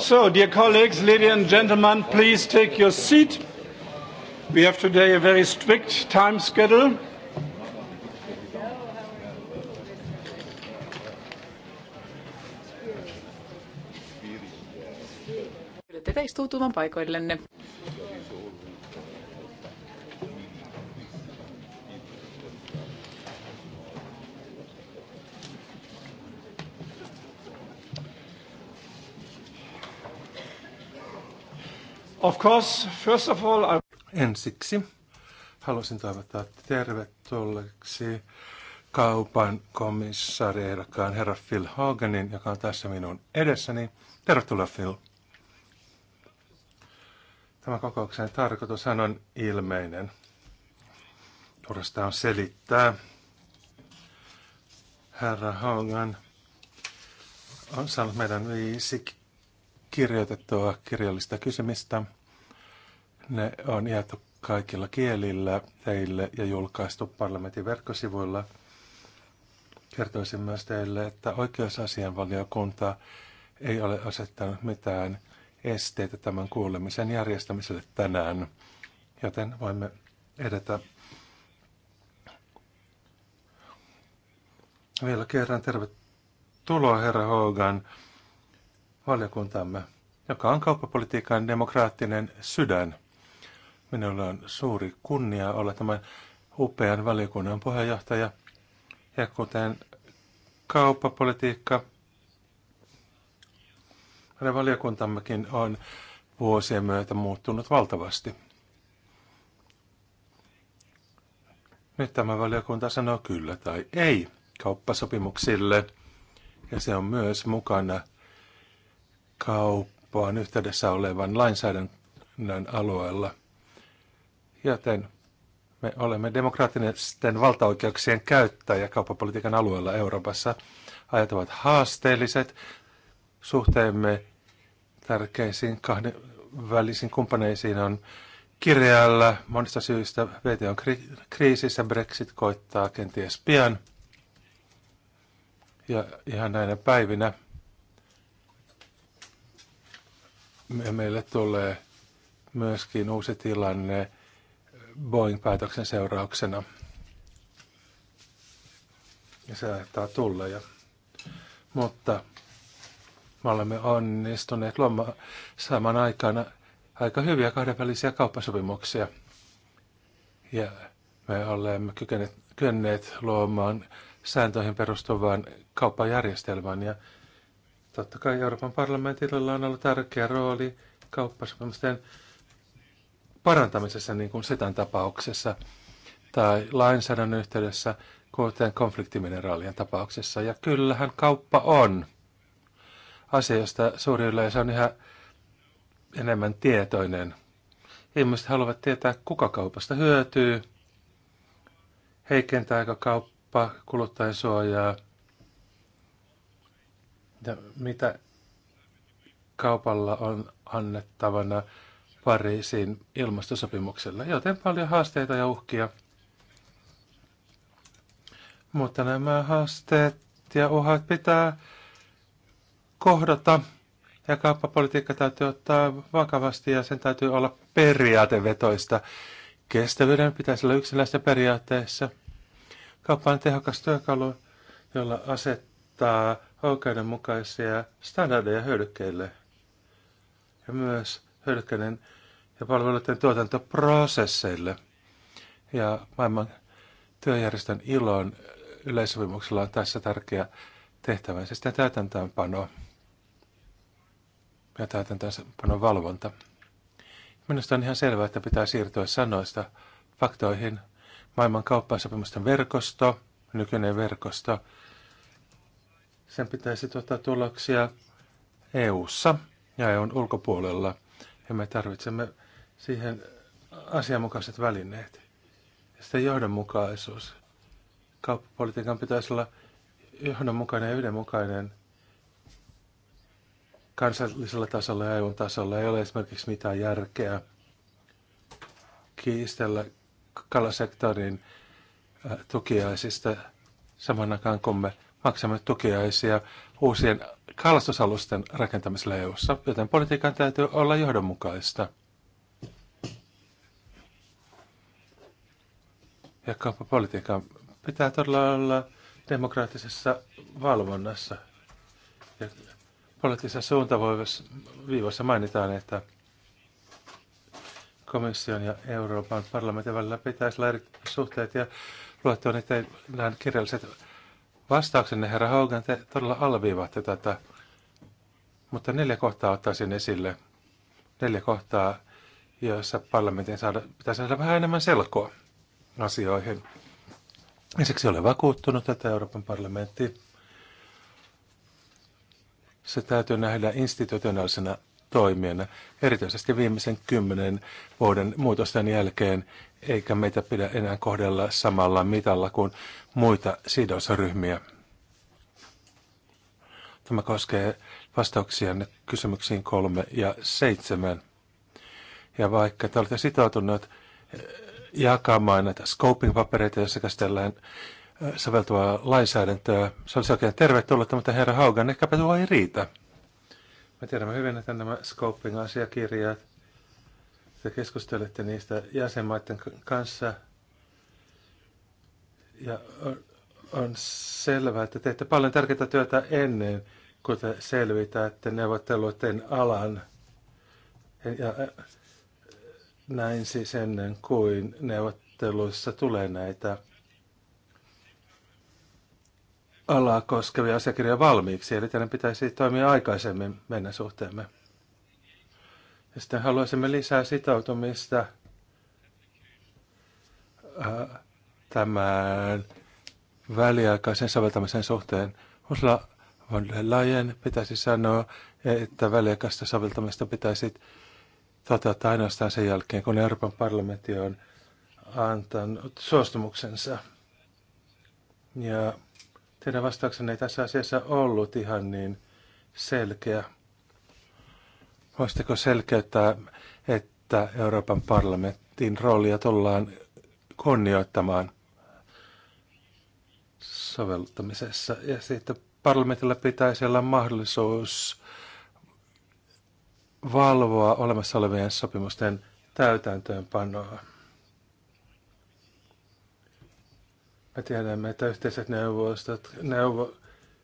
So, dear colleagues, ladies and gentlemen, please take your seat. We have today a very strict time schedule. Tervetuloa paikoillenne. course, first of all, I... Ensiksi halusin toivottaa tervetulleeksi kaupan komissaariehdokkaan herra Phil Hoganin, joka on tässä minun edessäni. Tervetuloa Phil. Tämä kokouksen tarkoitus on ilmeinen. Turhasta on selittää. Herra Hogan on saanut meidän viisi kirjoitettua kirjallista kysymistä – ne on jaettu kaikilla kielillä teille ja julkaistu parlamentin verkkosivuilla. Kertoisin myös teille, että oikeusasianvaliokunta ei ole asettanut mitään esteitä tämän kuulemisen järjestämiselle tänään, joten voimme edetä vielä kerran tervetuloa herra Hogan valiokuntamme, joka on kauppapolitiikan demokraattinen sydän. Minulla on suuri kunnia olla tämän upean valiokunnan puheenjohtaja. Ja kuten kauppapolitiikka, meidän valiokuntammekin on vuosien myötä muuttunut valtavasti. Nyt tämä valiokunta sanoo kyllä tai ei kauppasopimuksille, ja se on myös mukana kauppaan yhteydessä olevan lainsäädännön alueella – Joten me olemme demokraattisten valtaoikeuksien käyttäjä kauppapolitiikan alueella Euroopassa. Ajat ovat haasteelliset. Suhteemme tärkeisiin kahden välisiin kumppaneisiin on kirjalla monista syistä. VT on kri- kriisissä, Brexit koittaa kenties pian. Ja ihan näinä päivinä meille tulee myöskin uusi tilanne Boeing-päätöksen seurauksena. Ja se aiheuttaa tulleja. Mutta me olemme onnistuneet loma- saamaan aikana aika hyviä kahdenvälisiä kauppasopimuksia. Ja me olemme kykeneet, kyenneet luomaan sääntöihin perustuvan kauppajärjestelmän. Ja totta kai Euroopan parlamentilla on ollut tärkeä rooli kauppasopimusten parantamisessa, niin kuin setän tapauksessa, tai lainsäädännön yhteydessä, kuten konfliktimineraalien tapauksessa. Ja kyllähän kauppa on asia, josta suuri yleisö on ihan enemmän tietoinen. Ihmiset haluavat tietää, kuka kaupasta hyötyy, heikentääkö kauppa kuluttajan suojaa ja mitä kaupalla on annettavana Pariisin ilmastosopimukselle, joten paljon haasteita ja uhkia. Mutta nämä haasteet ja uhat pitää kohdata ja kauppapolitiikka täytyy ottaa vakavasti ja sen täytyy olla periaatevetoista. Kestävyyden pitäisi olla yksiläistä periaatteessa. Kauppa on tehokas työkalu, jolla asettaa oikeudenmukaisia standardeja hyödykkeille ja myös hyödykkeiden ja palveluiden tuotantoprosesseille. Ja maailman työjärjestön ilon yleissopimuksella on tässä tärkeä tehtävä, ja sitten täytäntöönpano ja täytäntöönpanon valvonta. Minusta on ihan selvää, että pitää siirtyä sanoista faktoihin. Maailman kauppasopimusten verkosto, nykyinen verkosto, sen pitäisi tuottaa tuloksia EU-ssa ja EUn ulkopuolella – ja me tarvitsemme siihen asianmukaiset välineet. Ja sitten johdonmukaisuus. Kauppapolitiikan pitäisi olla johdonmukainen ja yhdenmukainen kansallisella tasolla ja EUn tasolla. Ei ole esimerkiksi mitään järkeä kiistellä kalasektorin äh, tukiaisista saman aikaan, kun me maksamme tukiaisia uusien kalastusalusten rakentamisella eu joten politiikan täytyy olla johdonmukaista. Ja kauppapolitiikan pitää todella olla demokraattisessa valvonnassa. Ja poliittisessa suuntaviivassa mainitaan, että komission ja Euroopan parlamentin välillä pitäisi olla suhteet ja luettua niitä kirjalliset Vastauksenne, herra Hogan, te todella alviivaatte tätä, mutta neljä kohtaa ottaisin esille. Neljä kohtaa, joissa parlamentin saada, pitäisi saada vähän enemmän selkoa asioihin. Ensiksi olen vakuuttunut, että Euroopan parlamentti se täytyy nähdä institutionaalisena toimijana, erityisesti viimeisen kymmenen vuoden muutosten jälkeen, eikä meitä pidä enää kohdella samalla mitalla kuin muita sidosryhmiä. Tämä koskee vastauksia kysymyksiin kolme ja seitsemän. Ja vaikka te olette sitoutuneet eh, jakamaan näitä scoping-papereita, joissa käsitellään eh, säveltävää lainsäädäntöä, se olisi oikein tervetullut, mutta herra Haugan, ehkäpä tuo ei riitä. Me tiedämme hyvin, että nämä scoping-asiakirjat – te keskustelette niistä jäsenmaiden kanssa ja on, on selvää, että teette paljon tärkeää työtä ennen kuin te selvitätte neuvotteluiden alan. Ja näin siis ennen kuin neuvotteluissa tulee näitä alaa koskevia asiakirjoja valmiiksi, eli teidän pitäisi toimia aikaisemmin meidän suhteemme. Ja sitten haluaisimme lisää sitoutumista äh, tämän väliaikaisen soveltamisen suhteen. Ursula von der Leyen pitäisi sanoa, että väliaikaista soveltamista pitäisi toteuttaa ainoastaan sen jälkeen, kun Euroopan parlamentti on antanut suostumuksensa. Ja teidän vastauksenne ei tässä asiassa ollut ihan niin selkeä. Voisitteko selkeyttää, että Euroopan parlamentin roolia tullaan kunnioittamaan soveltamisessa ja siitä parlamentilla pitäisi olla mahdollisuus valvoa olemassa olevien sopimusten täytäntöönpanoa. Me tiedämme, että yhteiset neuvostot, neuvo,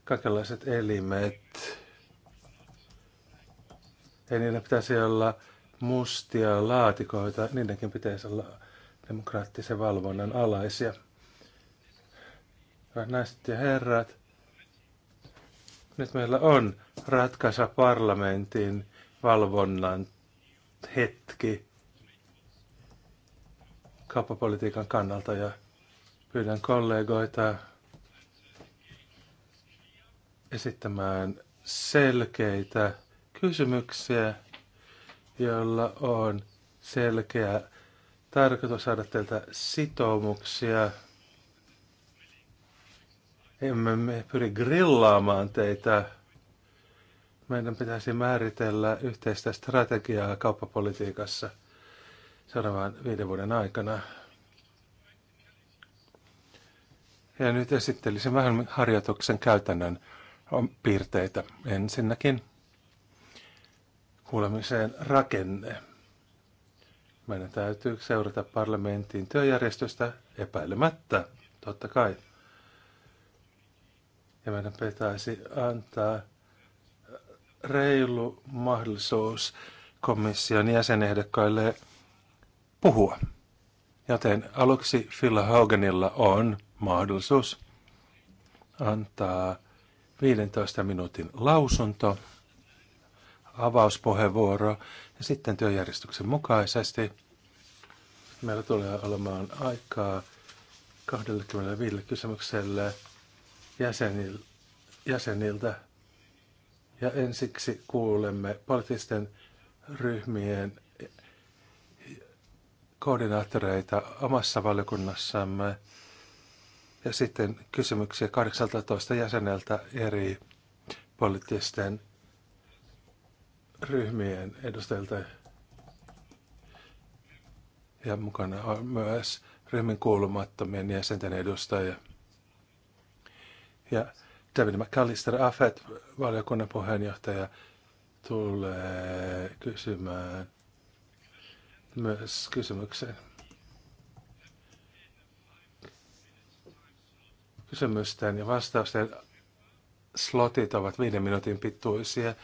kaikenlaiset elimet ei niillä pitäisi olla mustia laatikoita, niidenkin pitäisi olla demokraattisen valvonnan alaisia. Hyvät naiset ja herrat, nyt meillä on ratkaisa parlamentin valvonnan hetki kauppapolitiikan kannalta ja pyydän kollegoita esittämään selkeitä kysymyksiä, joilla on selkeä tarkoitus saada teiltä sitoumuksia. Emme me pyri grillaamaan teitä. Meidän pitäisi määritellä yhteistä strategiaa kauppapolitiikassa seuraavan viiden vuoden aikana. Ja nyt esittelisin vähän harjoituksen käytännön piirteitä ensinnäkin kuulemiseen rakenne. Meidän täytyy seurata parlamentin työjärjestöstä epäilemättä, totta kai. Ja meidän pitäisi antaa reilu mahdollisuus komission jäsenehdokkaille puhua. Joten aluksi Phil Hoganilla on mahdollisuus antaa 15 minuutin lausunto avauspuheenvuoro ja sitten työjärjestyksen mukaisesti meillä tulee olemaan aikaa 25 kysymykselle jäsenil, jäseniltä. Ja ensiksi kuulemme poliittisten ryhmien koordinaattoreita omassa valiokunnassamme ja sitten kysymyksiä 18 jäseneltä eri poliittisten ryhmien edustajilta. Ja mukana on myös ryhmän kuulumattomien jäsenten edustajia Ja David McAllister Affet, valiokunnan puheenjohtaja, tulee kysymään myös kysymyksen. Kysymysten ja vastausten slotit ovat viiden minuutin pituisia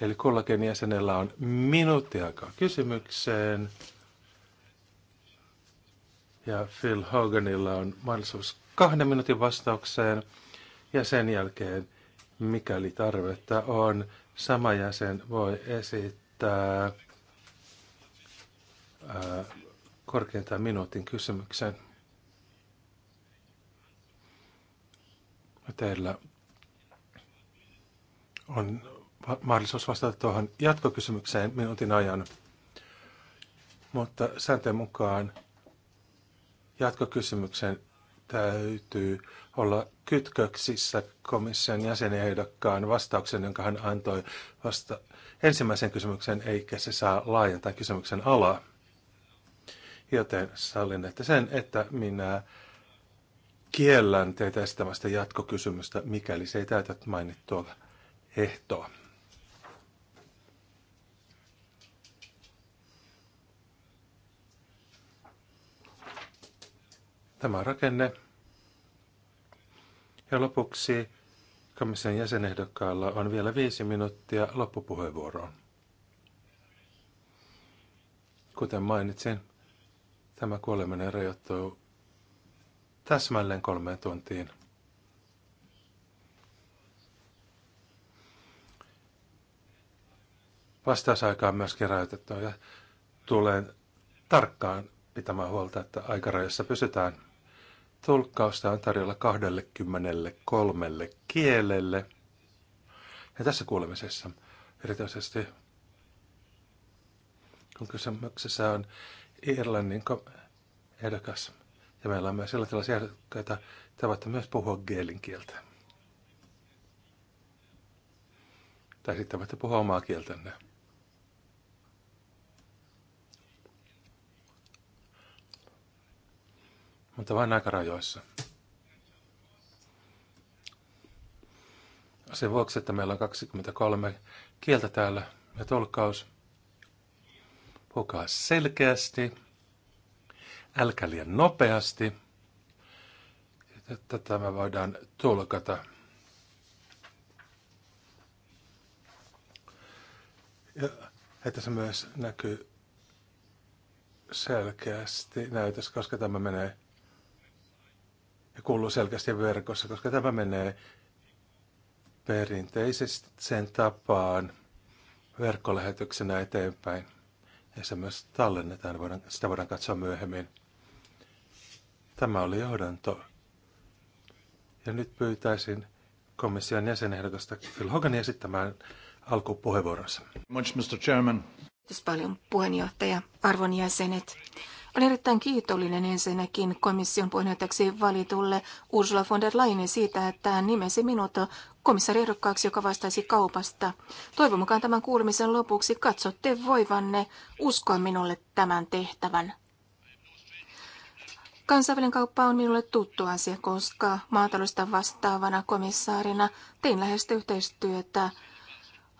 Eli kullakin jäsenellä on minuutti aikaa kysymykseen. Ja Phil Hoganilla on mahdollisuus kahden minuutin vastaukseen. Ja sen jälkeen, mikäli tarvetta on, sama jäsen voi esittää korkeintaan minuutin kysymyksen. Teillä on mahdollisuus vastata tuohon jatkokysymykseen minuutin ajan. Mutta sääntöjen mukaan jatkokysymyksen täytyy olla kytköksissä komission jäsenehdokkaan vastauksen, jonka hän antoi vasta ensimmäisen kysymyksen, eikä se saa laajentaa kysymyksen alaa. Joten sallin että sen, että minä kiellän teitä esittämästä jatkokysymystä, mikäli se ei täytä mainittua ehtoa. Tämä rakenne. Ja lopuksi komission jäsenehdokkaalla on vielä viisi minuuttia loppupuheenvuoroon. Kuten mainitsin, tämä kuoleminen rajoittuu täsmälleen kolmeen tuntiin. Vastausaika on myöskin rajoitettu ja tulen tarkkaan pitämään huolta, että aikarajassa pysytään. Tulkkausta on tarjolla 23 kielelle. Ja tässä kuulemisessa erityisesti kun kysymyksessä on Irlannin ehdokas. Ja meillä on myös sellaisia ehdokkaita, tavoitte myös puhua geelin kieltä. Tai sitten voitte puhua omaa kieltänne. mutta vain aikarajoissa. Sen vuoksi, että meillä on 23 kieltä täällä ja tolkkaus. Puhukaa selkeästi, älkää liian nopeasti, että tämä voidaan tulkata. Ja että se myös näkyy selkeästi näytös, koska tämä menee ja kuuluu selkeästi verkossa, koska tämä menee sen tapaan verkkolähetyksenä eteenpäin. Ja se myös tallennetaan, voidaan, sitä voidaan katsoa myöhemmin. Tämä oli johdanto. Ja nyt pyytäisin komission jäsenehdokasta Phil Hogania esittämään alkupuheenvuoronsa. Mr. Chairman. Kiitos paljon puheenjohtaja, arvon jäsenet. Olen erittäin kiitollinen ensinnäkin komission puheenjohtajaksi valitulle Ursula von der Leyenin siitä, että hän nimesi minut komissariehdokkaaksi, joka vastaisi kaupasta. Toivon mukaan tämän kuulemisen lopuksi katsotte voivanne uskoa minulle tämän tehtävän. Kansainvälinen kauppa on minulle tuttu asia, koska maataloudesta vastaavana komissaarina tein läheistä yhteistyötä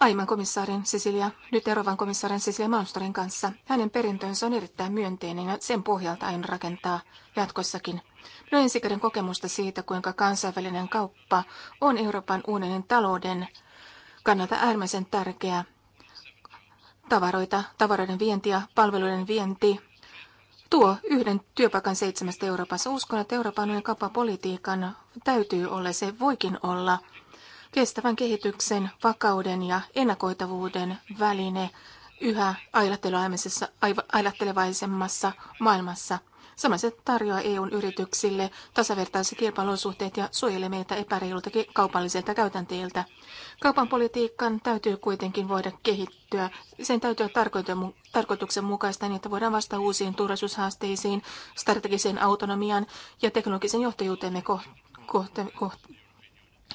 aiemman komissaarin Cecilia, nyt erovan komissaarin Cecilia Malmströmin kanssa. Hänen perintönsä on erittäin myönteinen ja sen pohjalta aion rakentaa jatkossakin. Minulla ensikäden kokemusta siitä, kuinka kansainvälinen kauppa on Euroopan unionin talouden kannalta äärimmäisen tärkeää. Tavaroita, tavaroiden vienti ja palveluiden vienti tuo yhden työpaikan seitsemästä Euroopassa. Uskon, että Euroopan unionin kauppapolitiikan täytyy olla, se voikin olla – kestävän kehityksen, vakauden ja ennakoitavuuden väline yhä ajattelevaisemmassa maailmassa. Samoin se tarjoaa EUn yrityksille tasavertaiset kilpailusuhteet ja suojelee meitä epäreilulta kaupallisilta käytänteiltä. Kaupan politiikan täytyy kuitenkin voida kehittyä. Sen täytyy olla tarkoituksenmukaista niin, että voidaan vastata uusiin turvallisuushaasteisiin, strategiseen autonomian ja teknologisen johtajuuteemme kohteen. Kohte- kohte-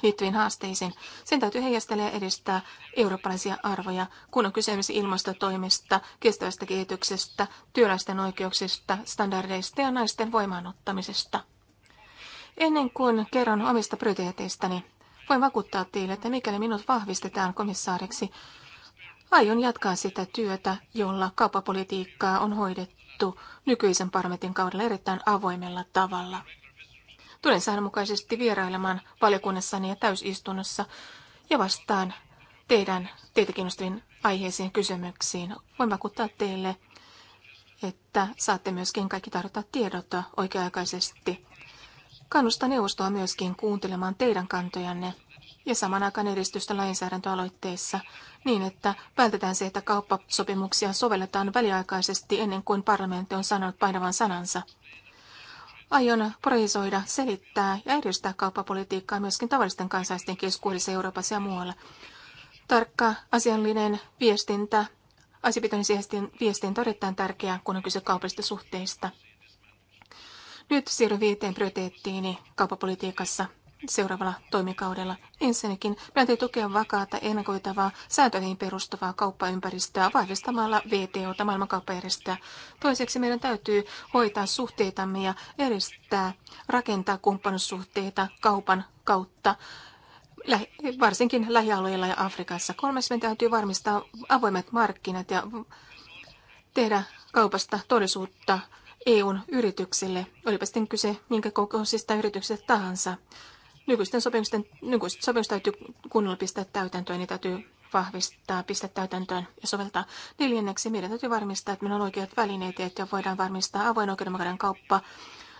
liittyviin haasteisiin. Sen täytyy heijastella ja edistää eurooppalaisia arvoja, kun on kysymys ilmastotoimista, kestävästä kehityksestä, työläisten oikeuksista, standardeista ja naisten voimaanottamisesta. Ennen kuin kerron omista prioriteeteistani, voin vakuuttaa teille, että mikäli minut vahvistetaan komissaariksi, aion jatkaa sitä työtä, jolla kauppapolitiikkaa on hoidettu nykyisen parlamentin kaudella erittäin avoimella tavalla. Tulen säännönmukaisesti vierailemaan valiokunnassani ja täysistunnossa ja vastaan teidän teitä kiinnostaviin aiheisiin kysymyksiin. Voin vakuuttaa teille, että saatte myöskin kaikki tarvittavat tiedot oikea-aikaisesti. Kannustan neuvostoa myöskin kuuntelemaan teidän kantojanne ja saman aikaan edistystä lainsäädäntöaloitteissa niin, että vältetään se, että kauppasopimuksia sovelletaan väliaikaisesti ennen kuin parlamentti on sanonut painavan sanansa. Aion projisoida, selittää ja edistää kauppapolitiikkaa myöskin tavallisten kansalaisten keskuudessa Euroopassa ja muualla. Tarkka asiallinen viestintä, asiapitoinen viestintä on erittäin tärkeää, kun on kyse kaupallisista suhteista. Nyt siirryn viiteen prioriteettiini kauppapolitiikassa seuraavalla toimikaudella. Ensinnäkin täytyy tukea vakaata, ennakoitavaa, sääntöihin perustuvaa kauppaympäristöä vahvistamalla VTOta maailmankauppajärjestöä. Toiseksi meidän täytyy hoitaa suhteitamme ja edistää, rakentaa kumppanussuhteita kaupan kautta varsinkin lähialueilla ja Afrikassa. Kolmas, meidän täytyy varmistaa avoimet markkinat ja tehdä kaupasta todellisuutta EUn yrityksille, olipa sitten kyse minkä kokoisista yrityksistä tahansa. Nykyisten sopimusten, nykyiset sopimukset täytyy kunnolla pistää täytäntöön, niin täytyy vahvistaa, pistää täytäntöön ja soveltaa. Neljänneksi meidän täytyy varmistaa, että meillä on oikeat välineet, että voidaan varmistaa avoin oikeudenmukainen kauppa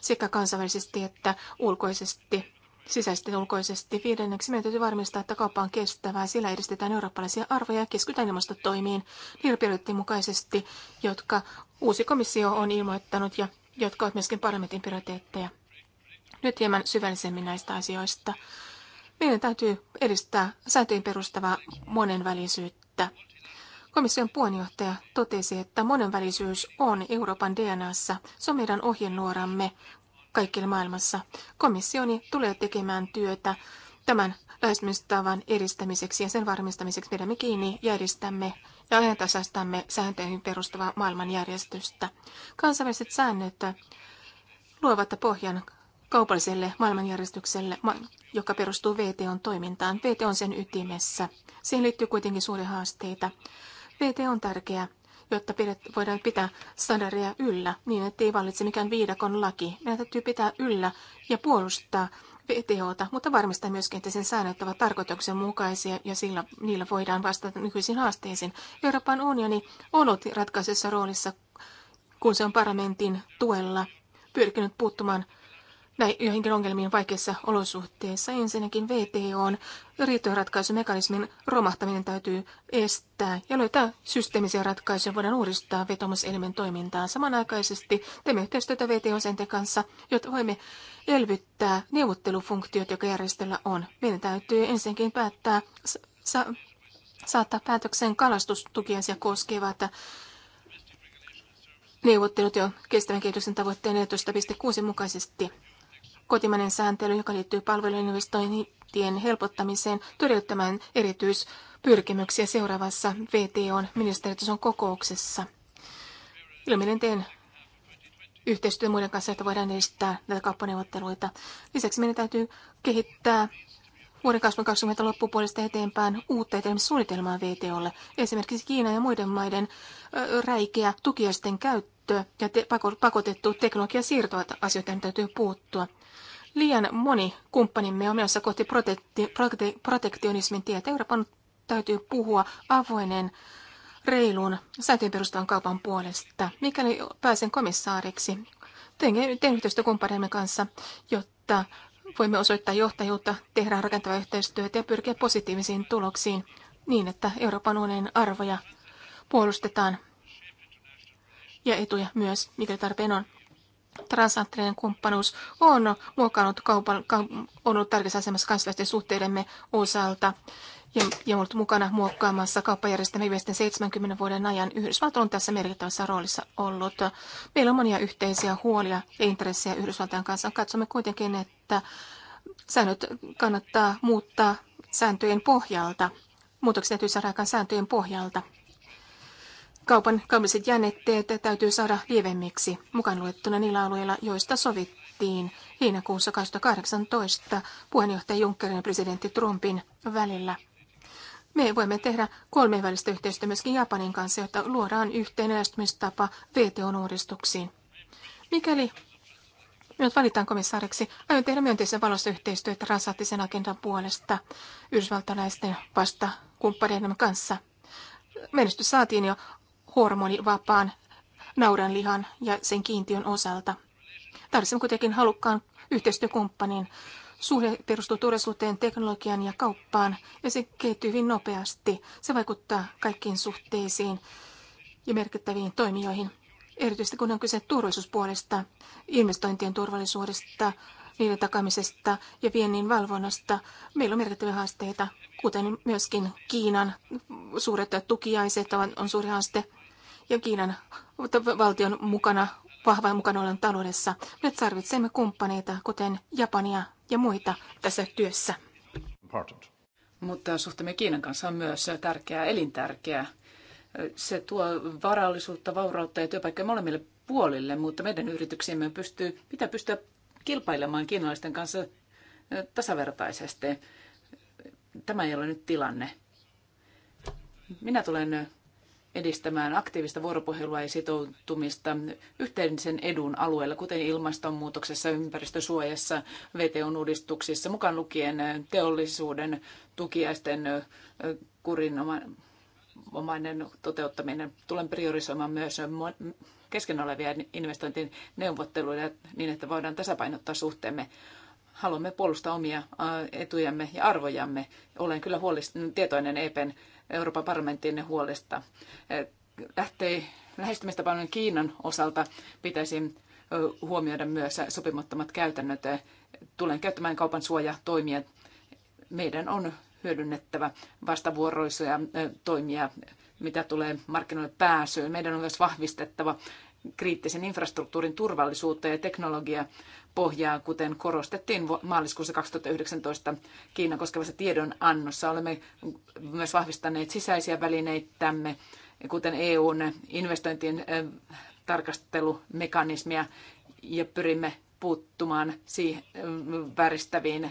sekä kansainvälisesti että ulkoisesti sisäisesti ja ulkoisesti. Viidenneksi meidän täytyy varmistaa, että kauppa on kestävää, sillä edistetään eurooppalaisia arvoja ja keskitytään ilmastotoimiin niiden mukaisesti, jotka uusi komissio on ilmoittanut ja jotka ovat myöskin parlamentin prioriteetteja nyt hieman syvällisemmin näistä asioista. Meidän täytyy edistää sääntöjen perustavaa monenvälisyyttä. Komission puheenjohtaja totesi, että monenvälisyys on Euroopan DNAssa. Se on meidän ohjenuoramme kaikkialla maailmassa. Komissioni tulee tekemään työtä tämän lähestymistavan edistämiseksi ja sen varmistamiseksi pidämme kiinni ja edistämme ja ajantasaistamme sääntöihin perustuvaa maailmanjärjestystä. Kansainväliset säännöt luovat pohjan kaupalliselle maailmanjärjestykselle, joka perustuu VTOn toimintaan. VT on sen ytimessä. Siihen liittyy kuitenkin suuria haasteita. VT on tärkeä, jotta pidet, voidaan pitää standardeja yllä niin, ettei vallitse mikään viidakon laki. Meidän täytyy pitää yllä ja puolustaa VTOta, mutta varmistaa myöskin, että sen säännöt ovat tarkoituksenmukaisia ja sillä, niillä voidaan vastata nykyisiin haasteisiin. Euroopan unioni on ollut ratkaisessa roolissa, kun se on parlamentin tuella pyrkinyt puuttumaan näin joihinkin ongelmiin vaikeissa olosuhteissa. Ensinnäkin VTOn riitojenratkaisumekanismin romahtaminen täytyy estää ja löytää systeemisiä ratkaisuja. Voidaan uudistaa vetomuselimen toimintaa. Samanaikaisesti teemme yhteistyötä vto sen kanssa, jotta voimme elvyttää neuvottelufunktiot, joka järjestöllä on. Meidän täytyy ensinnäkin päättää sa- saattaa päätökseen kalastustukiasia koskevat neuvottelut jo kestävän kehityksen tavoitteen 14.6 mukaisesti kotimainen sääntely, joka liittyy palveluinvestointien helpottamiseen, todettamaan erityispyrkimyksiä seuraavassa VTOn ministeritason kokouksessa. Ilmeinen teen yhteistyö muiden kanssa, että voidaan edistää näitä kauppaneuvotteluita. Lisäksi meidän täytyy kehittää vuoden 2020 loppupuolesta eteenpäin uutta suunnitelmaa VTOlle. Esimerkiksi Kiina ja muiden maiden räikeä tukiaisten käyttö ja te- pakotettu teknologiasiirto asioita täytyy puuttua. Liian moni kumppanimme on menossa kohti protekti, prote- protektionismin tietä. Euroopan täytyy puhua avoinen, reilun, säätöön perustuvan kaupan puolesta. Mikäli pääsen komissaariksi, teen, teen yhteistyötä kanssa, jotta voimme osoittaa johtajuutta, tehdä rakentavaa yhteistyötä ja pyrkiä positiivisiin tuloksiin niin, että Euroopan unionin arvoja puolustetaan ja etuja myös, mikä tarpeen on transatlanttinen kumppanuus on muokannut kaupan, on ollut tärkeässä asemassa kansalaisten suhteidemme osalta ja, ja ollut mukana muokkaamassa kauppajärjestelmän viimeisten 70 vuoden ajan. Yhdysvalto on tässä merkittävässä roolissa ollut. Meillä on monia yhteisiä huolia ja intressejä Yhdysvaltain kanssa. Katsomme kuitenkin, että säännöt kannattaa muuttaa sääntöjen pohjalta. Muutoksia täytyy saada aikaan sääntöjen pohjalta. Kaupan kaupalliset jännitteet täytyy saada lievemmiksi, mukaan luettuna niillä alueilla, joista sovittiin heinäkuussa 2018 puheenjohtaja Junckerin ja presidentti Trumpin välillä. Me voimme tehdä kolmenvälistä yhteistyötä myöskin Japanin kanssa, jotta luodaan yhteinen lähestymistapa uudistuksiin. Mikäli minut valitaan komissaariksi, aion tehdä myönteisen valossa yhteistyötä rasaattisen agendan puolesta yhdysvaltalaisten vasta kumppaneiden kanssa menestys saatiin jo hormonivapaan naudanlihan ja sen kiintiön osalta. Tarvitsemme kuitenkin halukkaan yhteistyökumppanin. Suhde perustuu turvallisuuteen, teknologian ja kauppaan, ja se kehittyy hyvin nopeasti. Se vaikuttaa kaikkiin suhteisiin ja merkittäviin toimijoihin. Erityisesti kun on kyse turvallisuuspuolesta, investointien turvallisuudesta, niiden takamisesta ja viennin valvonnasta. Meillä on merkittäviä haasteita, kuten myöskin Kiinan suuret tukiaiset on suuri haaste ja Kiinan valtion mukana, vahvan mukana olen taloudessa. Me tarvitsemme kumppaneita, kuten Japania ja muita tässä työssä. Important. Mutta suhteemme Kiinan kanssa on myös tärkeää, elintärkeää. Se tuo varallisuutta, vaurautta ja työpaikkoja molemmille puolille, mutta meidän yrityksiemme pystyy, pitää pystyä kilpailemaan kiinalaisten kanssa tasavertaisesti. Tämä ei ole nyt tilanne. Minä tulen edistämään aktiivista vuoropuhelua ja sitoutumista yhteisen edun alueella, kuten ilmastonmuutoksessa, ympäristösuojassa, vto uudistuksissa, mukaan lukien teollisuuden tukiaisten kurinomainen toteuttaminen. Tulen priorisoimaan myös kesken olevia investointineuvotteluja niin, että voidaan tasapainottaa suhteemme haluamme puolustaa omia etujamme ja arvojamme. Olen kyllä huolist- tietoinen EPEN Euroopan parlamenttien huolesta. Lähtee lähestymistapainen Kiinan osalta pitäisi huomioida myös sopimattomat käytännöt. Tulen käyttämään kaupan suojatoimia. Meidän on hyödynnettävä vastavuoroisia toimia, mitä tulee markkinoille pääsyyn. Meidän on myös vahvistettava kriittisen infrastruktuurin turvallisuutta ja teknologiapohjaa, kuten korostettiin maaliskuussa 2019 Kiinan koskevassa tiedonannossa. Olemme myös vahvistaneet sisäisiä välineitämme, kuten EUn investointien tarkastelumekanismia, ja pyrimme puuttumaan siihen vääristäviin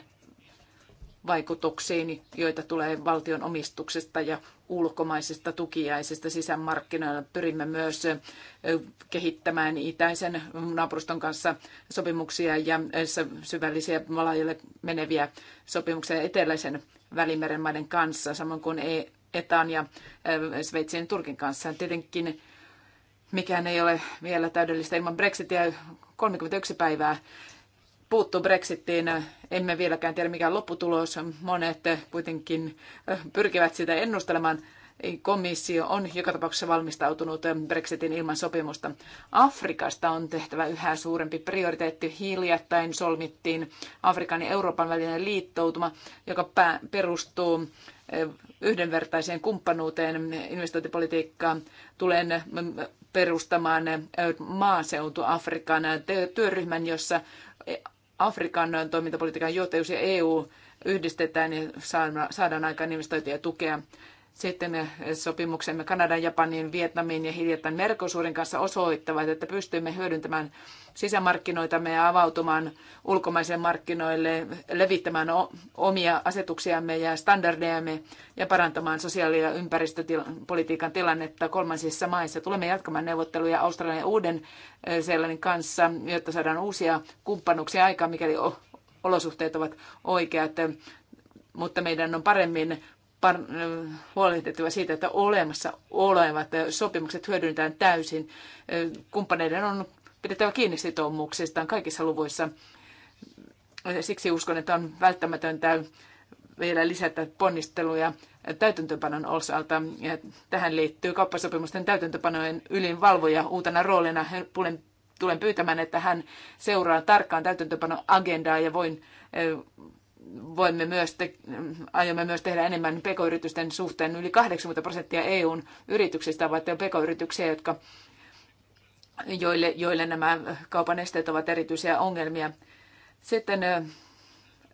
vaikutuksiini, joita tulee valtion omistuksesta ja ulkomaisista tukiaisista sisämarkkinoilla. Pyrimme myös kehittämään itäisen naapuruston kanssa sopimuksia ja syvällisiä valajalle meneviä sopimuksia eteläisen välimeren maiden kanssa, samoin kuin e-, Etan ja Sveitsin ja Turkin kanssa. Tietenkin mikään ei ole vielä täydellistä ilman Brexitiä 31 päivää puuttuu Brexitiin. Emme vieläkään tiedä, mikä on lopputulos. Monet kuitenkin eh, pyrkivät sitä ennustelemaan. Komissio on joka tapauksessa valmistautunut eh, Brexitin ilman sopimusta. Afrikasta on tehtävä yhä suurempi prioriteetti. Hiljattain solmittiin Afrikan ja Euroopan välinen liittoutuma, joka perustuu eh, yhdenvertaiseen kumppanuuteen investointipolitiikkaan. Tulen perustamaan maaseutu Afrikan työryhmän, jossa Afrikan toimintapolitiikan johtajuus ja EU yhdistetään ja niin saadaan aikaan investointeja ja tukea sitten sopimuksemme Kanadan, Japanin, Vietnamin ja hiljattain Mercosurin kanssa osoittavat, että pystymme hyödyntämään sisämarkkinoitamme ja avautumaan ulkomaisille markkinoille, levittämään omia asetuksiamme ja standardejamme ja parantamaan sosiaali- ja ympäristöpolitiikan tilannetta kolmansissa maissa. Tulemme jatkamaan neuvotteluja Australian ja uuden eh, seelannin kanssa, jotta saadaan uusia kumppanuuksia aikaan, mikäli olosuhteet ovat oikeat mutta meidän on paremmin Äh, huolehdittua siitä, että olemassa olevat äh, sopimukset hyödynnetään täysin. Äh, kumppaneiden on pidettävä kiinni sitoumuksistaan kaikissa luvuissa. Siksi uskon, että on välttämätöntä vielä lisätä ponnisteluja täytäntöpanon osalta. Ja tähän liittyy kauppasopimusten täytäntöpanojen valvoja uutena roolina. Tulen, tulen pyytämään, että hän seuraa tarkkaan agendaa ja voin voimme myös te- aiomme myös tehdä enemmän pk-yritysten suhteen. Yli 80 prosenttia EUn yrityksistä ovat pk-yrityksiä, jotka, joille, joille nämä kaupan esteet ovat erityisiä ongelmia. Sitten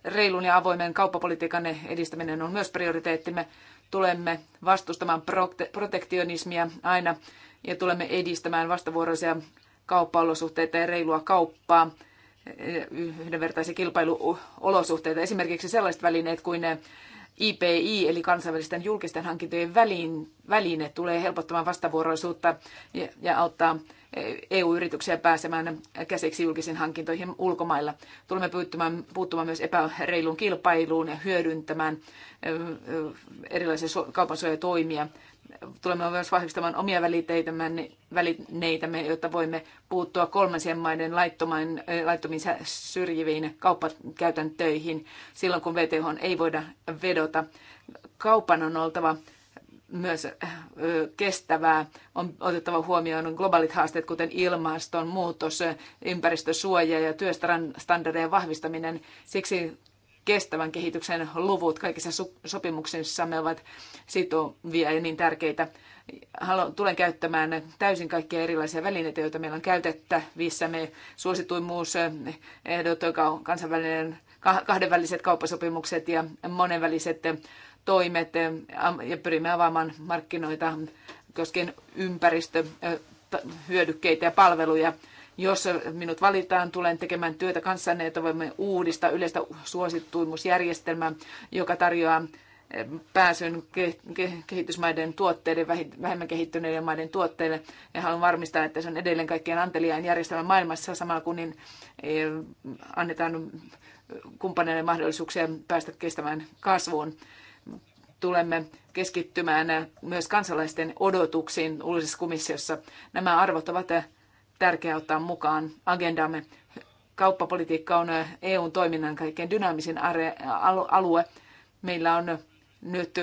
reilun ja avoimen kauppapolitiikan edistäminen on myös prioriteettimme. Tulemme vastustamaan protektionismia aina ja tulemme edistämään vastavuoroisia kauppaolosuhteita ja reilua kauppaa yhdenvertaisia kilpailuolosuhteita. Esimerkiksi sellaiset välineet kuin IPI eli kansainvälisten julkisten hankintojen väline, väline tulee helpottamaan vastavuoroisuutta ja, ja auttaa EU-yrityksiä pääsemään käsiksi julkisiin hankintoihin ulkomailla. Tulemme puuttumaan, puuttumaan myös epäreiluun kilpailuun ja hyödyntämään erilaisia kaupansuojatoimia tulemme myös vahvistamaan omia välineitämme, jotta voimme puuttua kolmansien maiden laittomiin, laittomiin syrjiviin kauppakäytäntöihin silloin, kun VTH ei voida vedota. Kaupan on oltava myös kestävää. On otettava huomioon globaalit haasteet, kuten ilmastonmuutos, ympäristösuoja ja työstandardien vahvistaminen. Siksi kestävän kehityksen luvut kaikissa sopimuksissamme ovat sitovia ja niin tärkeitä. Haluan, tulen käyttämään täysin kaikkia erilaisia välineitä, joita meillä on käytettävissä. Me suosituimmuus, ehdot, kansainvälinen, kahdenväliset kauppasopimukset ja monenväliset toimet ja pyrimme avaamaan markkinoita koskien ympäristöhyödykkeitä ja palveluja. Jos minut valitaan, tulen tekemään työtä kanssanne, että voimme uudistaa yleistä suosittuimusjärjestelmää, joka tarjoaa eh, pääsyn kehitysmaiden tuotteiden, vähemmän kehittyneiden maiden tuotteille. Ja haluan varmistaa, että se on edelleen kaikkien anteliain järjestelmä maailmassa, samalla kun niin eh, annetaan kumppaneille mahdollisuuksia päästä kestämään kasvuun. Tulemme keskittymään eh, myös kansalaisten odotuksiin uudessa komissiossa. Nämä arvot ovat tärkeää ottaa mukaan agendamme. Kauppapolitiikka on EUn toiminnan kaikkein dynaamisin alue. Meillä on nyt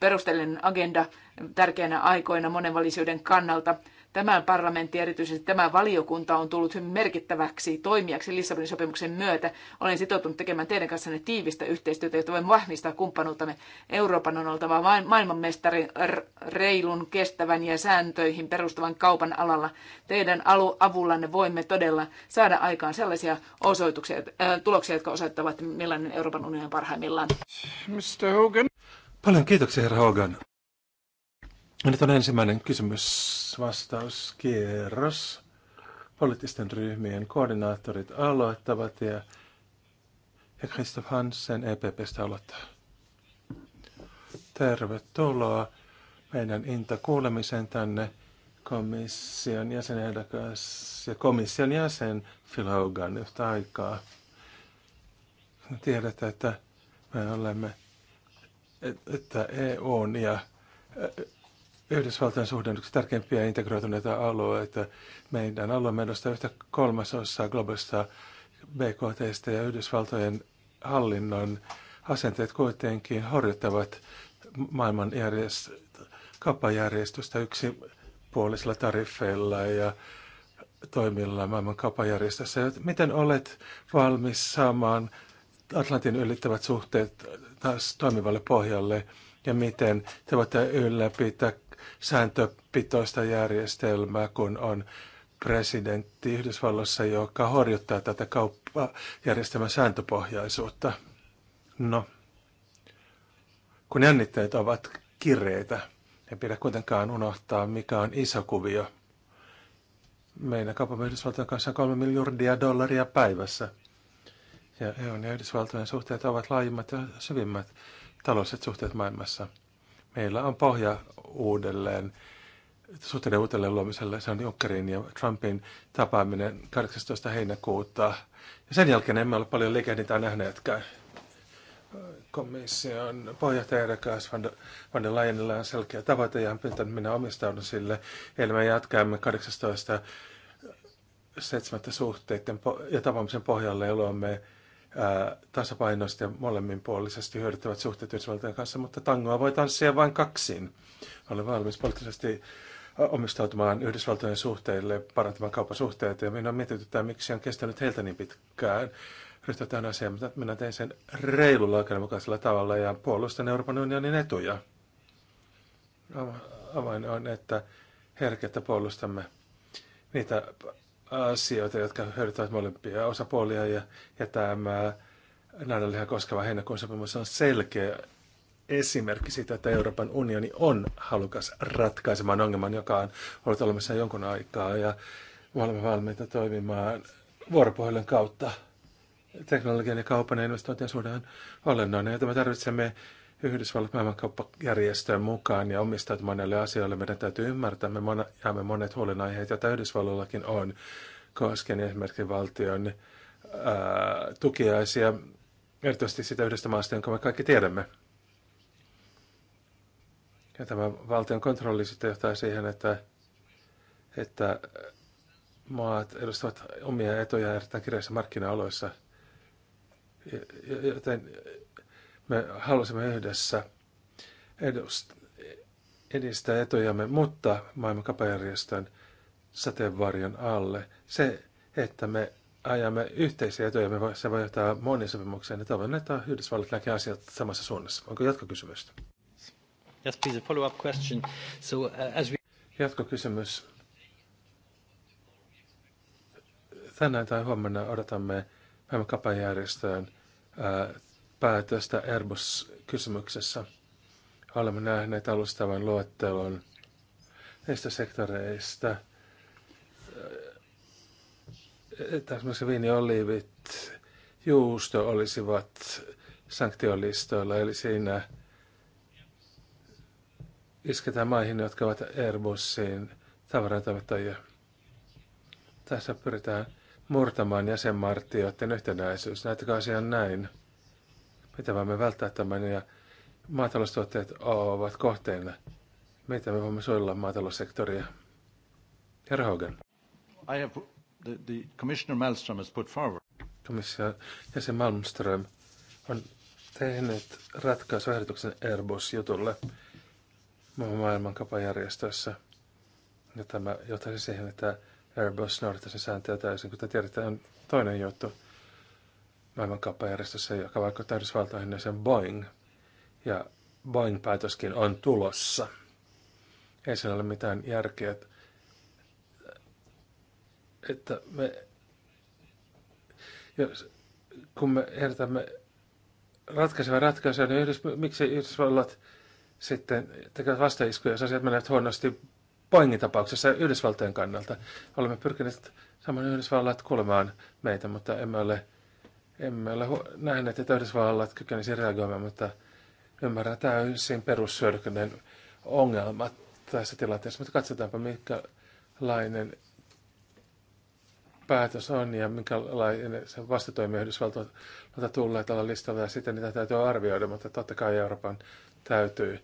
perusteellinen agenda tärkeänä aikoina monenvälisyyden kannalta. Tämän parlamentti ja erityisesti tämä valiokunta on tullut hyvin merkittäväksi toimijaksi Lissabonin sopimuksen myötä. Olen sitoutunut tekemään teidän kanssanne tiivistä yhteistyötä, jotta voimme vahvistaa kumppanuuttamme. Euroopan on oltava maailmanmestari reilun, kestävän ja sääntöihin perustuvan kaupan alalla. Teidän avullanne voimme todella saada aikaan sellaisia osoituksia, äh, tuloksia, jotka osoittavat, millainen Euroopan unioni on parhaimmillaan. Mr. Hogan. Paljon kiitoksia, herra Hogan. Nyt on ensimmäinen kysymysvastauskierros. Poliittisten ryhmien koordinaattorit aloittavat ja, ja Christoph Hansen EPPstä aloittaa. Tervetuloa meidän Inta-kuulemiseen tänne komission jäsenehdokas ja komission jäsen Phil Hogan yhtä aikaa. Tiedät, että me olemme, että EUn ja Yhdysvaltain suhde on yksi tärkeimpiä integroituneita alueita. Meidän alueemme edustaa yhtä kolmasosaa globaalista BKTstä ja Yhdysvaltojen hallinnon asenteet kuitenkin horjuttavat maailman järjest, yksipuolisilla tariffeilla ja toimilla maailman kapajärjestössä. Miten olet valmis saamaan Atlantin ylittävät suhteet taas toimivalle pohjalle ja miten te voitte ylläpitää sääntöpitoista järjestelmää, kun on presidentti Yhdysvalloissa, joka horjuttaa tätä kauppajärjestelmän sääntöpohjaisuutta. No, kun jännitteet ovat kireitä, ei pidä kuitenkaan unohtaa, mikä on iso kuvio. Meidän kaupamme Yhdysvaltojen kanssa on kolme miljardia dollaria päivässä. Ja EUn ja Yhdysvaltojen suhteet ovat laajimmat ja syvimmät taloudelliset suhteet maailmassa – meillä on pohja uudelleen, suhteiden uudelleen luomiselle. Se on Junckerin ja Trumpin tapaaminen 18. heinäkuuta. Ja sen jälkeen emme ole paljon liikehdintää nähneetkään. Komission pohjohtajaehdokas van, van der Leyenillä on selkeä tavoite ja hän pyytänyt minä omistaudun sille. Eli me jatkamme 18. 7. suhteiden ja tapaamisen pohjalle ja luomme tasapainoisesti ja molemminpuolisesti hyödyttävät suhteet Yhdysvaltojen kanssa, mutta tangoa voi tanssia vain kaksin. Olen valmis poliittisesti omistautumaan Yhdysvaltojen suhteille, parantamaan kauppasuhteita ja minua mietityttää, miksi on kestänyt heiltä niin pitkään ryhtyä tähän asiaan, mutta minä tein sen reilulla oikeudenmukaisella tavalla ja puolustan Euroopan unionin etuja. Avain on, että herkettä puolustamme niitä asioita, jotka hyödyttävät molempia osapuolia ja, ja tämä nähdälihan koskeva heinäkuun sopimus on selkeä esimerkki siitä, että Euroopan unioni on halukas ratkaisemaan ongelman, joka on ollut olemassa jonkun aikaa ja me olemme valmiita toimimaan vuoropuhelun kautta. Teknologian ja kaupan ja investointien suhde on olennainen, Ja me tarvitsemme Yhdysvallat maailmankauppajärjestöön mukaan ja omistajat monelle asioille. Meidän täytyy ymmärtää, me mona, jaamme monet huolenaiheet, joita Yhdysvalloillakin on, koskien esimerkiksi valtion ää, tukiaisia, erityisesti sitä yhdestä maasta, jonka me kaikki tiedämme. Ja tämä valtion kontrolli sitten johtaa siihen, että, että maat edustavat omia etuja erittäin kireissä markkinaoloissa, joten me halusimme yhdessä edust- edistää etujamme, mutta maailmankapajärjestön sateenvarjon alle. Se, että me ajamme yhteisiä voi, se voi johtaa moniin sopimukseen. Ja toivon, että Yhdysvallat näkee asiat samassa suunnassa. Onko jatkokysymystä? Yes, please, a follow-up question. So, uh, as we... Jatkokysymys. Tänään tai huomenna odotamme maailmankapajärjestöön päätöstä Airbus-kysymyksessä. Olemme nähneet alustavan luettelon näistä sektoreista. Että esimerkiksi viinioliivit, juusto olisivat sanktiolistoilla, eli siinä isketään maihin, jotka ovat Airbusin tavarantoimittajia. Tässä pyritään murtamaan jäsenmartioiden yhtenäisyys. Näyttäkää asian näin. Miten voimme välttää tämän ja maataloustuotteet ovat kohteena. Miten me voimme suojella maataloussektoria? Herra Hogan. I have the, the Commissioner Malmström has put forward. Komissio jäsen Malmström on tehnyt ratkaisuehdotuksen Airbus-jutulle maailmankapajärjestössä. Ja tämä johtaisi siihen, että Airbus noudattaisi sääntöjä täysin, kun tiedetään, on toinen juttu maailmankauppajärjestössä, joka vaikka Yhdysvaltoihin, ja niin sen Boeing. Ja Boeing-päätöskin on tulossa. Ei siinä ole mitään järkeä, että me, jos, kun me ehdotamme ratkaiseva ratkaisuja, niin yhdys, miksi Yhdysvallat sitten tekevät vastaiskuja, jos asiat menevät huonosti Boeingin tapauksessa Yhdysvaltojen kannalta. Olemme pyrkineet saman Yhdysvallat kuulemaan meitä, mutta emme ole emme ole hu- nähneet, että Yhdysvallat kykenisi reagoimaan, mutta ymmärrän täysin perussyrkynen ongelmat tässä tilanteessa. Mutta katsotaanpa, minkälainen päätös on ja minkälainen se vastatoimi Yhdysvaltoilta tulee tällä listalla ja sitten niitä täytyy arvioida, mutta totta kai Euroopan täytyy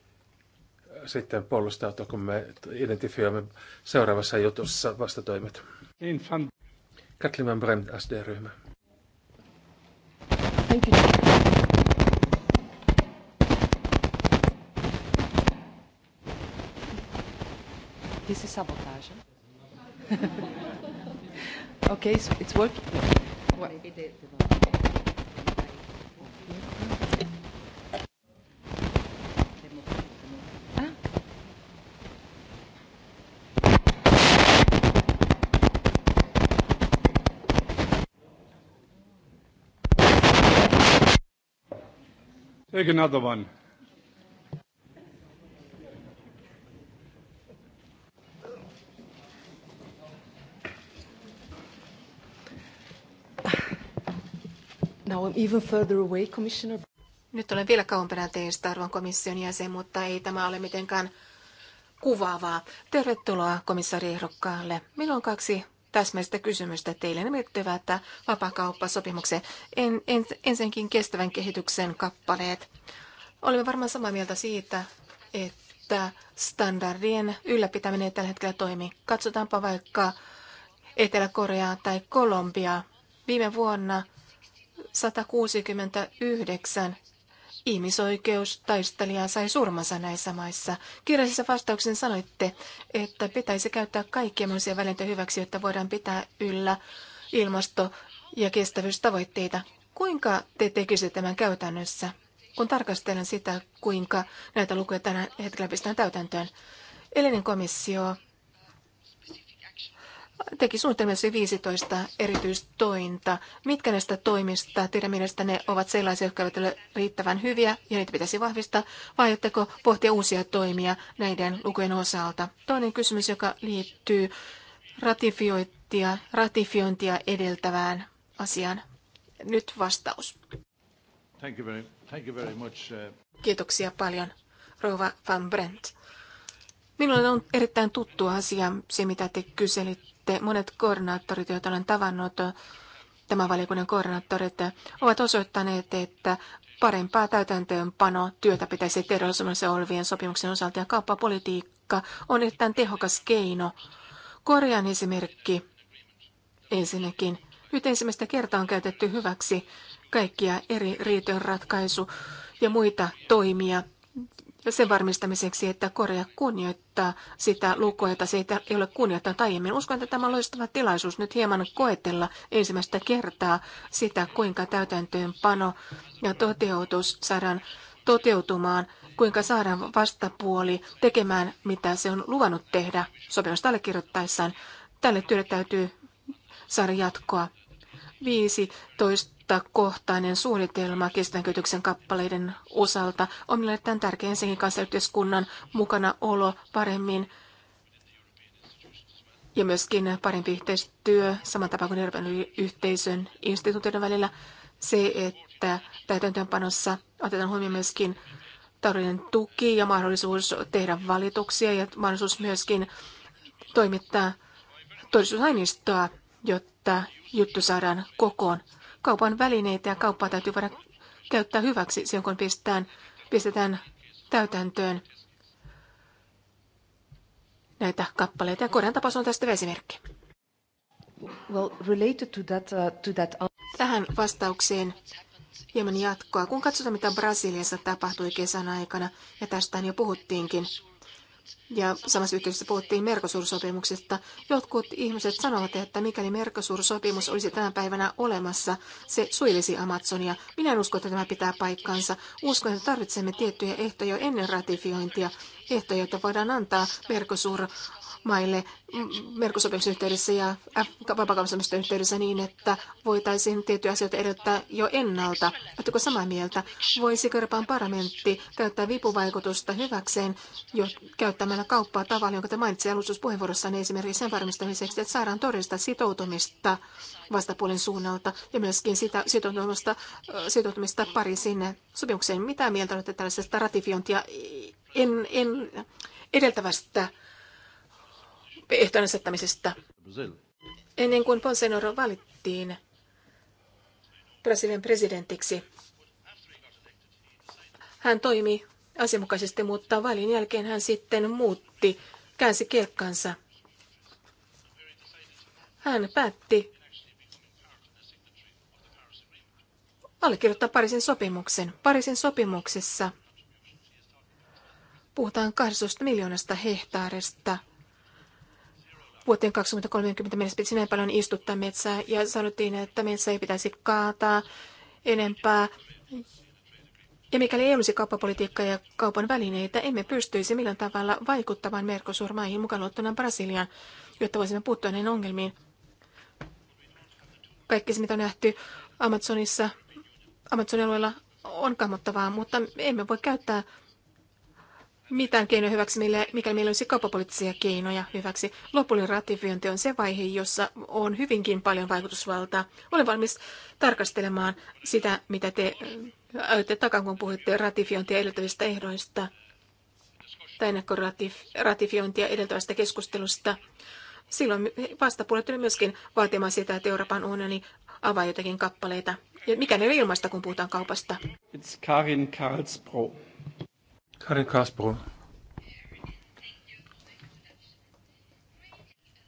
sitten puolustautua, kun me identifioimme seuraavassa jutussa vastatoimet. Niin, Katlin Brand, SD-ryhmä thank you. This is sabotage. okay, so it's working. What? Maybe the, the Take another one. Now I'm even further away, Commissioner. Nyt olen vielä kauempana teistä, arvon komission jäsen, mutta ei tämä ole mitenkään kuvaavaa. Tervetuloa komissaari ehdokkaalle. Minulla on kaksi Täsmäistä kysymystä teille. Ne liittyvät vapakauppasopimukseen. En, en, ensinnäkin kestävän kehityksen kappaleet. Olemme varmaan samaa mieltä siitä, että standardien ylläpitäminen ei tällä hetkellä toimi. Katsotaanpa vaikka Etelä-Koreaa tai Kolombiaa Viime vuonna 169 Ihmisoikeustaistelija sai surmansa näissä maissa. Kirjallisessa vastauksen sanoitte, että pitäisi käyttää kaikkia mahdollisia välineitä hyväksi, jotta voidaan pitää yllä ilmasto- ja kestävyystavoitteita. Kuinka te tekisitte tämän käytännössä, kun tarkastelen sitä, kuinka näitä lukuja tänä hetkellä pistetään täytäntöön? Elinen komissio teki suunnitelmissa 15 erityistointa. Mitkä näistä toimista teidän ne ovat sellaisia, jotka eivät ole riittävän hyviä ja niitä pitäisi vahvistaa, vai aiotteko pohtia uusia toimia näiden lukujen osalta? Toinen kysymys, joka liittyy ratifiointia, ratifiointia edeltävään asiaan. Nyt vastaus. Thank you very, thank you very much. Uh, Kiitoksia paljon, Rova van Brent. Minulle on erittäin tuttu asia, se mitä te kyselitte että monet koordinaattorit, joita olen tavannut, tämän valiokunnan koordinaattorit, ovat osoittaneet, että parempaa täytäntöönpano työtä pitäisi tehdä olemassa olevien sopimuksen osalta ja kauppapolitiikka on erittäin tehokas keino. Korjaan esimerkki ensinnäkin. Nyt ensimmäistä kertaa on käytetty hyväksi kaikkia eri riitojen ratkaisu ja muita toimia sen varmistamiseksi, että Korea kunnioittaa sitä lukua, jota se ei ole kunnioittanut aiemmin. Uskon, että tämä on loistava tilaisuus nyt hieman koetella ensimmäistä kertaa sitä, kuinka täytäntöönpano ja toteutus saadaan toteutumaan, kuinka saadaan vastapuoli tekemään, mitä se on luvannut tehdä sopimusta allekirjoittaessaan. Tälle työlle täytyy saada jatkoa. 15 kohtainen suunnitelma kestävän kappaleiden osalta on meille tämän tärkeä ensinnäkin mukana olo paremmin ja myöskin parempi yhteistyö saman tapaan kuin Euroopan yhteisön instituutioiden välillä. Se, että täytäntöönpanossa otetaan huomioon myöskin taloudellinen tuki ja mahdollisuus tehdä valituksia ja mahdollisuus myöskin toimittaa todistusaineistoa, jotta juttu saadaan kokoon kaupan välineitä ja kauppaa täytyy voida käyttää hyväksi silloin, kun pistetään, pistetään täytäntöön näitä kappaleita. Ja Korean tapaus on tästä esimerkki. Well, related to that, uh, to that... Tähän vastaukseen hieman jatkoa. Kun katsotaan, mitä Brasiliassa tapahtui kesän aikana, ja tästä jo puhuttiinkin, ja samassa yhteydessä puhuttiin Mercosur-sopimuksesta. Jotkut ihmiset sanovat, että mikäli Mercosur-sopimus olisi tänä päivänä olemassa, se suilisi Amazonia. Minä en usko, että tämä pitää paikkaansa. Uskon, että tarvitsemme tiettyjä ehtoja ennen ratifiointia. Ehtoja, joita voidaan antaa Mercosur maille merkosopimuksen yhteydessä ja vapakauppasopimuksen yhteydessä niin, että voitaisiin tiettyjä asioita edellyttää jo ennalta. Oletteko samaa mieltä? Voisi Euroopan parlamentti käyttää vipuvaikutusta hyväkseen jo käyttämällä kauppaa tavalla, jonka te mainitsitte niin esimerkiksi sen varmistamiseksi, että saadaan todellista sitoutumista vastapuolen suunnalta ja myöskin sitä sitoutumista, sitoutumista sinne. sopimukseen. Mitä mieltä olette tällaisesta ratifiointia en, en edeltävästä ehtojen asettamisesta. Ennen kuin Ponsenoro valittiin Brasilian presidentiksi, hän toimi asianmukaisesti, mutta valin jälkeen hän sitten muutti, käänsi kelkkansa. Hän päätti allekirjoittaa Pariisin sopimuksen. Pariisin sopimuksessa puhutaan 12 miljoonasta hehtaarista – vuoteen 2030 mennessä pitäisi näin paljon istuttaa metsää ja sanottiin, että metsä ei pitäisi kaataa enempää. Ja mikäli ei olisi kauppapolitiikka ja kaupan välineitä, emme pystyisi millään tavalla vaikuttamaan Mercosur-maihin mukaan luottuna Brasiliaan, jotta voisimme puuttua näihin ongelmiin. Kaikki se, mitä on nähty Amazonissa, Amazonin alueella on kammottavaa, mutta emme voi käyttää mitään keinoja hyväksi, mikäli meillä olisi kauppapoliittisia keinoja hyväksi. Lopullinen ratifiointi on se vaihe, jossa on hyvinkin paljon vaikutusvaltaa. Olen valmis tarkastelemaan sitä, mitä te äh, ajatte takan, kun puhutte ratifiointia edeltävistä ehdoista tai ennakkoratifiointia edeltävästä keskustelusta. Silloin vastapuolet tuli myöskin vaatimaan sitä, että Euroopan unioni avaa jotakin kappaleita. Ja mikä ne ilmaista, kun puhutaan kaupasta? It's Karin Karlsbro. Karin Kasbro.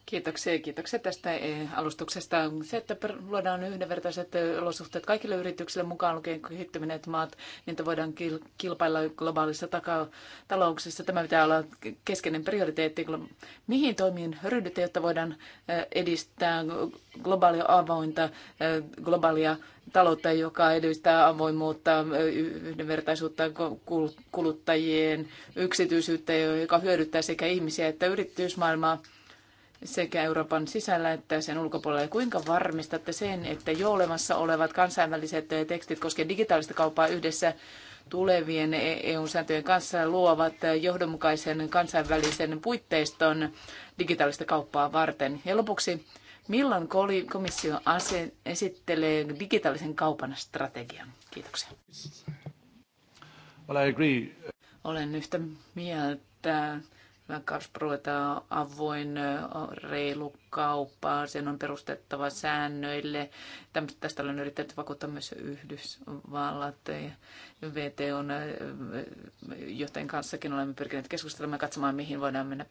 Kiitoksia, kiitoksia tästä eh, alustuksesta. Se, että luodaan yhdenvertaiset eh, olosuhteet kaikille yrityksille mukaan lukien kehittyneet maat, niin että voidaan kilpailla globaalissa talouksessa. Tämä pitää olla keskeinen prioriteetti. Mihin toimiin ryhdytään, jotta voidaan eh, edistää globaalia avointa, globaalia taloutta, joka edistää avoimuutta, yhdenvertaisuutta kuluttajien yksityisyyttä, joka hyödyttää sekä ihmisiä että yritysmaailmaa? sekä Euroopan sisällä että sen ulkopuolella. Kuinka varmistatte sen, että jo olemassa olevat kansainväliset tekstit koskien digitaalista kauppaa yhdessä tulevien EU-sääntöjen kanssa luovat johdonmukaisen kansainvälisen puitteiston digitaalista kauppaa varten? Ja lopuksi, milloin komissio esittelee digitaalisen kaupan strategian? Kiitoksia. Well, I agree. Olen yhtä mieltä Karlsruhe avoin, reilu kauppa, sen on perustettava säännöille. Tästä olen yrittänyt vakuuttaa myös Yhdysvallat ja on, johtajien kanssakin olemme pyrkineet keskustelemaan ja katsomaan, mihin voidaan mennä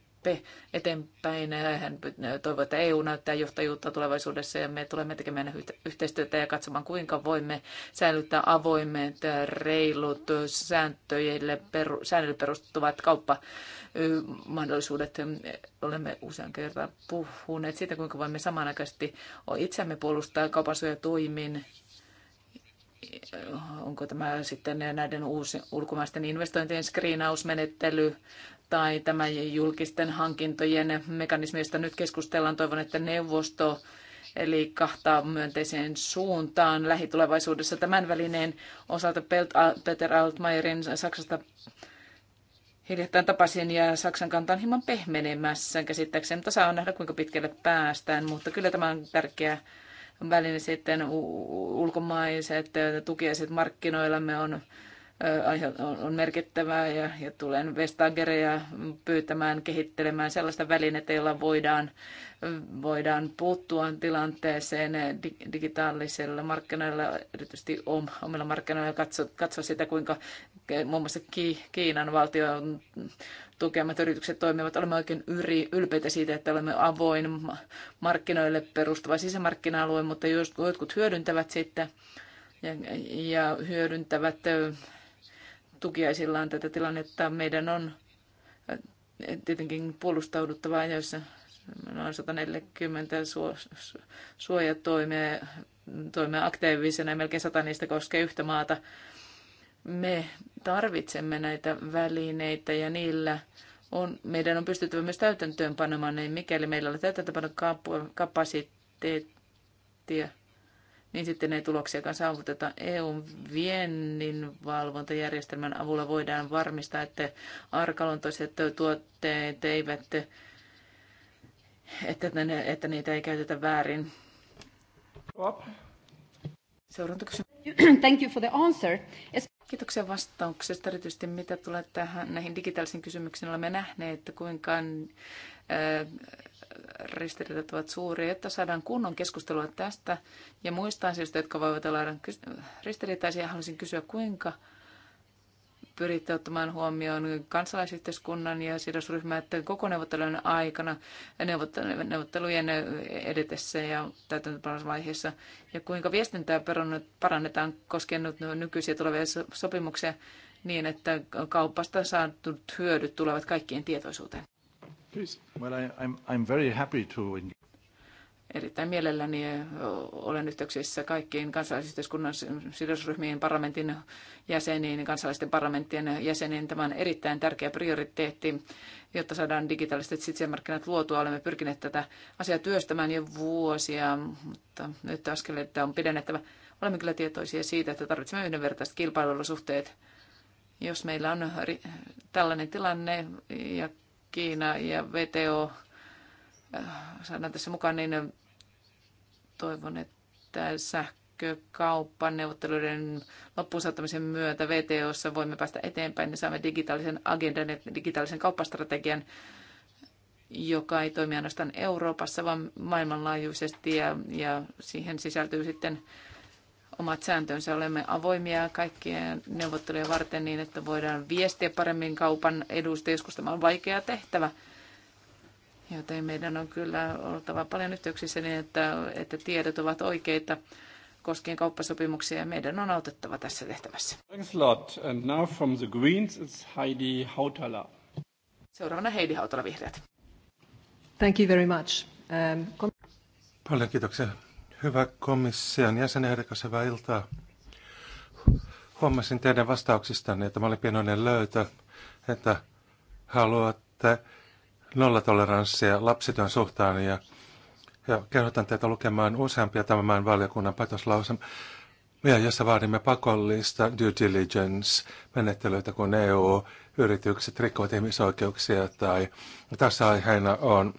eteenpäin. Hän toivoo, että EU näyttää johtajuutta tulevaisuudessa ja me tulemme tekemään yhteistyötä ja katsomaan, kuinka voimme säilyttää avoimet, reilut, sääntöjille, peru, säännöille perustuvat kauppamahdollisuudet. Olemme usean kerran puhuneet siitä, kuinka voimme samanaikaisesti itseämme puolustaa kaupan toimin onko tämä sitten näiden uusi, ulkomaisten investointien screenausmenettely tai tämä julkisten hankintojen mekanismi, josta nyt keskustellaan. Toivon, että neuvosto eli kahtaa myönteiseen suuntaan lähitulevaisuudessa tämän välineen osalta Peter Altmaierin Saksasta hiljattain tapasin ja Saksan kanta on hieman pehmenemässä käsittääkseni, mutta saa nähdä kuinka pitkälle päästään, mutta kyllä tämä on tärkeä väline sitten ulkomaiset tukiaiset markkinoillamme on on merkittävää ja, ja tulen Vestagereja pyytämään kehittelemään sellaista välinettä, jolla voidaan, voidaan puuttua tilanteeseen digitaalisella markkinoilla, erityisesti omilla markkinoilla, katsoa katso sitä, kuinka muun muassa Kiinan valtion tukemat yritykset toimivat. Olemme oikein yri, ylpeitä siitä, että olemme avoin markkinoille perustuva sisämarkkina-alue, mutta jotkut hyödyntävät sitten ja, ja hyödyntävät tukiaisillaan tätä tilannetta. Meidän on eh, tietenkin puolustauduttava ajoissa noin 140 suojatoimia toimia aktiivisena ja melkein sata niistä koskee yhtä maata. Me tarvitsemme näitä välineitä ja niillä on, meidän on pystyttävä myös täytäntöön panemaan, niin mikäli meillä on täytäntöpanokapasiteettia, kapasiteettia, niin sitten ei tuloksiakaan saavuteta. EUn viennin valvontajärjestelmän avulla voidaan varmistaa, että arkaluontoiset tuotteet eivät, että, ne, että niitä ei käytetä väärin. Thank you for the answer. Kiitoksia vastauksesta, erityisesti mitä tulee tähän näihin digitaalisiin kysymyksiin. Olemme nähneet, että kuinka äh, ristiriidat ovat suuria, että saadaan kunnon keskustelua tästä ja muista asioista, jotka voivat olla ristiriitaisia. Haluaisin kysyä, kuinka pyritte ottamaan huomioon kansalaisyhteiskunnan ja sidosryhmäiden koko neuvottelujen aikana neuvottelujen edetessä ja täytäntöpanosvaiheessa ja kuinka viestintää parannetaan koskien nykyisiä tulevia sopimuksia niin, että kaupasta saatut hyödyt tulevat kaikkien tietoisuuteen. Please. Well, I, I'm, I'm very happy to... Erittäin mielelläni olen yhteyksissä kaikkiin kansalaisyhteiskunnan sidosryhmiin, parlamentin jäseniin, kansalaisten parlamenttien jäseniin. Tämä on erittäin tärkeä prioriteetti, jotta saadaan digitaaliset sitsemarkkinat luotua. Olemme pyrkineet tätä asiaa työstämään jo vuosia, mutta nyt askeleita on pidennettävä. Olemme kyllä tietoisia siitä, että tarvitsemme yhdenvertaiset kilpailuolosuhteet jos meillä on tällainen tilanne ja Kiina ja VTO äh, saadaan tässä mukaan, niin toivon, että sähkökauppan neuvotteluiden loppuun saattamisen myötä VTOssa voimme päästä eteenpäin ja saamme digitaalisen agendan ja digitaalisen kauppastrategian, joka ei toimi ainoastaan Euroopassa, vaan maailmanlaajuisesti ja, ja siihen sisältyy sitten omat sääntönsä. Olemme avoimia kaikkien neuvottelujen varten niin, että voidaan viestiä paremmin kaupan edusta. Joskus tämä on vaikea tehtävä. Joten meidän on kyllä oltava paljon yhteyksissä niin, että, että tiedot ovat oikeita koskien kauppasopimuksia ja meidän on autettava tässä tehtävässä. Thanks a lot. And now from the Greens it's Heidi Hautala. Seuraavana Heidi Hautala Vihreät. Thank you very much. Um, Paljon kiitoksia. Hyvä komission jäsenehdokas, hyvää iltaa. Huomasin teidän vastauksistanne, että mä olin pienoinen löytö, että haluatte nollatoleranssia lapsityön suhtaan ja, ja kehotan teitä lukemaan useampia tämän valiokunnan päätöslausemia, jossa vaadimme pakollista due diligence-menettelyitä, kun EU-yritykset rikkovat ihmisoikeuksia tai tässä aiheena on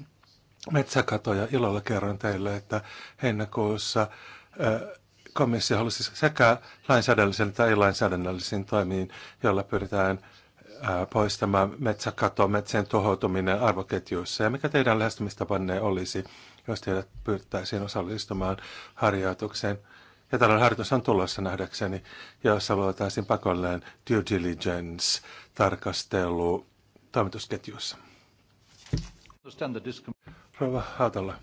metsäkatoja. Ilolla kerron teille, että heinäkuussa äh, komissio halusi sekä lainsäädännöllisiin tai ei-lainsäädännöllisiin toimiin, joilla pyritään äh, poistamaan metsäkato, metsien tuhoutuminen arvoketjuissa. Ja mikä teidän lähestymistapanne olisi, jos teidät pyrittäisiin osallistumaan harjoitukseen? Ja tällainen harjoitus on tulossa nähdäkseni, jossa luotaisiin pakolleen due diligence-tarkastelu toimitusketjussa. Rouva Haatala,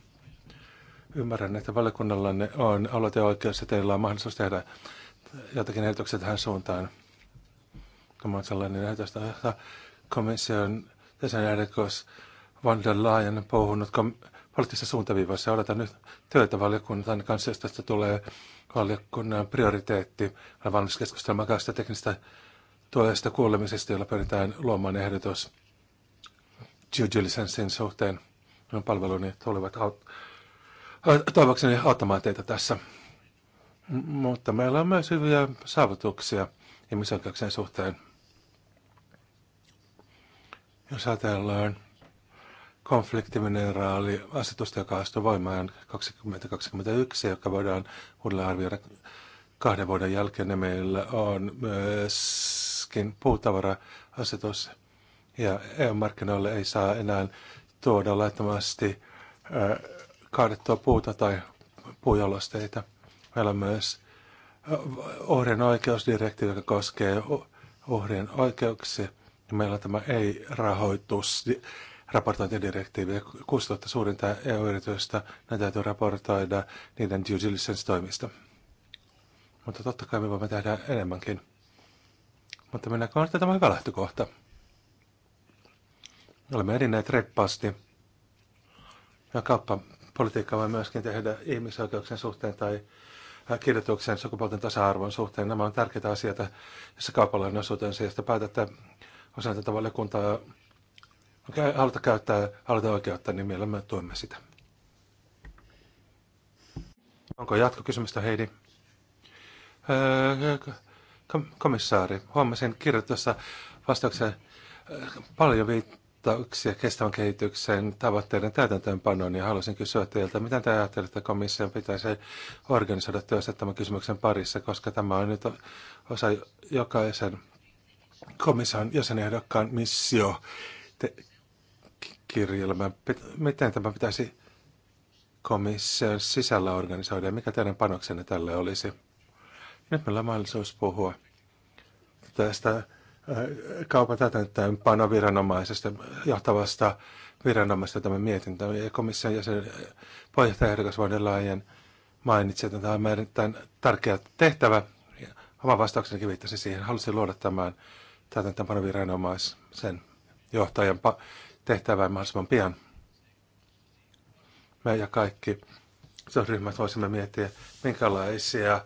ymmärrän, että valiokunnallanne on aloiteoikeus ja teillä on mahdollisuus tehdä jotakin ehdotuksia tähän suuntaan. Tämä on sellainen ehdotus, että komission jäsenerikos Van der Leyen on puhunut poliittisessa suuntaviivassa. Odotan nyt työtä valiokunnan kanssa, jos tästä tulee valiokunnan prioriteetti. Olen valmis keskustelemaan kanssa teknistä tuesta kuulemisesta, jolla pyritään luomaan ehdotus due sen suhteen. Minun palveluni tulevat aut- äh, toivokseni auttamaan teitä tässä. Mutta meillä on myös hyviä saavutuksia ihmisoikeuksien suhteen. Jos ajatellaan konfliktimineraaliasetusta, joka astui voimaan 2021, joka voidaan uudelleen arvioida kahden vuoden jälkeen, niin meillä on myöskin puutavara-asetus, ja EU-markkinoille ei saa enää tuoda laittomasti kaadettua puuta tai puujalosteita. Meillä on myös uhrien oikeusdirektiivi, joka koskee uhrien oikeuksia. Meillä on tämä ei-rahoitus raportointidirektiivi. 6000 suurinta EU-yritystä, näitä täytyy raportoida niiden due diligence-toimista. Mutta totta kai me voimme tehdä enemmänkin. Mutta mennäänkö on tämä hyvä lähtökohta? Me olemme edenneet reppaasti. Ja kauppapolitiikkaa voi myöskin tehdä ihmisoikeuksien suhteen tai kirjoituksen sukupuolten tasa-arvon suhteen. Nämä on tärkeitä asioita, jossa kaupallinen on osuutensa, josta päätätte osana tätä valiokuntaa haluta käyttää hallinto-oikeutta, niin mielellämme tuemme sitä. Onko jatkokysymystä, Heidi? Öö, komissaari, huomasin kirjoitussa vastauksen öö, paljon viittaa vastauksia kestävän kehityksen tavoitteiden täytäntöönpanoon, niin haluaisin kysyä teiltä, miten te ajattelette, että komission pitäisi organisoida työssä tämän kysymyksen parissa, koska tämä on nyt osa jokaisen komission jäsenehdokkaan missio kirjelmä. Miten tämä pitäisi komission sisällä organisoida ja mikä teidän panoksenne tälle olisi? Nyt meillä on mahdollisuus puhua tästä kaupan täytäntöönpano viranomaisesta, johtavasta viranomaisesta tämä mietintö. Ja komission jäsen puheenjohtaja Van der mainitsi, että tämä on erittäin tärkeä tehtävä. Ja oma vastauksenikin viittasi siihen. Halusin luoda tämän täytäntöönpanoviranomaisen johtajan tehtävään mahdollisimman pian. Me ja kaikki sosiaaliryhmät voisimme miettiä, minkälaisia,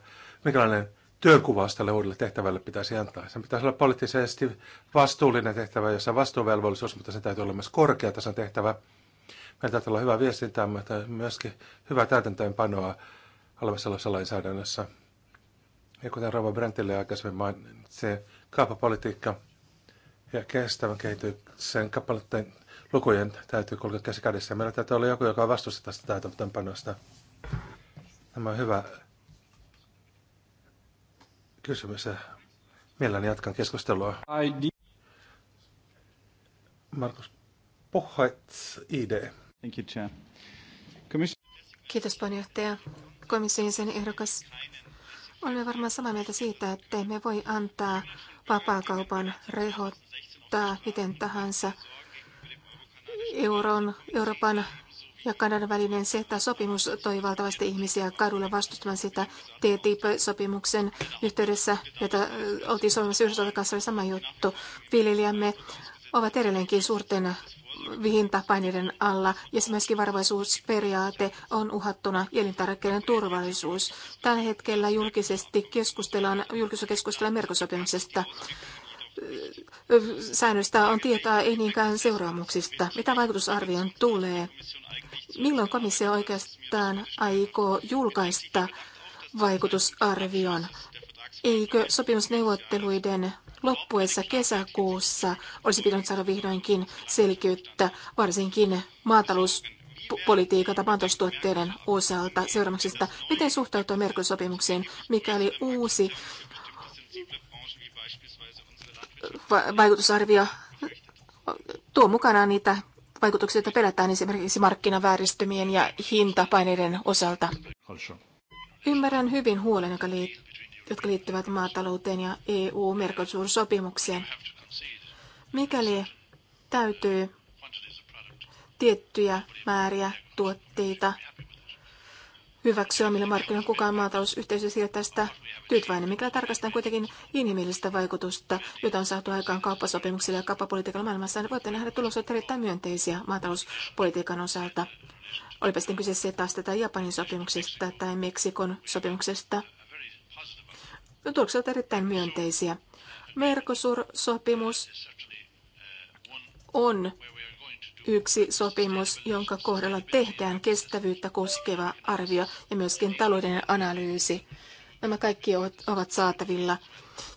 minkälainen työkuvaus tälle uudelle tehtävälle pitäisi antaa. Sen pitäisi olla poliittisesti vastuullinen tehtävä, jossa vastuuvelvollisuus, mutta sen täytyy olla myös korkeatason tehtävä. Meillä täytyy olla hyvä viestintää, mutta myöskin hyvä täytäntöönpanoa olemassa olevassa lainsäädännössä. Ja kuten Rova Brentille aikaisemmin mainitsi, kaupapolitiikka ja kestävän kehityksen kappaleiden lukujen täytyy kulkea käsi kädessä. Meillä täytyy olla joku, joka vastustaa sitä täytäntöönpanosta. Tämä on hyvä kysymys. Mielelläni jatkan keskustelua. Markus Pohjats, ID. Thank you, Chair. Kiitos puheenjohtaja. Komission sen ehdokas. Olemme varmaan samaa mieltä siitä, että emme voi antaa vapaakaupan rehottaa miten tahansa euron, Euroopan ja Kanadan välinen ceta sopimus toi valtavasti ihmisiä kadulle vastustamaan sitä TTIP-sopimuksen yhteydessä, jota oltiin Suomessa Yhdysvaltain kanssa oli sama juttu. Viljelijämme ovat edelleenkin suurten vihintapaineiden alla ja se myöskin varovaisuusperiaate on uhattuna elintarvikkeiden turvallisuus. Tällä hetkellä julkisesti keskustellaan, julkisessa keskustellaan merkosopimuksesta säännöstä on tietoa, ei niinkään seuraamuksista. Mitä vaikutusarvion tulee? Milloin komissio oikeastaan aikoo julkaista vaikutusarvion? Eikö sopimusneuvotteluiden loppuessa kesäkuussa olisi pitänyt saada vihdoinkin selkeyttä, varsinkin maatalous politiikan tai maataloustuotteiden osalta seuraamuksista. Miten suhtautua merkosopimukseen, mikäli uusi vaikutusarvio tuo mukanaan niitä vaikutuksia, joita pelätään esimerkiksi markkinavääristymien ja hintapaineiden osalta. Ymmärrän hyvin huolen, joka jotka liittyvät maatalouteen ja EU-merkosuussopimukseen. Mikäli täytyy tiettyjä määriä tuotteita hyväksyä, millä markkinoilla kukaan maatalousyhteisö siirtää tästä tyytyväinen, mikä tarkastaa kuitenkin inhimillistä vaikutusta, jota on saatu aikaan kauppasopimuksilla ja kauppapolitiikalla maailmassa. Niin voitte nähdä tulokset erittäin myönteisiä maatalouspolitiikan osalta. Olipa sitten kyse taas tai Japanin sopimuksesta tai Meksikon sopimuksesta. No, tulokset ovat erittäin myönteisiä. Mercosur-sopimus on yksi sopimus, jonka kohdalla tehdään kestävyyttä koskeva arvio ja myöskin talouden analyysi. Nämä kaikki ovat saatavilla.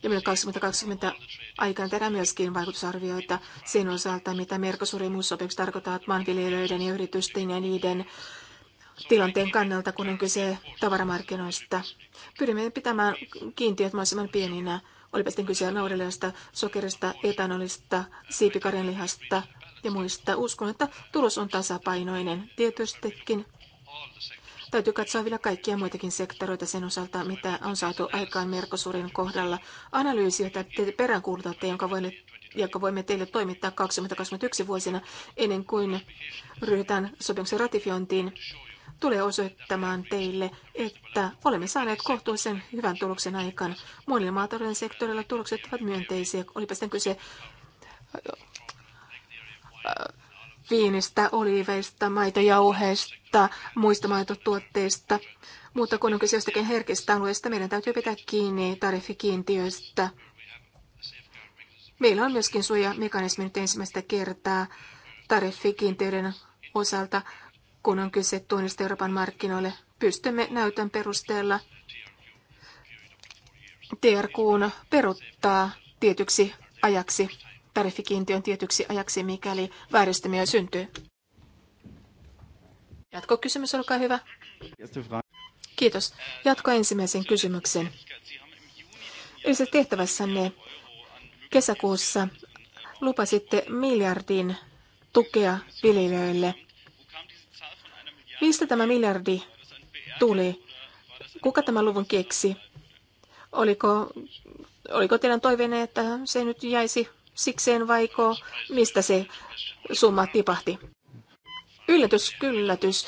Ja meillä 2020 aikaan tehdään myöskin vaikutusarvioita sen osalta, mitä Merkosurin muussopimukset tarkoittaa maanviljelijöiden ja yritysten ja niiden tilanteen kannalta, kun on kyse tavaramarkkinoista. Pyrimme pitämään kiintiöt mahdollisimman pieninä, olipa sitten kyse naudelijasta, sokerista, etanolista, siipikarjanlihasta ja muista. Uskon, että tulos on tasapainoinen. Tietystikin Täytyy katsoa vielä kaikkia muitakin sektoreita sen osalta, mitä on saatu aikaan Merkosurin kohdalla. Analyysi, jota te peräänkuulutatte, jonka voimme, jonka voimme teille toimittaa 2021 vuosina ennen kuin ryhdytään sopimuksen ratifiointiin, tulee osoittamaan teille, että olemme saaneet kohtuullisen hyvän tuloksen aikaan. Monilla maatalouden sektoreilla tulokset ovat myönteisiä, olipa sitten kyse viinistä, oliiveista, maitojauheista, muista maitotuotteista. Mutta kun on kyse jostakin herkistä alueista, meidän täytyy pitää kiinni tariffikiintiöistä. Meillä on myöskin suojamekanismi nyt ensimmäistä kertaa tariffikiintiöiden osalta, kun on kyse tuonnista Euroopan markkinoille. Pystymme näytön perusteella TRQ peruttaa tietyksi ajaksi tariffikiintiön tietyksi ajaksi, mikäli vääristymiä syntyy. Jatkokysymys, olkaa hyvä. Kiitos. Jatko ensimmäisen kysymyksen. Yhdessä tehtävässänne kesäkuussa lupasitte miljardin tukea viljelijöille. Mistä tämä miljardi tuli? Kuka tämän luvun keksi? Oliko, oliko teidän toiveenne, että se nyt jäisi sikseen vaiko mistä se summa tipahti? Yllätys, yllätys.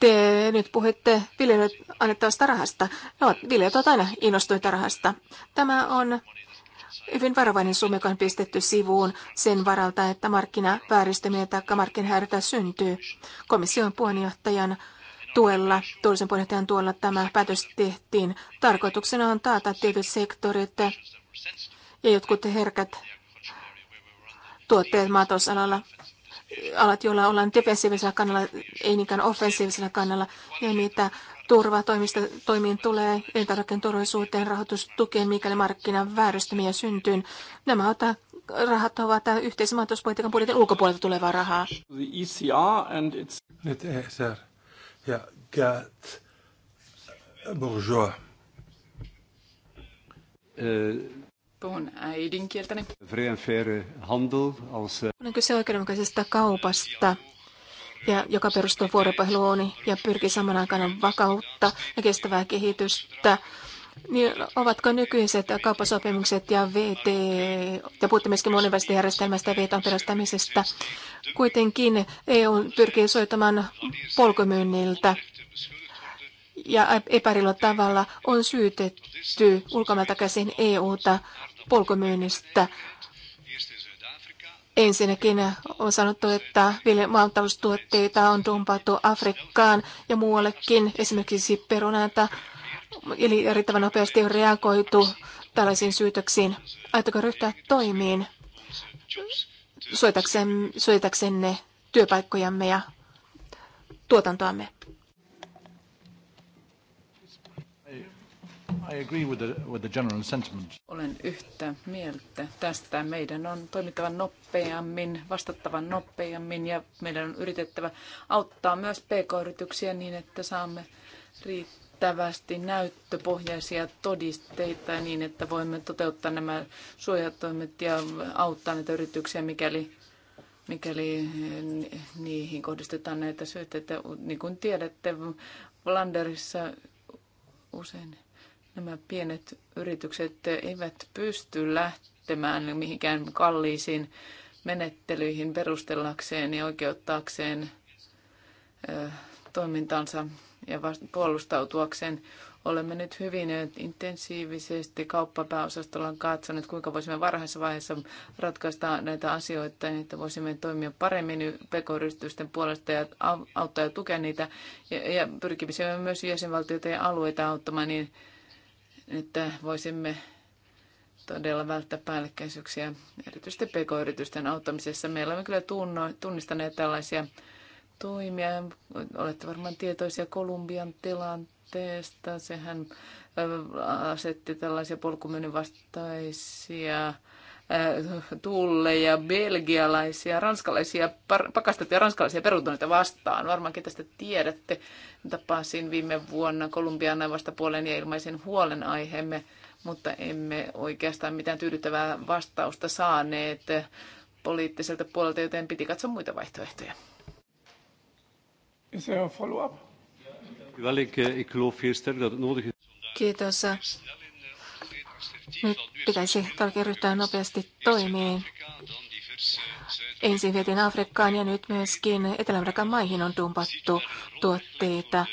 Te nyt puhutte viljelijöitä annettavasta rahasta. No, viljelijät ovat aina innostuneita rahasta. Tämä on hyvin varovainen summa, joka on pistetty sivuun sen varalta, että markkinavääristymiä tai markkinahäiritä syntyy. Komission puheenjohtajan tuella, toisen puheenjohtajan tuella tämä päätös tehtiin. Tarkoituksena on taata tietyt sektorit ja jotkut herkät tuotteet maatalousalalla, alat, joilla ollaan defensiivisellä kannalla, ei niinkään offensiivisella kannalla, ja niitä turvatoimista toimiin tulee elintarvikkeen turvallisuuteen, rahoitustukeen, mikäli markkinan vääristymiä syntyy. Nämä ota, rahat ovat yhteisen maatalouspolitiikan budjetin ulkopuolelta tulevaa rahaa. E Nyt ESR ja GATT bourgeois puhun äidinkieltäni. Eh, Olen On kyse oikeudenmukaisesta kaupasta, ja joka perustuu vuoropuheluun ja pyrkii saman aikaan vakautta ja kestävää kehitystä. Niin ovatko nykyiset kauppasopimukset ja VT, ja puhutte myöskin monenvälisestä järjestelmästä ja VTOn perustamisesta, kuitenkin EU pyrkii soittamaan polkumyynniltä ja epärillä tavalla on syytetty ulkomailta käsin EUta polkumyynnistä. Ensinnäkin on sanottu, että maataloustuotteita on dumpattu Afrikkaan ja muuallekin, esimerkiksi perunanta, eli erittäin nopeasti on reagoitu tällaisiin syytöksiin. Aitako ryhtyä toimiin suojataksenne työpaikkojamme ja tuotantoamme? I agree with the, with the general sentiment. Olen yhtä mieltä tästä. Meidän on toimittava nopeammin, vastattava nopeammin ja meidän on yritettävä auttaa myös pk-yrityksiä niin, että saamme riittävästi näyttöpohjaisia todisteita niin, että voimme toteuttaa nämä suojatoimet ja auttaa näitä yrityksiä, mikäli mikäli eh, niihin kohdistetaan näitä syytteitä. Niin kuin tiedätte, Landerissa usein Nämä pienet yritykset eivät pysty lähtemään mihinkään kalliisiin menettelyihin perustellakseen ja oikeuttaakseen toimintansa ja puolustautuakseen. Olemme nyt hyvin intensiivisesti kauppapääosastolla katsoneet, kuinka voisimme varhaisessa vaiheessa ratkaista näitä asioita, niin että voisimme toimia paremmin pk puolesta ja auttaa ja tukea niitä. Ja, ja myös jäsenvaltioita ja alueita auttamaan niin, että voisimme todella välttää päällekkäisyyksiä, erityisesti pk-yritysten auttamisessa. Meillä on kyllä tunno, tunnistaneet tällaisia toimia. Olette varmaan tietoisia Kolumbian tilanteesta. Sehän asetti tällaisia polkumyynnin vastaisia Äh, tulleja, belgialaisia, ranskalaisia, pakastettuja ja ranskalaisia perutuneita vastaan. Varmaankin tästä tiedätte. Tapasin viime vuonna Kolumbian puolen ja ilmaisen huolenaiheemme, mutta emme oikeastaan mitään tyydyttävää vastausta saaneet poliittiselta puolelta, joten piti katsoa muita vaihtoehtoja. Kiitos. Nyt pitäisi toki ryhtyä nopeasti toimiin. Ensin vietiin Afrikkaan ja nyt myöskin Etelä-Amerikan maihin on dumpattu tuotteita.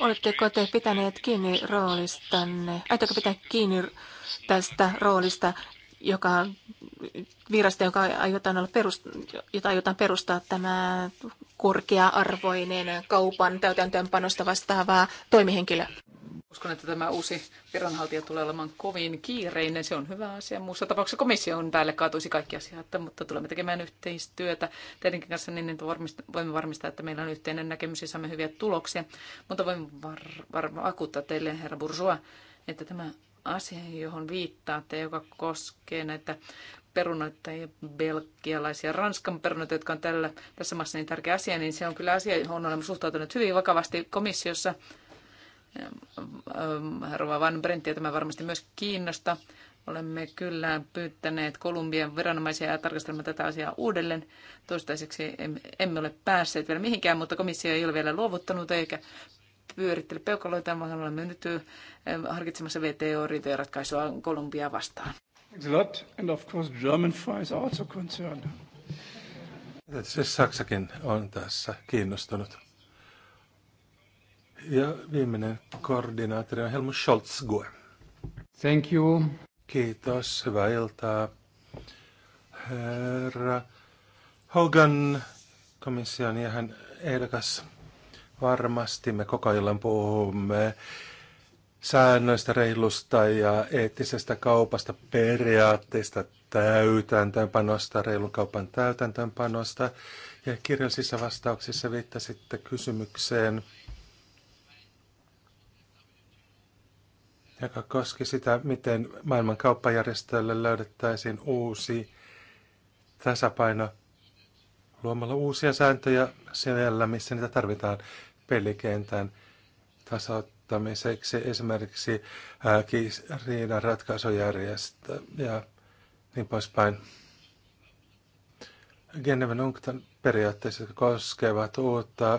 Oletteko te pitäneet kiinni roolistanne? Aitoko pitää kiinni tästä roolista, joka virasta, joka aiotaan, olla perust, jota aiotaan perustaa tämä korkea-arvoinen kaupan täytäntöönpanosta vastaava toimihenkilö? Uskon, että tämä uusi viranhaltija tulee olemaan kovin kiireinen. Se on hyvä asia. Muussa tapauksessa on päälle kaatuisi kaikki asiat, mutta tulemme tekemään yhteistyötä teidänkin kanssa niin, että voimme varmistaa, että meillä on yhteinen näkemys ja saamme hyviä tuloksia. Mutta voimme var- var- vakuuttaa teille, herra Bourgeois, että tämä asia, johon viittaatte, joka koskee näitä perunoita ja belgialaisia ranskan perunoita, jotka on tällä, tässä maassa niin tärkeä asia, niin se on kyllä asia, johon olemme suhtautuneet hyvin vakavasti komissiossa – Ehm, Rova Van Brenttiä tämä varmasti myös kiinnosta. Olemme kyllä pyytäneet Kolumbian viranomaisia tarkastelemaan tätä asiaa uudelleen. Toistaiseksi emme ole päässeet vielä mihinkään, mutta komissio ei ole vielä luovuttanut eikä pyörittele peukaloita, vaan olemme nyt ehm, harkitsemassa VTO-riitojen ratkaisua Kolumbia vastaan. a lot. And of course German fries are also concerned. Se Saksakin on tässä kiinnostunut. Ja viimeinen koordinaattori on Helmut Scholz-Gue. Thank you. Kiitos, hyvää iltaa. Herra Hogan, komission ja hän ehdokas. Varmasti me koko ajan puhumme säännöistä, reilusta ja eettisestä kaupasta, periaatteista, täytäntöönpanosta, reilun kaupan täytäntöönpanosta. Ja kirjallisissa vastauksissa viittasitte kysymykseen – joka koski sitä, miten maailman kauppajärjestölle löydettäisiin uusi tasapaino luomalla uusia sääntöjä siellä, missä niitä tarvitaan pelikentän tasoittamiseksi, esimerkiksi riidan ratkaisujärjestö ja niin poispäin. Geneven UNCTAN periaatteessa koskevat uutta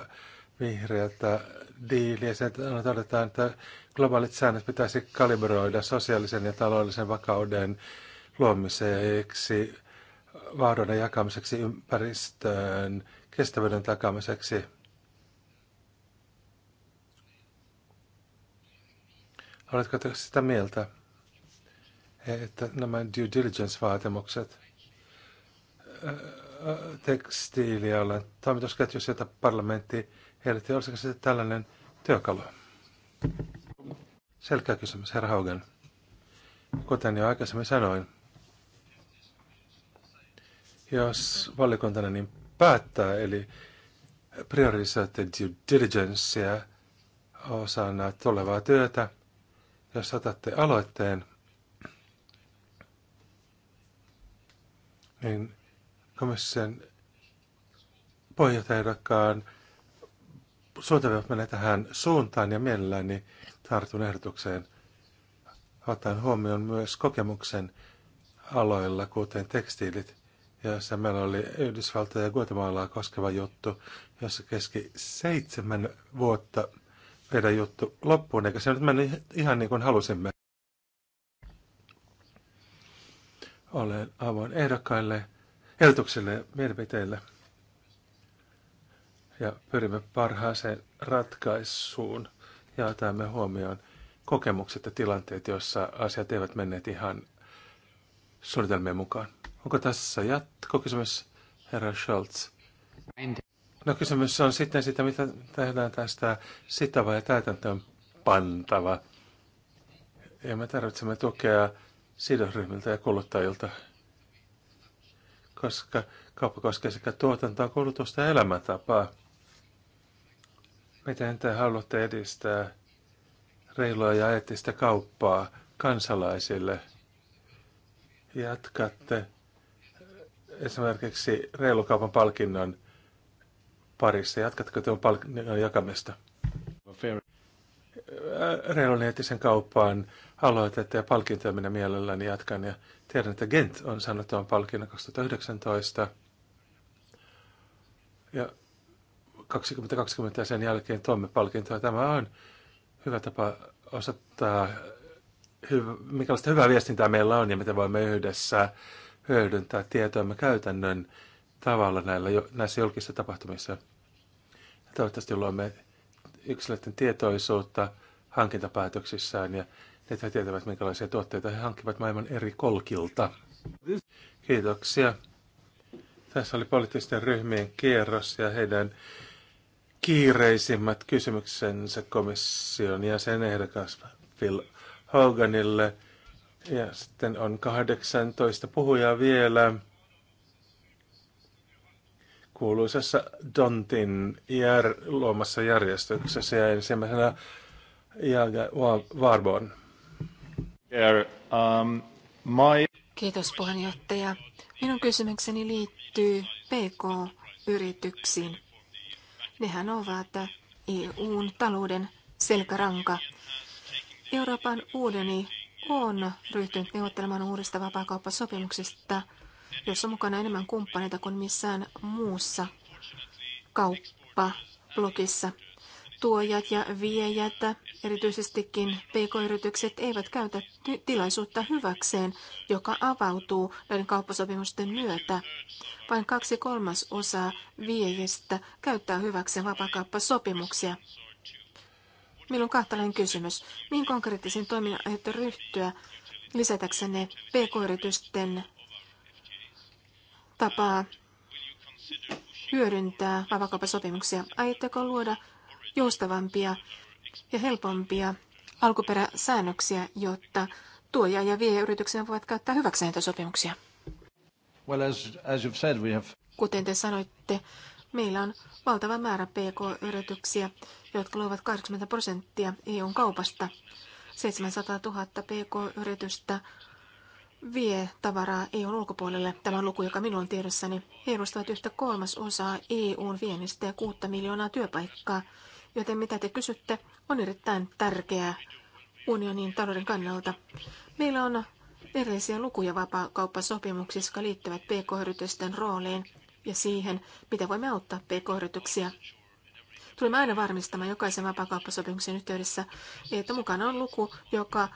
vihreätä diili ja sieltä todetaan, että globaalit säännöt pitäisi kalibroida sosiaalisen ja taloudellisen vakauden luomiseksi, vaurauden jakamiseksi, ympäristöön, kestävyyden takamiseksi. Oletko sitä mieltä, että nämä due diligence-vaatimukset äh, äh, tekstiiliä, toimitusketjussa, jota parlamentti Heille olisiko sitten tällainen työkalu? Selkeä kysymys, herra Haugen. Kuten jo aikaisemmin sanoin, jos valiokuntana niin päättää, eli priorisoitte due diligencea osana tulevaa työtä, jos otatte aloitteen, niin komission puheenjohtajakaan että menee tähän suuntaan ja mielelläni tartun ehdotukseen ottaen huomioon myös kokemuksen aloilla, kuten tekstiilit, se meillä oli Yhdysvaltoja ja Guatemalaa koskeva juttu, jossa keski seitsemän vuotta meidän juttu loppuun, eikä se nyt mennyt ihan niin kuin halusimme. Olen avoin ehdokkaille, ehdotuksille, mielipiteille ja pyrimme parhaaseen ratkaisuun ja otamme huomioon kokemukset ja tilanteet, joissa asiat eivät menneet ihan suunnitelmien mukaan. Onko tässä jatkokysymys, herra Schultz? No kysymys on sitten sitä, mitä tehdään tästä sitava ja täytäntöön pantava. Ja me tarvitsemme tukea sidosryhmiltä ja kuluttajilta, koska kauppa koskee sekä tuotantoa, kulutusta ja elämäntapaa miten te haluatte edistää reilua ja eettistä kauppaa kansalaisille. Jatkatte esimerkiksi reilukaupan palkinnon parissa. Jatkatko tuon palkinnon jakamista? Reilun eettisen kauppaan aloitetta ja palkintoja minä mielelläni jatkan. Ja tiedän, että Gent on saanut tuon palkinnon 2019. Ja 2020 ja sen jälkeen tuomme palkintoa. Tämä on hyvä tapa osoittaa, hyvä, minkälaista hyvää viestintää meillä on ja miten voimme yhdessä hyödyntää tietoamme käytännön tavalla näillä, näissä julkisissa tapahtumissa. Ja toivottavasti luomme yksilöiden tietoisuutta hankintapäätöksissään ja ne he tietävät, minkälaisia tuotteita he hankkivat maailman eri kolkilta. Kiitoksia. Tässä oli poliittisten ryhmien kierros ja heidän kiireisimmät kysymyksensä komission jäsenehdokas Phil Hoganille. Ja sitten on 18 puhujaa vielä kuuluisessa Dontin jär, luomassa järjestyksessä ja ensimmäisenä Jaga Warborn. Um, Kiitos puheenjohtaja. Minun kysymykseni liittyy PK-yrityksiin Nehän ovat EUn talouden selkäranka. Euroopan uudeni on ryhtynyt neuvottelemaan uudesta vapaakauppasopimuksesta, jossa on mukana enemmän kumppaneita kuin missään muussa kauppablogissa tuojat ja viejät, erityisestikin pk-yritykset, eivät käytä tilaisuutta hyväkseen, joka avautuu näiden kauppasopimusten myötä. Vain kaksi kolmas osaa viejistä käyttää hyväkseen vapakauppasopimuksia. Minun on kahtalainen kysymys. Mihin konkreettisiin toiminnan aiotte ryhtyä lisätäksenne pk-yritysten tapaa hyödyntää vapakauppasopimuksia? Aiotteko luoda joustavampia ja helpompia alkuperäsäännöksiä, jotta tuoja ja vie yrityksen voivat käyttää hyväksi näitä sopimuksia. Well, as, as you've said, we have... Kuten te sanoitte, meillä on valtava määrä PK-yrityksiä, jotka luovat 80 prosenttia EUn kaupasta. 700 000 PK-yritystä vie tavaraa EUn ulkopuolelle. Tämä on luku, joka minulla on tiedossani. He edustavat yhtä kolmasosaa EUn viennistä ja kuutta miljoonaa työpaikkaa. Joten mitä te kysytte, on erittäin tärkeää unionin talouden kannalta. Meillä on erilaisia lukuja vapaakauppasopimuksissa, jotka liittyvät pk-yritysten rooliin ja siihen, mitä voimme auttaa pk-yrityksiä. Tulemme aina varmistamaan jokaisen vapaakauppasopimuksen yhteydessä, että mukana on luku, joka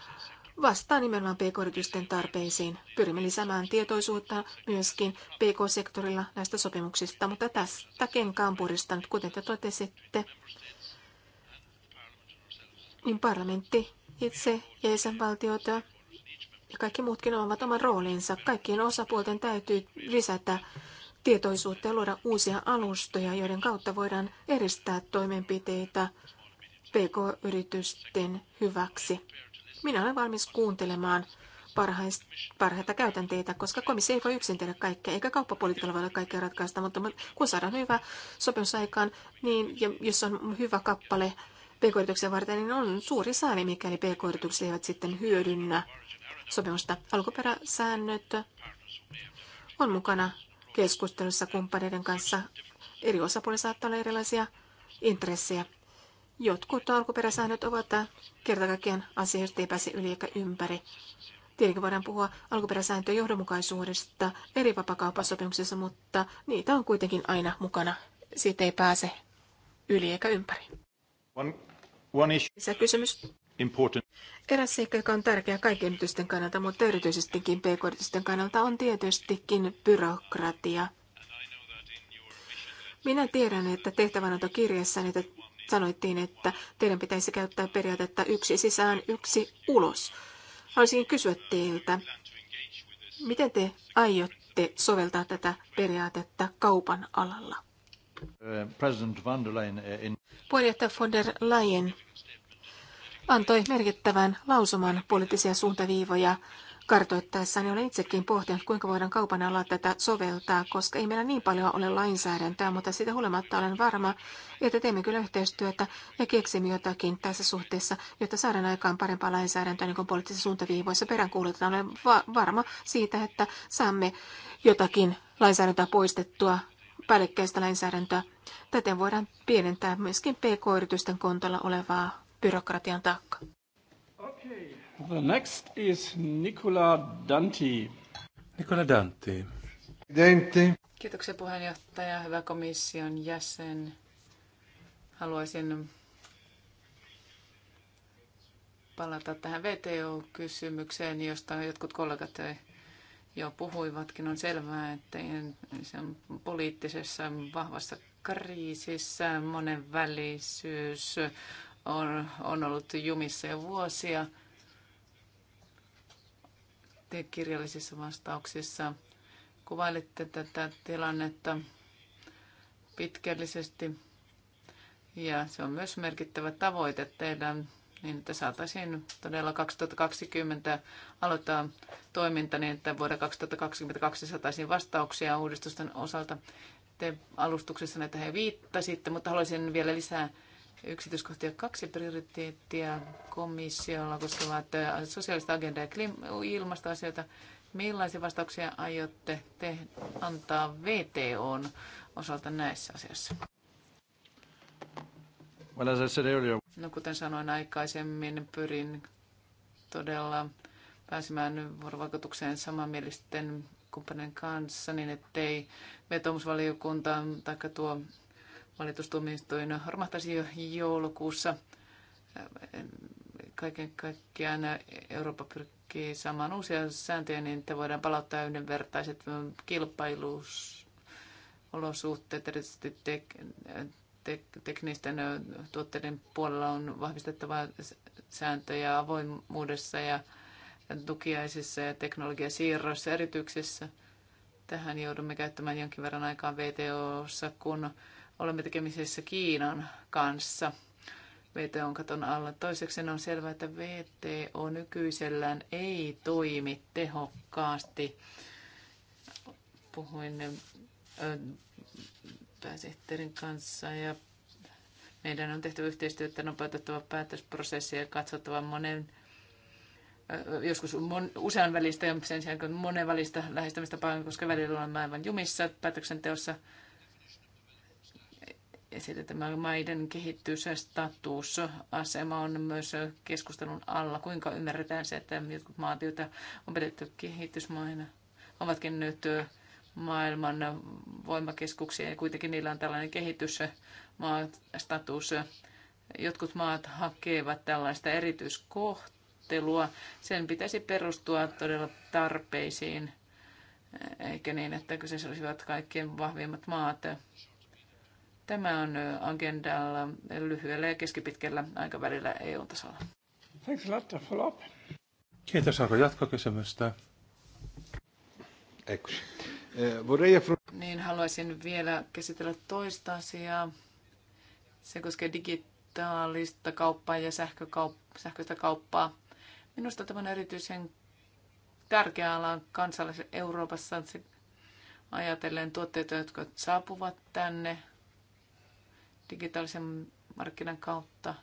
vastaa nimenomaan pk-yritysten tarpeisiin. Pyrimme lisäämään tietoisuutta myöskin pk-sektorilla näistä sopimuksista, mutta tästäkin kampurista, kuten te totesitte, niin parlamentti itse ja jäsenvaltiot ja kaikki muutkin ovat oman roolinsa. Kaikkien osapuolten täytyy lisätä tietoisuutta ja luoda uusia alustoja, joiden kautta voidaan eristää toimenpiteitä PK-yritysten hyväksi. Minä olen valmis kuuntelemaan parhaita käytänteitä, koska komissio ei voi yksin tehdä kaikkea, eikä kauppapolitiikalla olla kaikkea ratkaista, mutta kun saadaan hyvä sopimus aikaan, niin, ja jos on hyvä kappale pk varten, niin on suuri sääli, mikäli pk eivät sitten hyödynnä sopimusta. Alkuperäsäännöt on mukana keskustelussa kumppaneiden kanssa. Eri osapuolilla saattaa olla erilaisia intressejä. Jotkut alkuperäsäännöt ovat kertakaikkiaan asia, josta ei pääse yli eikä ympäri. Tietenkin voidaan puhua alkuperäsääntöjen johdonmukaisuudesta eri vapakauppasopimuksissa, mutta niitä on kuitenkin aina mukana. Siitä ei pääse yli eikä ympäri. Lisäkysymys. Eräs seikka, joka on tärkeä kaikkien yritysten kannalta, mutta erityisestikin pk-yritysten kannalta, on tietystikin byrokratia. Minä tiedän, että tehtävänantokirjassa niitä sanoittiin, että teidän pitäisi käyttää periaatetta yksi sisään, yksi ulos. Haluaisin kysyä teiltä, miten te aiotte soveltaa tätä periaatetta kaupan alalla? von der Leyen, Puheenjohtaja von der Leyen antoi merkittävän lausuman poliittisia suuntaviivoja kartoittaessaan, niin olen itsekin pohtinut, kuinka voidaan kaupan alla tätä soveltaa, koska ei meillä niin paljon ole lainsäädäntöä, mutta siitä huolimatta olen varma, että teemme kyllä yhteistyötä ja keksimme jotakin tässä suhteessa, jotta saadaan aikaan parempaa lainsäädäntöä, niin kuin poliittisissa suuntaviivoissa peräänkuulutetaan. Olen va- varma siitä, että saamme jotakin lainsäädäntöä poistettua päällekkäistä lainsäädäntöä. Täten voidaan pienentää myöskin PK-yritysten kontolla olevaa byrokratian taakkaa. Okay. The next is Nicola Danti. Nicola Danti. Danti. Kiitoksia puheenjohtaja, hyvä komission jäsen. Haluaisin palata tähän VTO-kysymykseen, josta jotkut kollegat jo puhuivatkin, on selvää, että se on poliittisessa vahvassa kriisissä. Monenvälisyys on, on ollut jumissa jo vuosia. Te kirjallisissa vastauksissa kuvailitte tätä tilannetta pitkällisesti. Ja se on myös merkittävä tavoite teidän niin että saataisiin todella 2020 aloittaa toiminta niin, että vuoden 2022 saataisiin vastauksia uudistusten osalta. Te alustuksessa näitä he viittasitte, mutta haluaisin vielä lisää yksityiskohtia kaksi prioriteettia komissiolla koskevat sosiaalista agendaa ja ilmastoasioita. Millaisia vastauksia aiotte te antaa VTOn osalta näissä asioissa? Well, as I said earlier... No kuten sanoin aikaisemmin, pyrin todella pääsemään vuorovaikutukseen samanmielisten kumppanien kanssa, niin ettei vetomusvaliokunta tai tuo valitustuomioistuin jo joulukuussa. Kaiken kaikkiaan Eurooppa pyrkii saamaan uusia sääntöjä niin, että voidaan palauttaa yhdenvertaiset kilpailuolosuhteet, erityisesti teknisten tuotteiden puolella on vahvistettava sääntöjä avoimuudessa ja tukiaisissa ja teknologiasiirroissa erityksissä. Tähän joudumme käyttämään jonkin verran aikaa VTOssa, kun olemme tekemisissä Kiinan kanssa. VTOn katon alla. Toiseksi on selvää, että VTO nykyisellään ei toimi tehokkaasti. Puhuin pääsihteerin kanssa ja meidän on tehtävä yhteistyötä, nopeutettava päätösprosessia ja katsottava monen joskus mon, usean välistä ja sen sijaan kuin monen välistä lähestymistapaa, koska välillä on aivan jumissa päätöksenteossa. Ja sitten tämä maiden kehittyys status asema on myös keskustelun alla. Kuinka ymmärretään se, että jotkut maat, joita on pidetty kehitysmaina, ovatkin nyt maailman voimakeskuksiin ja kuitenkin niillä on tällainen kehitysmaastatus. Jotkut maat hakevat tällaista erityiskohtelua. Sen pitäisi perustua todella tarpeisiin, eikä niin, että kyseessä olisivat kaikkien vahvimmat maat. Tämä on agendalla lyhyellä ja keskipitkällä aikavälillä EU-tasolla. Kiitos, onko jatkokysymystä? Eikö. Eh, niin haluaisin vielä käsitellä toista asiaa. Se koskee digitaalista kauppaa ja sähkökaup- sähköistä kauppaa. Minusta tämä on erityisen tärkeä ala kansallisessa Euroopassa ajatellen tuotteita, jotka saapuvat tänne digitaalisen markkinan kautta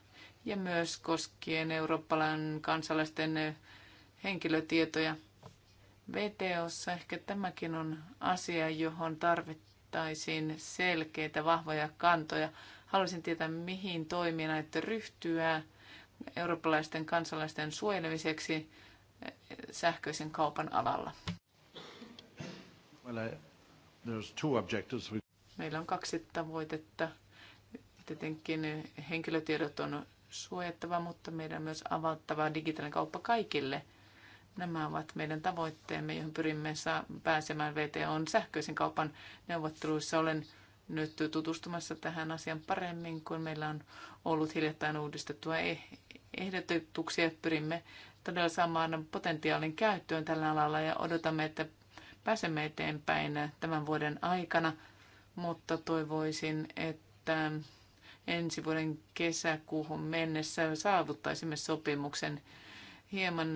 ja myös koskien eurooppalainen kansalaisten eh, henkilötietoja – VTOssa ehkä tämäkin on asia, johon tarvittaisiin selkeitä, vahvoja kantoja. Haluaisin tietää, mihin toimia, näitä ryhtyä eurooppalaisten kansalaisten suojelemiseksi sähköisen kaupan alalla. Meillä on kaksi tavoitetta. Tietenkin henkilötiedot on suojattava, mutta meidän on myös avattava digitaalinen kauppa kaikille. Nämä ovat meidän tavoitteemme, johon pyrimme saa pääsemään VTOn sähköisen kaupan neuvotteluissa. Olen nyt tutustumassa tähän asian paremmin, kun meillä on ollut hiljattain uudistettua e- ehdotuksia. Pyrimme todella saamaan potentiaalin käyttöön tällä alalla ja odotamme, että pääsemme eteenpäin tämän vuoden aikana, mutta toivoisin, että ensi vuoden kesäkuuhun mennessä saavuttaisimme sopimuksen hieman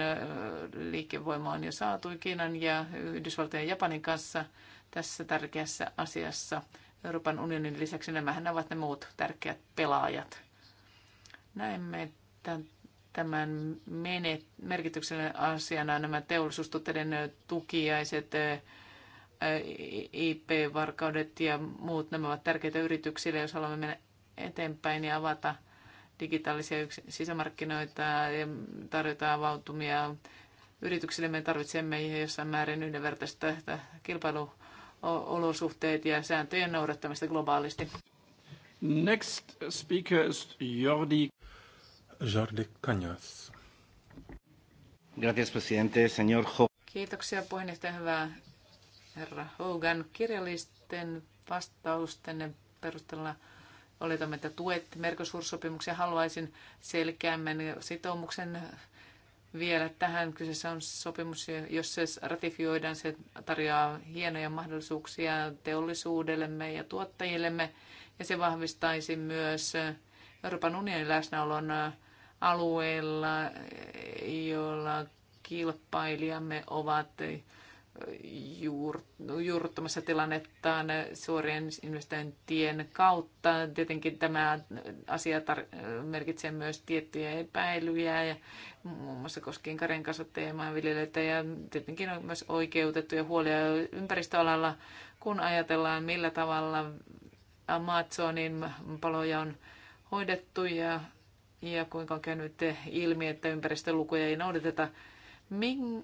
liikevoimaa on jo saatu Kiinan ja Yhdysvaltojen ja Japanin kanssa tässä tärkeässä asiassa. Euroopan unionin lisäksi nämähän ovat ne muut tärkeät pelaajat. Näemme tämän merkityksellinen asiana nämä teollisuustuotteiden tukiaiset, IP-varkaudet ja muut. Nämä ovat tärkeitä yrityksille, jos haluamme mennä eteenpäin ja avata – digitaalisia sisämarkkinoita ja tarjotaan avautumia yrityksille. Me tarvitsemme jossain määrin yhdenvertaista kilpailuolosuhteet ja sääntöjen noudattamista globaalisti. Next speaker is Jordi. Jordi Cañas. Gracias, presidente. Señor Ho- Kiitoksia puheenjohtaja. hyvä herra Hogan. Kirjallisten vastausten perusteella Oletamme, että tuet Mercosur-sopimuksen. Haluaisin selkeämmän sitoumuksen vielä tähän. Kyseessä on sopimus, jos se ratifioidaan, se tarjoaa hienoja mahdollisuuksia teollisuudellemme ja tuottajillemme. Ja se vahvistaisi myös Euroopan unionin läsnäolon alueella, jolla kilpailijamme ovat juur, no, juurruttamassa tilannettaan suorien investointien kautta. Tietenkin tämä asia tar- merkitsee myös tiettyjä epäilyjä ja muun muassa koskien karjan kasvattajia ja maanviljelijöitä ja tietenkin on myös oikeutettuja huolia ympäristöalalla, kun ajatellaan millä tavalla Amazonin paloja on hoidettu ja, ja kuinka on käynyt ilmi, että ympäristölukuja ei noudateta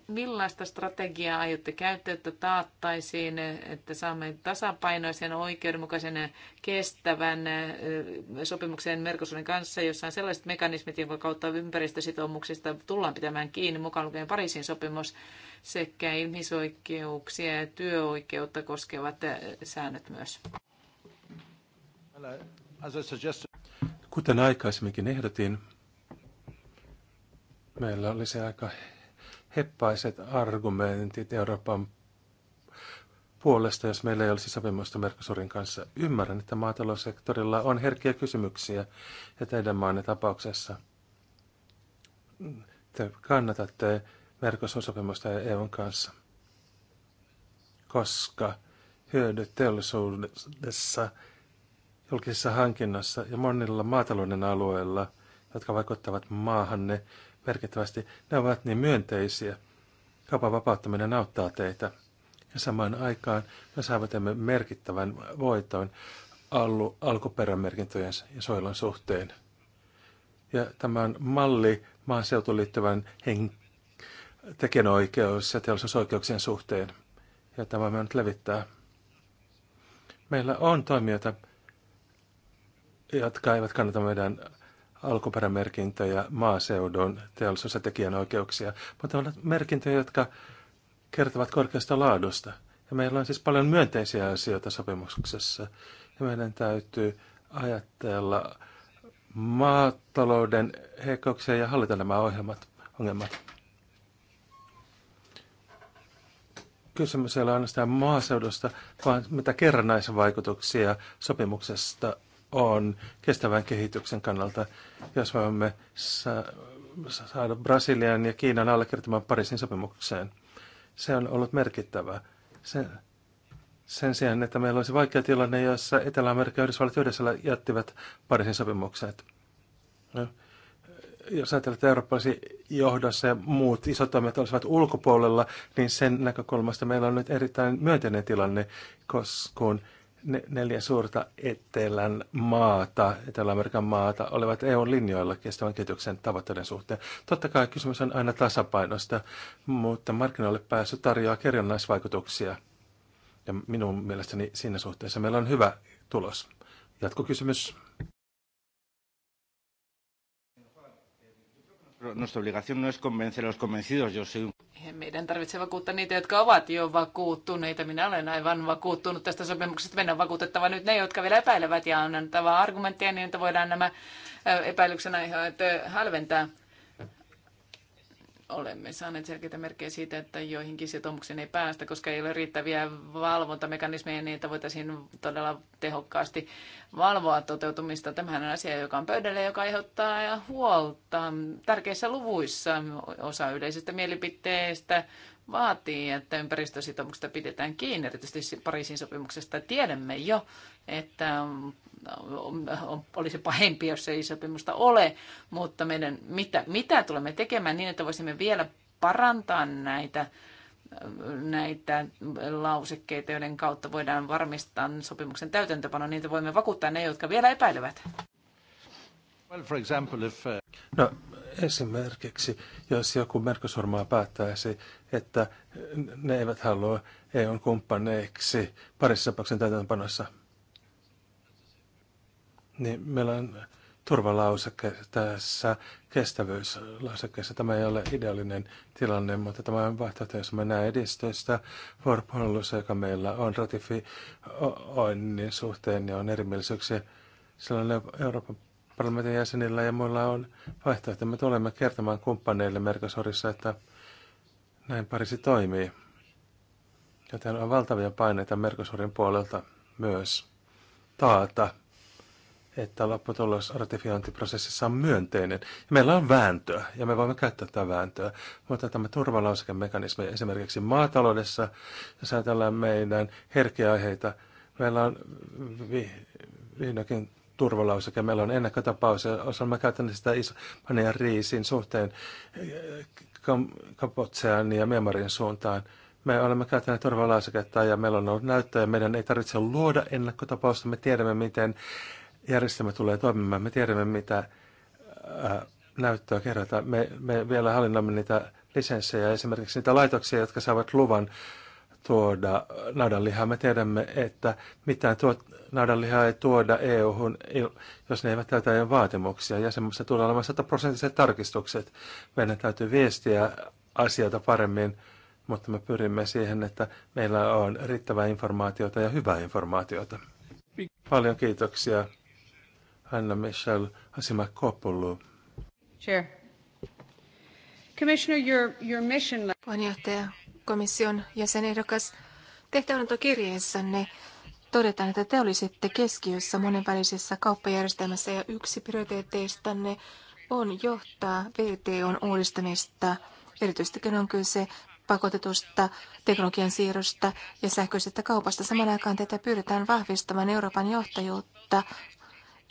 Millaista strategiaa aiotte käyttää, että taattaisiin, että saamme tasapainoisen, oikeudenmukaisen, kestävän sopimuksen Mercosurin kanssa, jossa on sellaiset mekanismit, jonka kautta ympäristösitoumuksista tullaan pitämään kiinni, mukaan lukien Pariisin sopimus sekä ihmisoikeuksia ja työoikeutta koskevat säännöt myös? Kuten aikaisemminkin ehdotin, meillä olisi aika heppaiset argumentit Euroopan puolesta, jos meillä ei olisi sopimusta Merkosurin kanssa. Ymmärrän, että maataloussektorilla on herkkiä kysymyksiä ja teidän maanne tapauksessa te kannatatte Mercosurin sopimusta EUn kanssa, koska hyödyt teollisuudessa, julkisessa hankinnassa ja monilla maatalouden alueilla, jotka vaikuttavat maahanne, merkittävästi. Ne ovat niin myönteisiä. Kaupan vapauttaminen auttaa teitä. Ja samaan aikaan me saavutamme merkittävän voiton allu, alkuperämerkintöjen ja soilan suhteen. Ja tämä on malli maaseutuun liittyvän hen, tekijänoikeus- ja teollisuusoikeuksien suhteen. Ja tämä me nyt levittää. Meillä on toimijoita, jotka eivät kannata meidän alkuperämerkintöjä, maaseudun teollisuus- ja tekijänoikeuksia, mutta ovat merkintöjä, jotka kertovat korkeasta laadusta. Ja meillä on siis paljon myönteisiä asioita sopimuksessa. Ja meidän täytyy ajatella maatalouden heikkouksia ja hallita nämä ohjelmat, ongelmat. Kysymys ei ole ainoastaan maaseudusta, vaan mitä kerrannaisvaikutuksia sopimuksesta on kestävän kehityksen kannalta, jos voimme sa- saada Brasilian ja Kiinan allekirjoittamaan Pariisin sopimukseen. Se on ollut merkittävää. Se, sen sijaan, että meillä olisi vaikea tilanne, jossa Etelä-Amerikka ja Yhdysvallat yhdessä jättivät Pariisin sopimukset. No, jos ajatellaan, että Eurooppa olisi johdossa ja muut isot toimijat olisivat ulkopuolella, niin sen näkökulmasta meillä on nyt erittäin myönteinen tilanne, koska kun neljä suurta Etelän maata, Etelä-Amerikan maata, olivat EUn linjoilla kestävän kehityksen tavoitteiden suhteen. Totta kai kysymys on aina tasapainosta, mutta markkinoille pääsy tarjoaa kerrannaisvaikutuksia. Ja minun mielestäni siinä suhteessa meillä on hyvä tulos. Jatkokysymys. Nuestra obligación no es convencer a los convencidos, yo soy... Meidän tarvitsee vakuuttaa niitä, jotka ovat jo vakuuttuneita. Minä olen aivan vakuuttunut tästä sopimuksesta. Meidän on vakuutettava nyt ne, jotka vielä epäilevät ja on antava argumentteja niin, että voidaan nämä epäilyksen aiheet hälventää olemme saaneet selkeitä merkkejä siitä, että joihinkin sitoumuksiin ei päästä, koska ei ole riittäviä valvontamekanismeja, niin että voitaisiin todella tehokkaasti valvoa toteutumista. Tämähän on asia, joka on pöydällä, joka aiheuttaa huolta. Tärkeissä luvuissa osa yleisestä mielipiteestä vaatii, että ympäristösitoumuksista pidetään kiinni, erityisesti Pariisin sopimuksesta. Tiedämme jo, että olisi pahempi, jos ei sopimusta ole, mutta meidän, mitä, mitä tulemme tekemään niin, että voisimme vielä parantaa näitä näitä lausekkeita, joiden kautta voidaan varmistaa sopimuksen täytäntöpano, niin, että voimme vakuuttaa ne, jotka vielä epäilevät. Well, for example, if, uh... No, esimerkiksi, jos joku Merkosormaa päättäisi, että ne eivät halua eu kumppaneiksi parissa tapauksen täytäntöpanossa, niin meillä on turvalauseke tässä kestävyyslausekkeessa. Tämä ei ole ideaalinen tilanne, mutta tämä on vaihtoehto, jos me näemme edistöistä. Vuoropuhelus, joka meillä on ratifioinnin suhteen ja niin on erimielisyyksiä, silloin Euroopan parlamentin jäsenillä ja muilla on vaihtoehto. Me tulemme kertomaan kumppaneille Merkosorissa, että näin parisi toimii. Joten on valtavia paineita Merkosorin puolelta myös taata – että lopputulos ratifiointiprosessissa on myönteinen. Ja meillä on vääntöä ja me voimme käyttää tätä vääntöä. Mutta tämä turvalausekemekanismi esimerkiksi maataloudessa, jos ajatellaan meidän herkeä aiheita, meillä on vihdoinkin turvalauseke. Meillä on ennakkotapaus ja osaamme käyttää sitä Islannin riisin suhteen Kapotsean ja Memarin suuntaan. Me olemme käyttäneet turvalauseketta ja meillä on ollut näyttöä. Meidän ei tarvitse luoda ennakkotapausta. Me tiedämme, miten järjestelmä tulee toimimaan. Me tiedämme, mitä äh, näyttöä kerätä. Me, me vielä hallinnoimme niitä lisenssejä, esimerkiksi niitä laitoksia, jotka saavat luvan tuoda naudanlihaa. Me tiedämme, että mitään tuot, naudanlihaa ei tuoda EU-hun, jos ne eivät täytä EU vaatimuksia. Jäsenmaissa tulee olemaan sataprosenttiset tarkistukset. Meidän täytyy viestiä asioita paremmin, mutta me pyrimme siihen, että meillä on riittävää informaatiota ja hyvää informaatiota. Paljon kiitoksia. Anna Michel Asimakopoulou. Chair. Commissioner, your, your mission... Puheenjohtaja, komission jäsenehdokas, tehtävänantokirjeessänne todetaan, että te olisitte keskiössä monenvälisessä kauppajärjestelmässä ja yksi prioriteeteistanne on johtaa VTOn uudistamista, erityisesti kun on kyse pakotetusta teknologian siirrosta ja sähköisestä kaupasta. Samaan aikaan tätä pyritään vahvistamaan Euroopan johtajuutta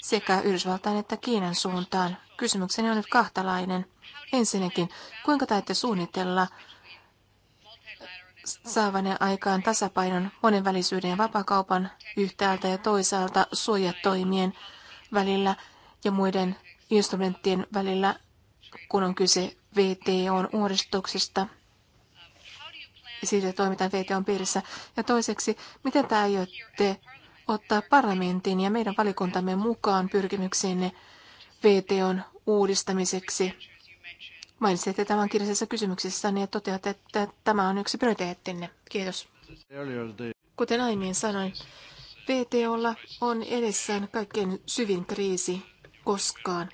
sekä Yhdysvaltain että Kiinan suuntaan. Kysymykseni on nyt kahtalainen. Ensinnäkin, kuinka taitte suunnitella saavanne aikaan tasapainon monenvälisyyden ja vapakaupan yhtäältä ja toisaalta suojatoimien välillä ja muiden instrumenttien välillä, kun on kyse VTOn uudistuksesta siitä toimitaan VTOn piirissä. Ja toiseksi, miten te aiotte ottaa parlamentin ja meidän valikuntamme mukaan pyrkimyksiinne VTOn uudistamiseksi. Mainitsitte tämän kirjallisessa kysymyksessä ja toteatte, että tämä on yksi prioriteettinne. Kiitos. Kuten aiemmin sanoin, VTOlla on edessään kaikkein syvin kriisi koskaan.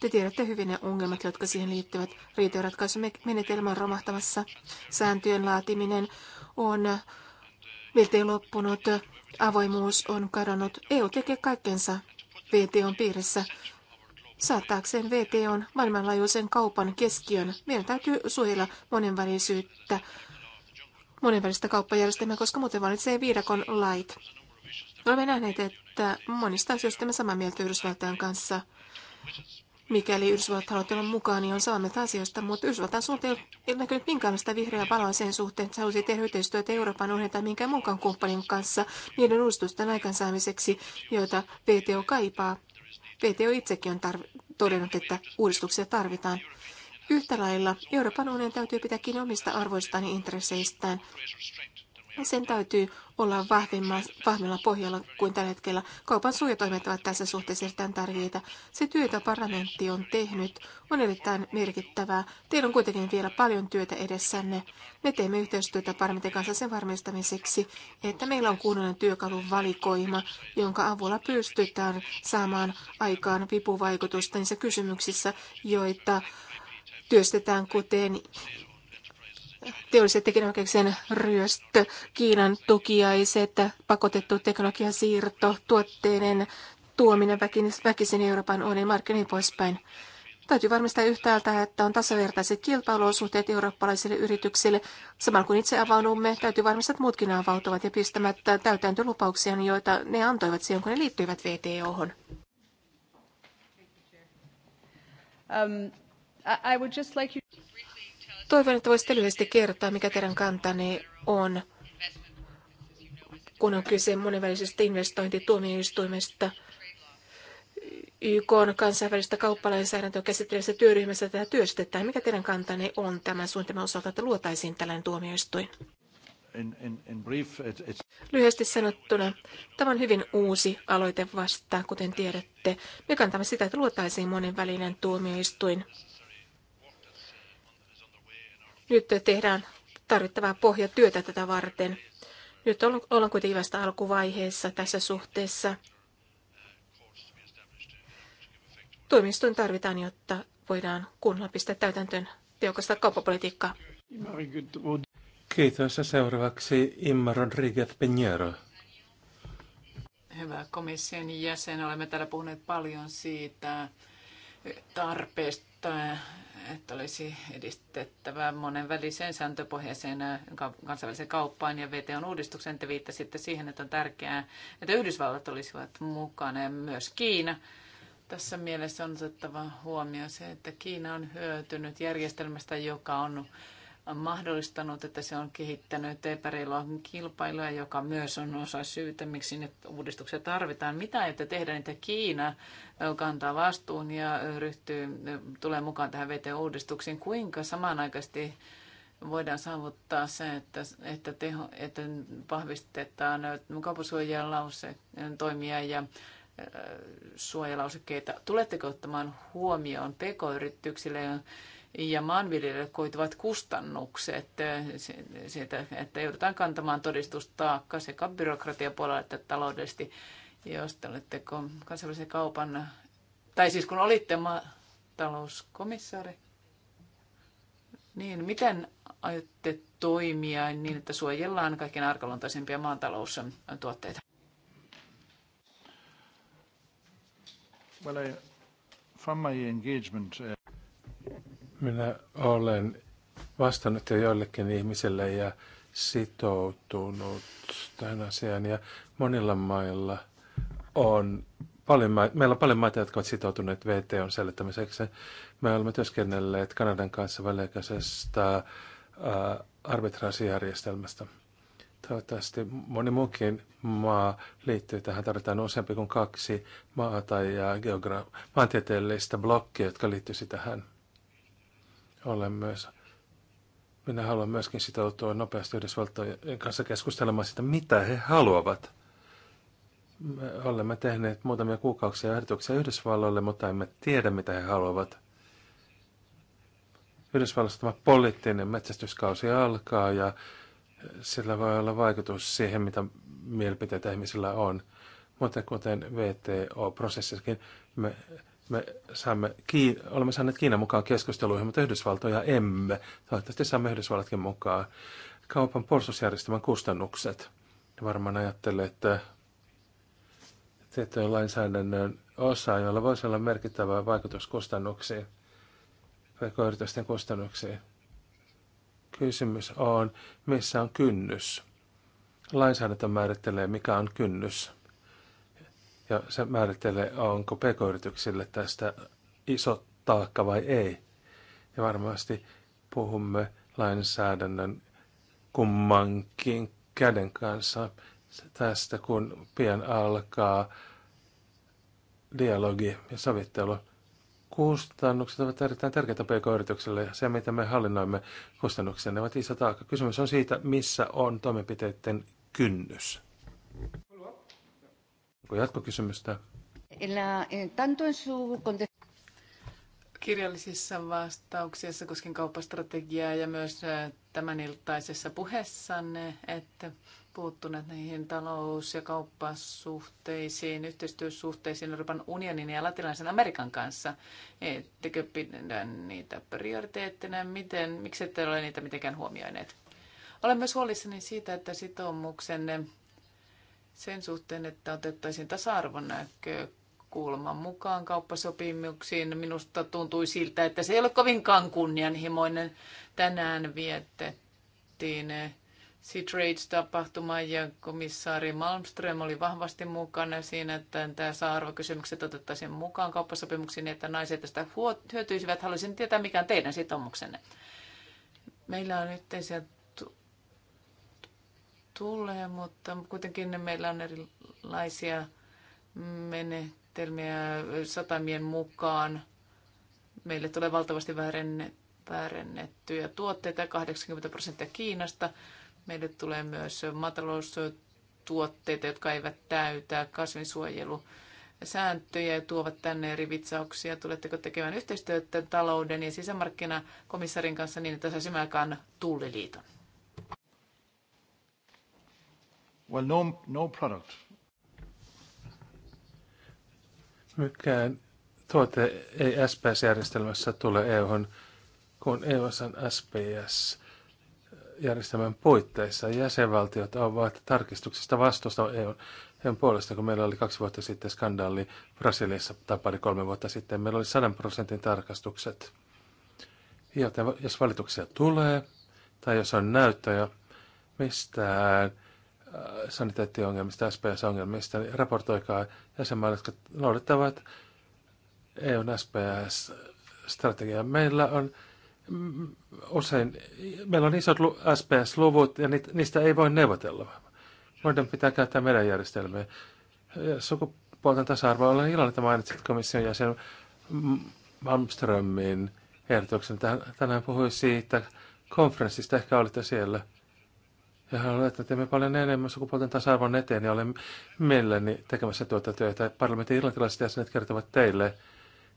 Te tiedätte hyvin ne ongelmat, jotka siihen liittyvät. Riitojenratkaisumenetelmä on romahtamassa. Sääntöjen laatiminen on Vilti loppunut, avoimuus on kadonnut. EU tekee kaikkensa VTOn piirissä saattaakseen VTOn maailmanlaajuisen kaupan keskiön. Meidän täytyy suojella monenvälisyyttä, monenvälistä kauppajärjestelmää, koska muuten valitsee viidakon lait. Olemme nähneet, että monista asioista me samaa mieltä Yhdysvaltain kanssa. Mikäli Yhdysvallat haluat olla mukaan, niin on saanut asiasta, mutta Yhdysvaltain suuntaan ei näkynyt minkäänlaista vihreää valoa sen suhteen, että haluaisi tehdä yhteistyötä Euroopan unionin tai minkään muunkaan kumppanin kanssa niiden uudistusten aikansaamiseksi, joita VTO kaipaa. VTO itsekin on tarv- todennut, että uudistuksia tarvitaan. Yhtä lailla Euroopan unionin täytyy pitää kiinni omista arvoistaan ja intresseistään ja sen täytyy olla vahvemmalla pohjalla kuin tällä hetkellä. Kaupan suojatoimet ovat tässä suhteessa erittäin tärkeitä. Se työ, jota parlamentti on tehnyt, on erittäin merkittävää. Teillä on kuitenkin vielä paljon työtä edessänne. Me teemme yhteistyötä parlamentin kanssa sen varmistamiseksi, että meillä on kunnollinen työkalun valikoima, jonka avulla pystytään saamaan aikaan vipuvaikutusta niissä kysymyksissä, joita työstetään, kuten teollisen tekijänoikeuksien ryöstö, Kiinan tukiaiset, pakotettu teknologiasiirto, tuotteiden tuominen väkisin Euroopan unionin markkinoihin niin poispäin. Täytyy varmistaa yhtäältä, että on tasavertaiset kilpailuolosuhteet eurooppalaisille yrityksille. Samalla kun itse avaudumme, täytyy varmistaa, että muutkin avautuvat ja pistämättä täytäntö lupauksia, joita ne antoivat siihen, kun ne liittyivät VTOhon. Um, I would just like you... Toivon, että voisitte lyhyesti kertoa, mikä teidän kantanne on, kun on kyse monenvälisestä investointituomioistuimesta. YK on kansainvälistä kauppalainsäädäntöä käsittelevässä työryhmässä tätä työstetään. Mikä teidän kantanne on tämän suunnitelman osalta, että luotaisiin tällainen tuomioistuin? In, in, in brief, it, it... Lyhyesti sanottuna, tämä on hyvin uusi aloite vasta, kuten tiedätte. Me kantamme sitä, että luotaisiin monenvälinen tuomioistuin nyt tehdään tarvittavaa pohjatyötä tätä varten. Nyt ollaan kuitenkin vasta alkuvaiheessa tässä suhteessa. Toimistoin tarvitaan, jotta voidaan kunnolla pistää täytäntöön tiukasta kauppapolitiikkaa. Kiitos. Ja seuraavaksi Imma Rodriguez Peñero. Hyvä komission jäsen. Olemme täällä puhuneet paljon siitä tarpeesta että olisi edistettävä monen väliseen sääntöpohjaiseen äh, kansainväliseen kauppaan ja VTOn uudistukseen Te viittasitte siihen, että on tärkeää, että Yhdysvallat olisivat mukana ja myös Kiina. Tässä mielessä on otettava huomioon se, että Kiina on hyötynyt järjestelmästä, joka on on mahdollistanut, että se on kehittänyt epäreilua kilpailua, joka myös on osa syytä, miksi ne uudistuksia tarvitaan. Mitä että tehdä, että Kiina kantaa vastuun ja ryhtyy, tulee mukaan tähän VT-uudistuksiin? Kuinka samanaikaisesti voidaan saavuttaa se, että, että, teho, että vahvistetaan lause toimia ja äh, suojalausekkeita. Tuletteko ottamaan huomioon pk-yrityksille, ja maanviljelijät koituvat kustannukset eh, siitä, että joudutaan kantamaan todistustaakka sekä byrokratiapuolella että taloudellisesti, jos te olette kansainvälisen kaupan, tai siis kun olitte maatalouskomissaari, niin miten aiotte toimia niin, että suojellaan kaikkein arkaluontoisimpia maataloustuotteita? Well, I, from my engagement, uh... Minä olen vastannut jo joillekin ihmisille ja sitoutunut tähän asiaan. Ja monilla mailla on paljon, meillä on paljon maita, jotka ovat sitoutuneet VTOn selittämiseksi. Me olemme työskennelleet Kanadan kanssa väliaikaisesta äh, arbitraasijärjestelmästä. Toivottavasti moni muukin maa liittyy tähän. Tarvitaan useampi kuin kaksi maata ja geogra- maantieteellistä blokkia, jotka liittyisi tähän olen myös, minä haluan myöskin sitoutua nopeasti Yhdysvaltojen kanssa keskustelemaan sitä, mitä he haluavat. Me olemme tehneet muutamia kuukausia ehdotuksia Yhdysvalloille, mutta emme tiedä, mitä he haluavat. Yhdysvalloissa tämä poliittinen metsästyskausi alkaa ja sillä voi olla vaikutus siihen, mitä mielipiteitä ihmisillä on. Mutta kuten VTO-prosessissakin, me me saamme, olemme saaneet Kiinan mukaan keskusteluihin, mutta Yhdysvaltoja emme. Toivottavasti saamme Yhdysvallatkin mukaan. Kaupan puolustusjärjestelmän kustannukset. Varmaan ajattelee, että tiettyjen lainsäädännön osa, jolla voisi olla merkittävä vaikutus kustannuksiin, pk-yritysten kustannuksiin. Kysymys on, missä on kynnys. Lainsäädäntö määrittelee, mikä on kynnys ja se määrittelee, onko pk-yrityksille tästä iso taakka vai ei. Ja varmasti puhumme lainsäädännön kummankin käden kanssa tästä, kun pian alkaa dialogi ja sovittelu. Kustannukset ovat erittäin tärkeitä pk-yritykselle ja se, mitä me hallinnoimme kustannuksia, ne ovat iso taakka. Kysymys on siitä, missä on toimenpiteiden kynnys. Onko jatkokysymystä? Kirjallisissa vastauksissa koskien kauppastrategiaa ja myös tämän iltaisessa puheessanne, että puuttuneet näihin talous- ja kauppasuhteisiin, yhteistyösuhteisiin Euroopan unionin ja latinalaisen Amerikan kanssa. Ettekö pidä niitä prioriteettina? Miten, miksi ette ole niitä mitenkään huomioineet? Olen myös huolissani siitä, että sitoumuksenne sen suhteen, että otettaisiin tasa-arvon näkökulman mukaan kauppasopimuksiin. Minusta tuntui siltä, että se ei ole kovinkaan kunnianhimoinen. Tänään vietettiin c trades tapahtuma ja komissaari Malmström oli vahvasti mukana siinä, että tämä saa-arvokysymykset otettaisiin mukaan kauppasopimuksiin, että naiset tästä hyötyisivät. Haluaisin tietää, mikä on teidän sitoumuksenne. Meillä on yhteisiä tulee, mutta kuitenkin meillä on erilaisia menetelmiä satamien mukaan. Meille tulee valtavasti väärennettyjä tuotteita, 80 prosenttia Kiinasta. Meille tulee myös maataloustuotteita, jotka eivät täytä kasvinsuojelu sääntöjä ja tuovat tänne eri vitsauksia. Tuletteko tekemään yhteistyötä talouden ja sisämarkkinakomissarin kanssa niin, että saisimme aikaan tulliliiton? Well, no, no product. Mikään tuote ei SPS-järjestelmässä tule EU:hun, kun EU on SPS järjestelmän puitteissa jäsenvaltiot ovat tarkistuksista vastuusta EUn, EUn puolesta, kun meillä oli kaksi vuotta sitten skandaali Brasiliassa tai pari kolme vuotta sitten. Meillä oli sadan prosentin tarkastukset. Joten jos valituksia tulee tai jos on näyttöjä mistään saniteettiongelmista, SPS-ongelmista, niin raportoikaa jäsenmaille, jotka noudattavat EUn SPS-strategiaa. Meillä on mm, usein, meillä on isot SPS-luvut ja niistä ei voi neuvotella. Muiden pitää käyttää meidän järjestelmiä. Sukupuolten tasa-arvo, olen iloinen, että mainitsit komission jäsen Malmströmin ehdotuksen. Tänään puhui siitä konferenssista, ehkä olitte siellä – ja haluan, että teemme paljon enemmän sukupuolten tasa-arvon eteen ja olen mielelläni tekemässä tuota työtä. Parlamentin irlantilaiset jäsenet kertovat teille,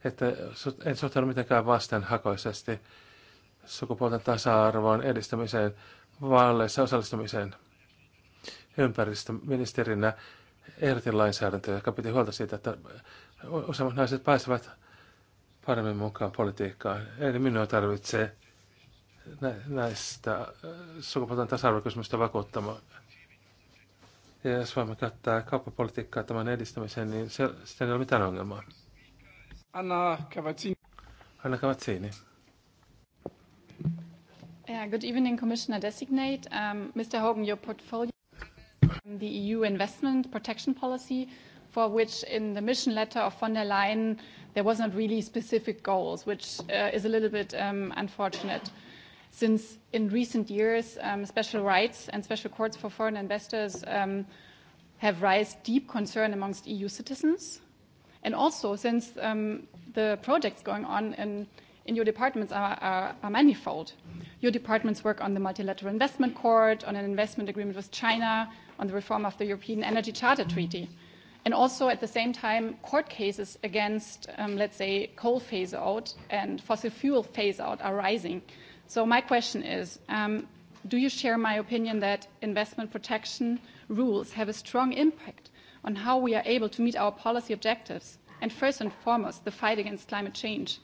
että en suhtaudu mitenkään vastenhakoisesti sukupuolten tasa-arvon edistämiseen, vaaleissa osallistumiseen ympäristöministerinä ehdotin lainsäädäntöä, joka piti huolta siitä, että useimmat naiset pääsevät paremmin mukaan politiikkaan. Eli minua tarvitsee näistä äh, sukupuolten tasa-arvokysymystä vakuuttamaan. Ja jos voimme käyttää kauppapolitiikkaa tämän edistämiseen, niin se, sitten ei ole mitään ongelmaa. Anna Cavazzini. Anna Cavazzini. Yeah, good evening, Commissioner Designate. Um, Mr. Hogan, your portfolio, um, the EU investment protection policy, for which in the mission letter of von der Leyen there was not really specific goals, which uh, is a little bit um, unfortunate since in recent years, um, special rights and special courts for foreign investors um, have raised deep concern amongst EU citizens. And also, since um, the projects going on in, in your departments are, are, are manifold, your departments work on the Multilateral Investment Court, on an investment agreement with China, on the reform of the European Energy Charter Treaty. And also, at the same time, court cases against, um, let's say, coal phase out and fossil fuel phase out are rising. So my question is, um, do you share my opinion that investment protection rules have a strong impact on how we are able to meet our policy objectives and first and foremost the fight against climate change?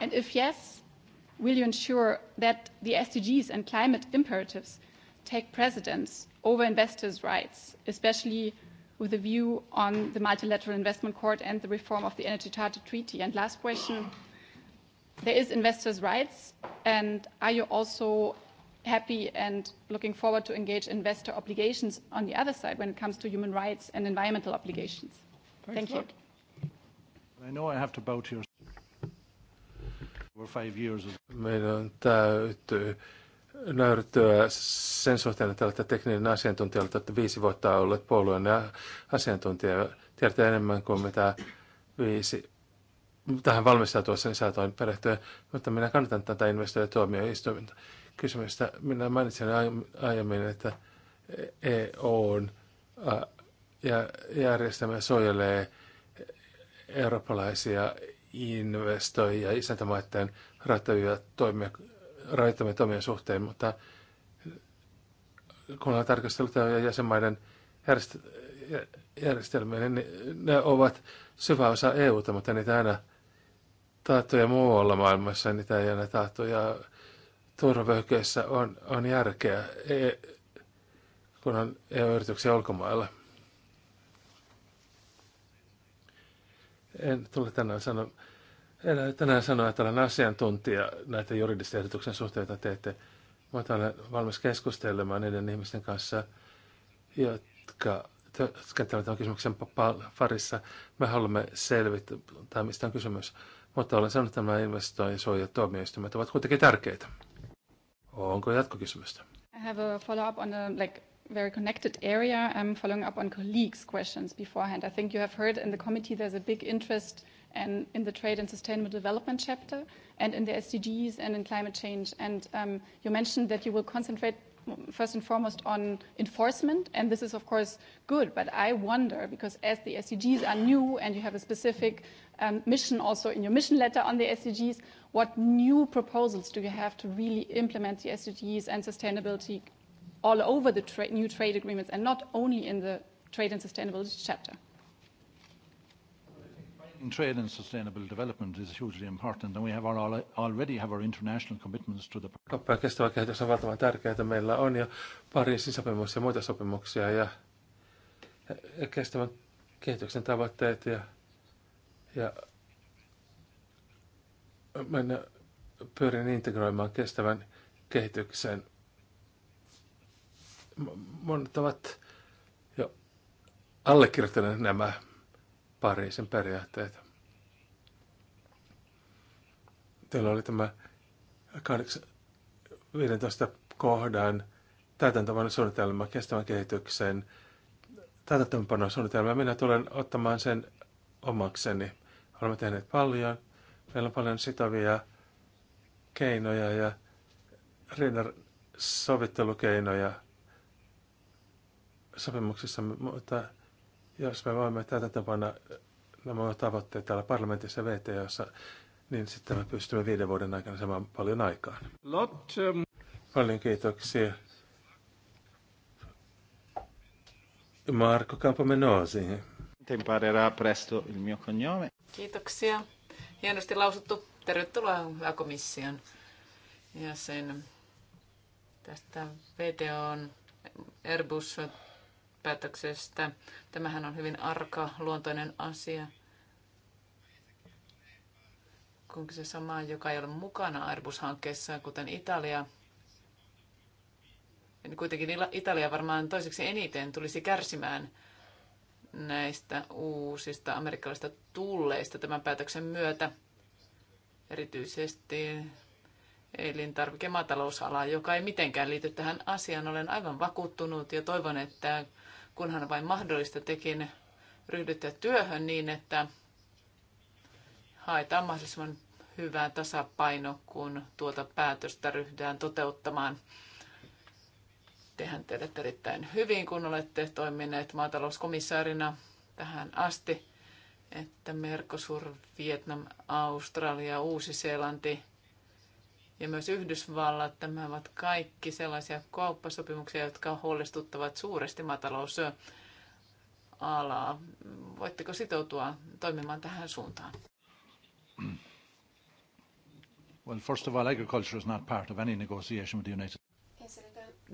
And if yes, will you ensure that the SDGs and climate imperatives take precedence over investors' rights, especially with a view on the multilateral investment court and the reform of the Energy Charter Treaty? And last question, there is investors' rights, and are you also happy and looking forward to engage investor obligations on the other side when it comes to human rights and environmental obligations? Thank you. I know I have to bow to your... Meidän täytyy nöyrtyä sen suhteen, että olette tekninen asiantuntija, olette viisi vuotta olleet puolueen asiantuntija, tiedätte enemmän kuin mitä viisi tähän valmistautuessa niin saatoin perehtyä, mutta minä kannatan tätä investoijatuomioistuinta kysymystä. Minä mainitsin aiemmin, että EU on ja järjestelmä suojelee eurooppalaisia investoijia isäntämaiden toimia, rajoittamia toimia suhteen, mutta kun on tarkastellut jäsenmaiden järjestelmiä, niin ne ovat syvä osa EUta, mutta niitä aina taattoja muualla maailmassa, niin niitä ei ole taattoja. turvavöhkeissä on, on järkeä, e, kun on EU-yrityksiä ulkomailla. En tule tänään sanoa, en tänään sanoa, että olen asiantuntija näitä juridisten ehdotuksen suhteita, joita teette. Mutta olen valmis keskustelemaan niiden ihmisten kanssa, jotka työskentelevät tämän kysymyksen parissa. Me haluamme selvittää, mistä on kysymys. Mutta olen sanonut, että nämä investointisuojat tuomioistuimet ovat kuitenkin tärkeitä. Onko jatkokysymystä? I have a follow-up on a like, very connected area. I'm following up on colleagues' questions beforehand. I think you have heard in the committee there's a big interest and in the Trade and Sustainable Development chapter and in the SDGs and in climate change. And um, you mentioned that you will concentrate first and foremost on enforcement, and this is of course good, but I wonder because as the SDGs are new and you have a specific um, mission also in your mission letter on the SDGs, what new proposals do you have to really implement the SDGs and sustainability all over the tra new trade agreements and not only in the trade and sustainability chapter? in trade and sustainable development is hugely important, and we have our, already have our international commitments to the... Kauppa ja kestävä kehitys on valtavan tärkeää. Meillä on jo Pariisin sopimus ja muita sopimuksia ja, ja kestävän kehityksen tavoitteet ja, ja mennä, pyrin integroimaan kestävän kehityksen. Monet ovat jo allekirjoittaneet nämä Pariisin periaatteet. Teillä oli tämä 15 kohdan täytäntävän suunnitelma kestävän kehityksen täytäntöpanon suunnitelma. Minä tulen ottamaan sen omakseni. Olemme tehneet paljon. Meillä on paljon sitovia keinoja ja rinnan sovittelukeinoja sopimuksissa, mutta jos me voimme tapana nämä tavoitteet täällä parlamentissa VTOssa, niin sitten me pystymme viiden vuoden aikana saamaan paljon aikaan. Lot, um... Paljon kiitoksia. Marko Campomenosi. Imparerà presto il mio cognome. Kiitoksia. Hienosti lausuttu. Tervetuloa komission ja sen tästä VTOn Airbus päätöksestä. Tämähän on hyvin arka luontoinen asia. Kun se sama, joka ei ole mukana Airbus-hankkeessa, kuten Italia, niin kuitenkin Italia varmaan toiseksi eniten tulisi kärsimään näistä uusista amerikkalaisista tulleista tämän päätöksen myötä. Erityisesti elintarvike- ja joka ei mitenkään liity tähän asiaan. Olen aivan vakuuttunut ja toivon, että kunhan vain mahdollista tekin ryhdytte työhön niin, että haetaan mahdollisimman hyvää tasapaino, kun tuota päätöstä ryhdytään toteuttamaan. Tehän teidät erittäin hyvin, kun olette toimineet maatalouskomissaarina tähän asti, että Mercosur, Vietnam, Australia, Uusi-Seelanti – ja myös Yhdysvallat, tämä ovat kaikki sellaisia kauppasopimuksia, jotka huolestuttavat suuresti maatalousalaa. Voitteko sitoutua toimimaan tähän suuntaan? Well, first of all, agriculture is not part of any negotiation with the United States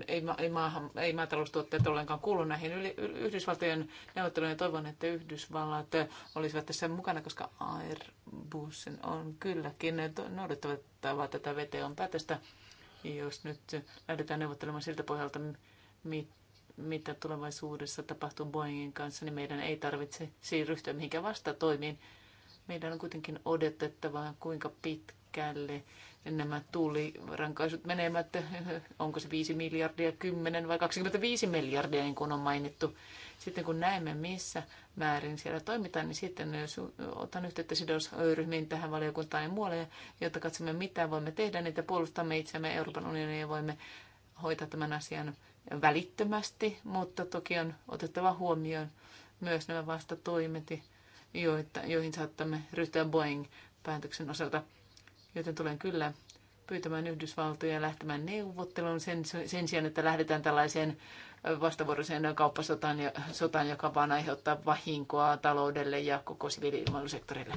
ei, ma, ei, maahan, ei maataloustuotteet ollenkaan kuulu näihin yli, Yhdysvaltojen neuvotteluihin. Toivon, että Yhdysvallat olisivat tässä mukana, koska Airbus on kylläkin noudattavat tätä VTOn päätöstä. Jos nyt lähdetään neuvottelemaan siltä pohjalta, mit, mitä tulevaisuudessa tapahtuu Boeingin kanssa, niin meidän ei tarvitse siihen ryhtyä mihinkään vastatoimiin. Meidän on kuitenkin odotettava, kuinka pitkälle nämä rankaisut menemättä onko se 5 miljardia, 10 vai 25 miljardia, niin kuin on mainittu. Sitten kun näemme, missä määrin siellä toimitaan, niin sitten otan yhteyttä sidosryhmiin tähän valiokuntaan ja muualle, jotta katsomme, mitä voimme tehdä, niitä puolustamme itseämme Euroopan unionin ja voimme hoitaa tämän asian välittömästi, mutta toki on otettava huomioon myös nämä vastatoimet, joita, joihin saattamme ryhtyä Boeing-päätöksen osalta joten tulen kyllä pyytämään Yhdysvaltoja lähtemään neuvotteluun sen, sen sijaan, että lähdetään tällaiseen vastavuoroiseen kauppasotaan, ja, sotaan, joka vaan aiheuttaa vahinkoa taloudelle ja koko siviili-ilmailusektorille.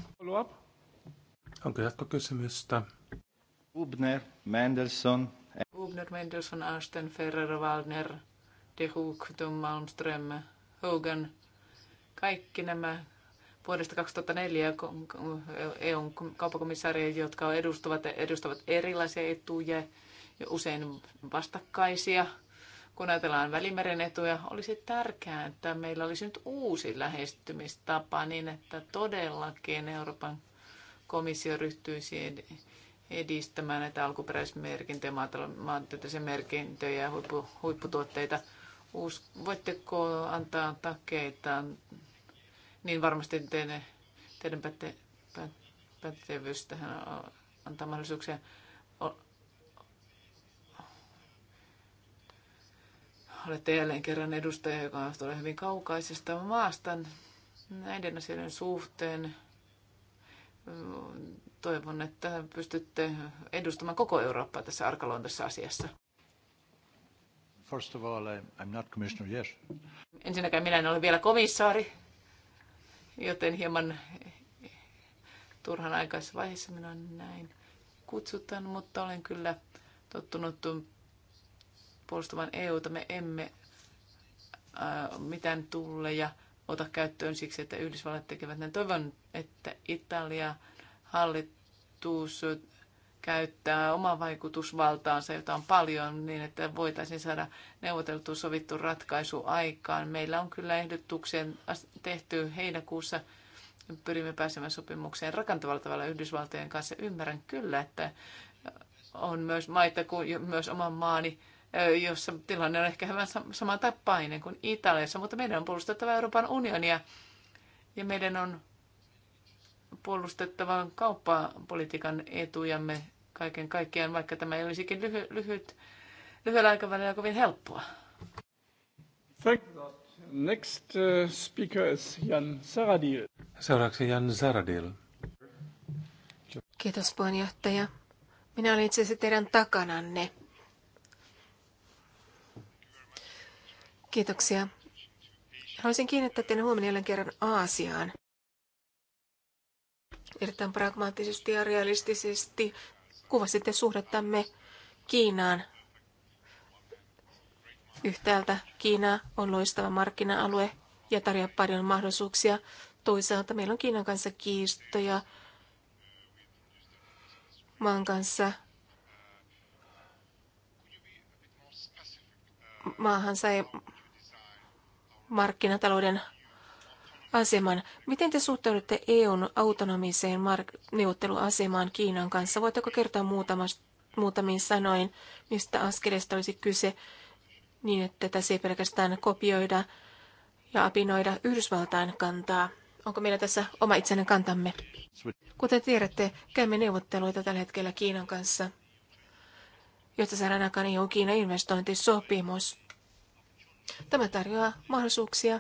Onko jatkokysymystä? Ubner, Mendelssohn. Ubner, Mendelssohn, Ashton, Ferrer, Waldner, De Hoek, Malmström, Hogan. Kaikki nämä vuodesta 2004 EUn kauppakomissaaria, jotka edustavat, edustavat erilaisia etuja ja usein vastakkaisia. Kun ajatellaan välimeren etuja, olisi tärkeää, että meillä olisi nyt uusi lähestymistapa niin, että todellakin Euroopan komissio ryhtyisi edistämään näitä alkuperäismerkintöjä, maantieteellisiä merkintöjä ja huipputuotteita. Uus, voitteko antaa takeita niin varmasti teidän, teidän pätte, pä, pätevyys tähän antaa mahdollisuuksia. Olette jälleen kerran edustaja, joka tulee hyvin kaukaisesta maasta näiden asioiden suhteen. Toivon, että pystytte edustamaan koko Eurooppaa tässä arkaluontoisessa asiassa. First of all, I'm not commissioner yet. Ensinnäkään minä en ole vielä komissaari. Joten hieman turhan aikaisessa vaiheessa minua näin kutsutaan, mutta olen kyllä tottunut puolustamaan EUta. Me emme ää, äh, mitään ja ota käyttöön siksi, että Yhdysvallat tekevät näin. Toivon, että Italia hallittuus käyttää omaa vaikutusvaltaansa, jota on paljon, niin että voitaisiin saada neuvoteltu sovittu ratkaisu aikaan. Meillä on kyllä ehdotuksia tehty heinäkuussa. Pyrimme pääsemään sopimukseen rakentavalla tavalla Yhdysvaltojen kanssa. Ymmärrän kyllä, että on myös maita kuin myös oman maani, jossa tilanne on ehkä hyvän tapainen kuin Italiassa, mutta meidän on puolustettava Euroopan unionia ja meidän on puolustettava kauppapolitiikan etujamme kaiken kaikkiaan, vaikka tämä ei olisikin lyhy- lyhyt, lyhyellä aikavälillä kovin helppoa. Next uh, speaker is Jan Saradil. Seuraavaksi Jan Saradil. Kiitos puheenjohtaja. Minä olin itse asiassa teidän takananne. Kiitoksia. Haluaisin kiinnittää teidän huomioon jälleen kerran Aasiaan. Erittäin pragmaattisesti ja realistisesti kuvasitte suhdettamme Kiinaan. Yhtäältä Kiina on loistava markkina-alue ja tarjoaa paljon mahdollisuuksia. Toisaalta meillä on Kiinan kanssa kiistoja maan kanssa. Maahan sai markkinatalouden aseman. Miten te suhtaudutte EUn autonomiseen mark- neuvotteluasemaan Kiinan kanssa? Voitteko kertoa muutamin sanoin, mistä askeleesta olisi kyse niin, että tässä ei pelkästään kopioida ja apinoida Yhdysvaltain kantaa? Onko meillä tässä oma itsenäinen kantamme? Kuten tiedätte, käymme neuvotteluita tällä hetkellä Kiinan kanssa, jotta saadaan aikaan EU-Kiinan investointisopimus. Tämä tarjoaa mahdollisuuksia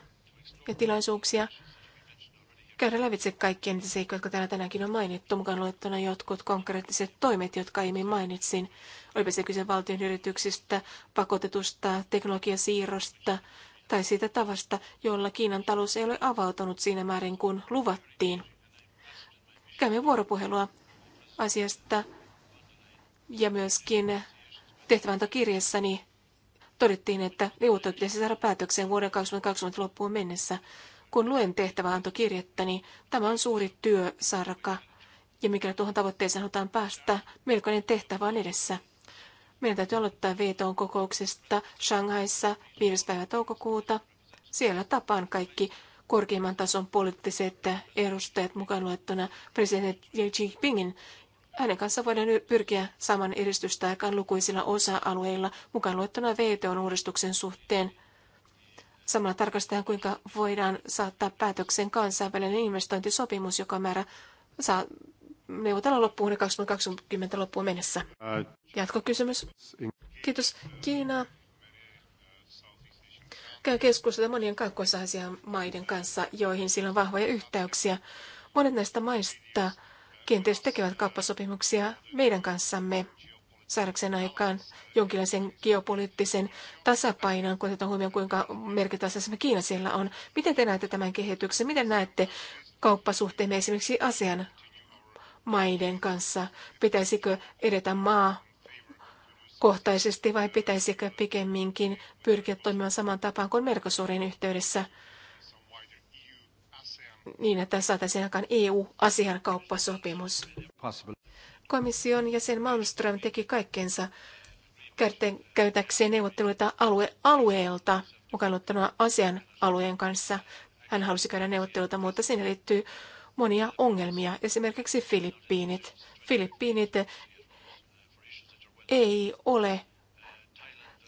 ja tilaisuuksia käydä lävitse kaikkia niitä seikkoja, jotka täällä tänäänkin on mainittu, mukaan luettuna jotkut konkreettiset toimet, jotka aiemmin mainitsin. Olipa se kyse valtion yrityksistä, pakotetusta teknologiasiirrosta tai siitä tavasta, jolla Kiinan talous ei ole avautunut siinä määrin kuin luvattiin. Käymme vuoropuhelua asiasta ja myöskin tehtävänantokirjassani todettiin, että neuvottelut pitäisi saada päätökseen vuoden 2020 loppuun mennessä. Kun luen tehtäväantokirjettäni, niin tämä on suuri Sarka. Ja mikäli tuohon tavoitteeseen halutaan päästä, melkoinen tehtävä on edessä. Meidän täytyy aloittaa vetoon kokouksesta Shanghaissa 5. päivä toukokuuta. Siellä tapaan kaikki korkeimman tason poliittiset edustajat mukaan luettuna presidentti Xi Jinpingin. Hänen kanssa voidaan pyrkiä saman edistystä aikaan lukuisilla osa-alueilla mukaan luettuna vto uudistuksen suhteen – Samalla tarkastetaan, kuinka voidaan saattaa päätöksen kansainvälinen investointisopimus, joka määrä saa neuvotella loppuun 2020 loppuun mennessä. Jatkokysymys. Kiitos. Kiina käy keskustelua monien kaakkoisaisia maiden kanssa, joihin sillä on vahvoja yhteyksiä. Monet näistä maista kenties tekevät kauppasopimuksia meidän kanssamme saadakseen aikaan jonkinlaisen geopoliittisen tasapainon, kun otetaan huomioon, kuinka merkittävässä asemassa Kiina siellä on. Miten te näette tämän kehityksen? Miten näette kauppasuhteemme esimerkiksi asian maiden kanssa? Pitäisikö edetä maa kohtaisesti vai pitäisikö pikemminkin pyrkiä toimimaan saman tapaan kuin Mercosurin yhteydessä? niin, että saataisiin aikaan EU-asian kauppasopimus. Komission jäsen Malmström teki kaikkensa käytäkseen neuvotteluita alue alueelta, mukaan ottana asian alueen kanssa. Hän halusi käydä neuvotteluita, mutta siinä liittyy monia ongelmia, esimerkiksi Filippiinit. Filippiinit ei ole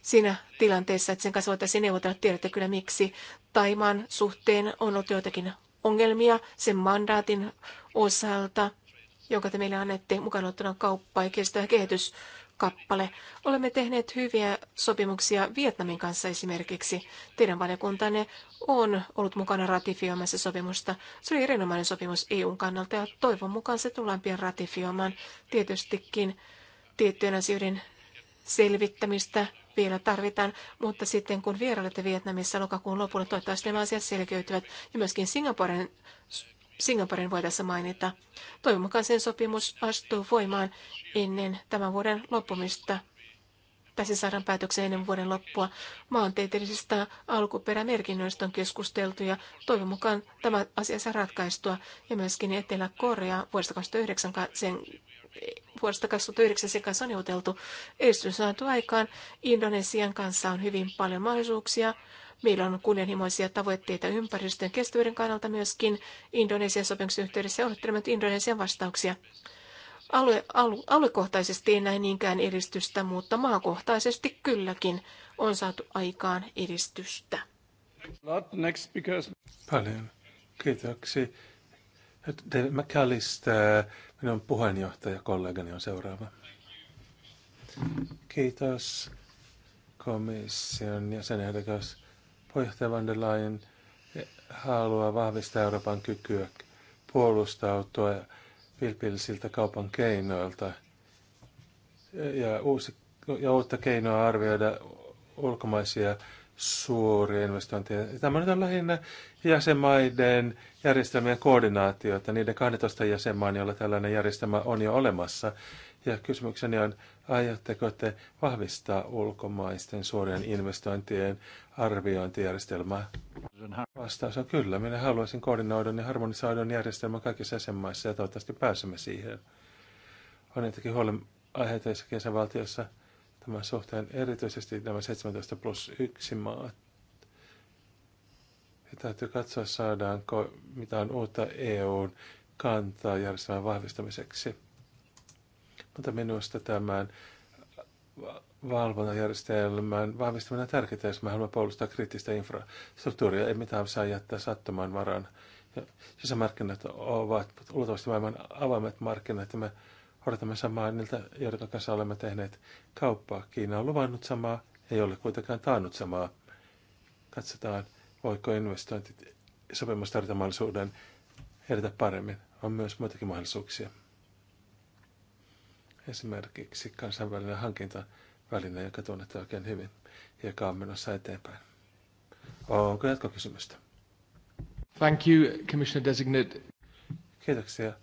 siinä tilanteessa, että sen kanssa voitaisiin neuvotella, tiedätte kyllä miksi. Taimaan suhteen on ollut joitakin ongelmia sen mandaatin osalta jonka te meille annette mukaan ottana kauppa ja kestävä kehitys kappale. Olemme tehneet hyviä sopimuksia Vietnamin kanssa esimerkiksi. Teidän valiokuntanne on ollut mukana ratifioimassa sopimusta. Se oli erinomainen sopimus EUn kannalta ja toivon mukaan se tullaan pian ratifioimaan. Tietystikin tiettyjen asioiden selvittämistä vielä tarvitaan, mutta sitten kun vierailette Vietnamissa lokakuun lopulla, toivottavasti nämä asiat selkeytyvät ja myöskin Singaporen Singaporen voi tässä mainita. Toivon mukaan sen sopimus astuu voimaan ennen tämän vuoden loppumista. Tässä saadaan päätöksen ennen vuoden loppua. Maantieteellisistä alkuperämerkinnöistä on keskusteltu ja toivon mukaan tämä asia saa ratkaistua. Ja myöskin Etelä-Korea vuodesta 2009 sen vuodesta 2009 sen kanssa on neuvoteltu. Edistys saatu aikaan. Indonesian kanssa on hyvin paljon mahdollisuuksia Meillä on kunnianhimoisia tavoitteita ympäristön kestävyyden kannalta myöskin Indonesian sopimuksen yhteydessä ja odottelemme Indonesian vastauksia. Alue, alu, aluekohtaisesti ei näin niinkään edistystä, mutta maakohtaisesti kylläkin on saatu aikaan edistystä. next because... Paljon. Kiitoksia. David McAllister, minun kollegani on seuraava. Kiitos komission jäsenehdokas. Puheenjohtaja van der Leyen haluaa vahvistaa Euroopan kykyä puolustautua vilpillisiltä kaupan keinoilta ja, uusi, ja uutta keinoa arvioida ulkomaisia suuria investointeja. Tämä nyt on lähinnä jäsenmaiden järjestelmien koordinaatiota, niiden 12 jäsenmaan, joilla tällainen järjestelmä on jo olemassa, ja kysymykseni on, aiotteko te vahvistaa ulkomaisten suorien investointien arviointijärjestelmää? Vastaus on kyllä. Minä haluaisin koordinoidun ja harmonisoidun järjestelmän kaikissa jäsenmaissa ja toivottavasti pääsemme siihen. On jotenkin huolen aiheita jossakin jäsenvaltiossa tämän suhteen, erityisesti nämä 17 plus 1 maat. Ja täytyy katsoa, saadaanko mitään uutta EUn kantaa järjestelmän vahvistamiseksi mutta minusta tämän valvontajärjestelmän vahvistaminen on tärkeää, jos me haluamme puolustaa kriittistä infrastruktuuria. Ei mitään saa jättää sattumaan varaan. sisämarkkinat ovat luultavasti maailman avaimet markkinat ja me odotamme samaa niiltä, joiden kanssa olemme tehneet kauppaa. Kiina on luvannut samaa, ei ole kuitenkaan taannut samaa. Katsotaan, voiko investointit sopimustarjontamahdollisuuden edetä paremmin. On myös muitakin mahdollisuuksia esimerkiksi kansainvälinen hankintaväline, joka tunnette oikein hyvin ja joka on menossa eteenpäin. Onko jatkokysymystä? Thank you, Commissioner Designate. Kiitoksia.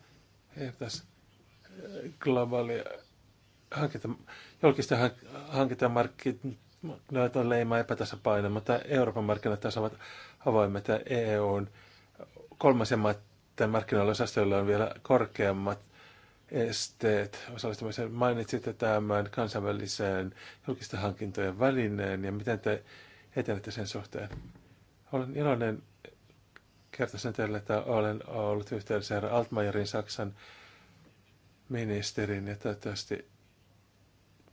Tässä eh, globaali hankinta, julkisten hankintamarkkinoita on leima epätasapaino, mutta Euroopan markkinat taas ovat avoimet ja EUn kolmasen maiden markkinoilla on vielä korkeammat esteet osallistumisen Mainitsitte tämän kansainväliseen julkisten hankintojen välineen ja miten te etenette sen suhteen. Olen iloinen kertoisin teille, että olen ollut yhteydessä herra Altmaierin Saksan ministerin ja toivottavasti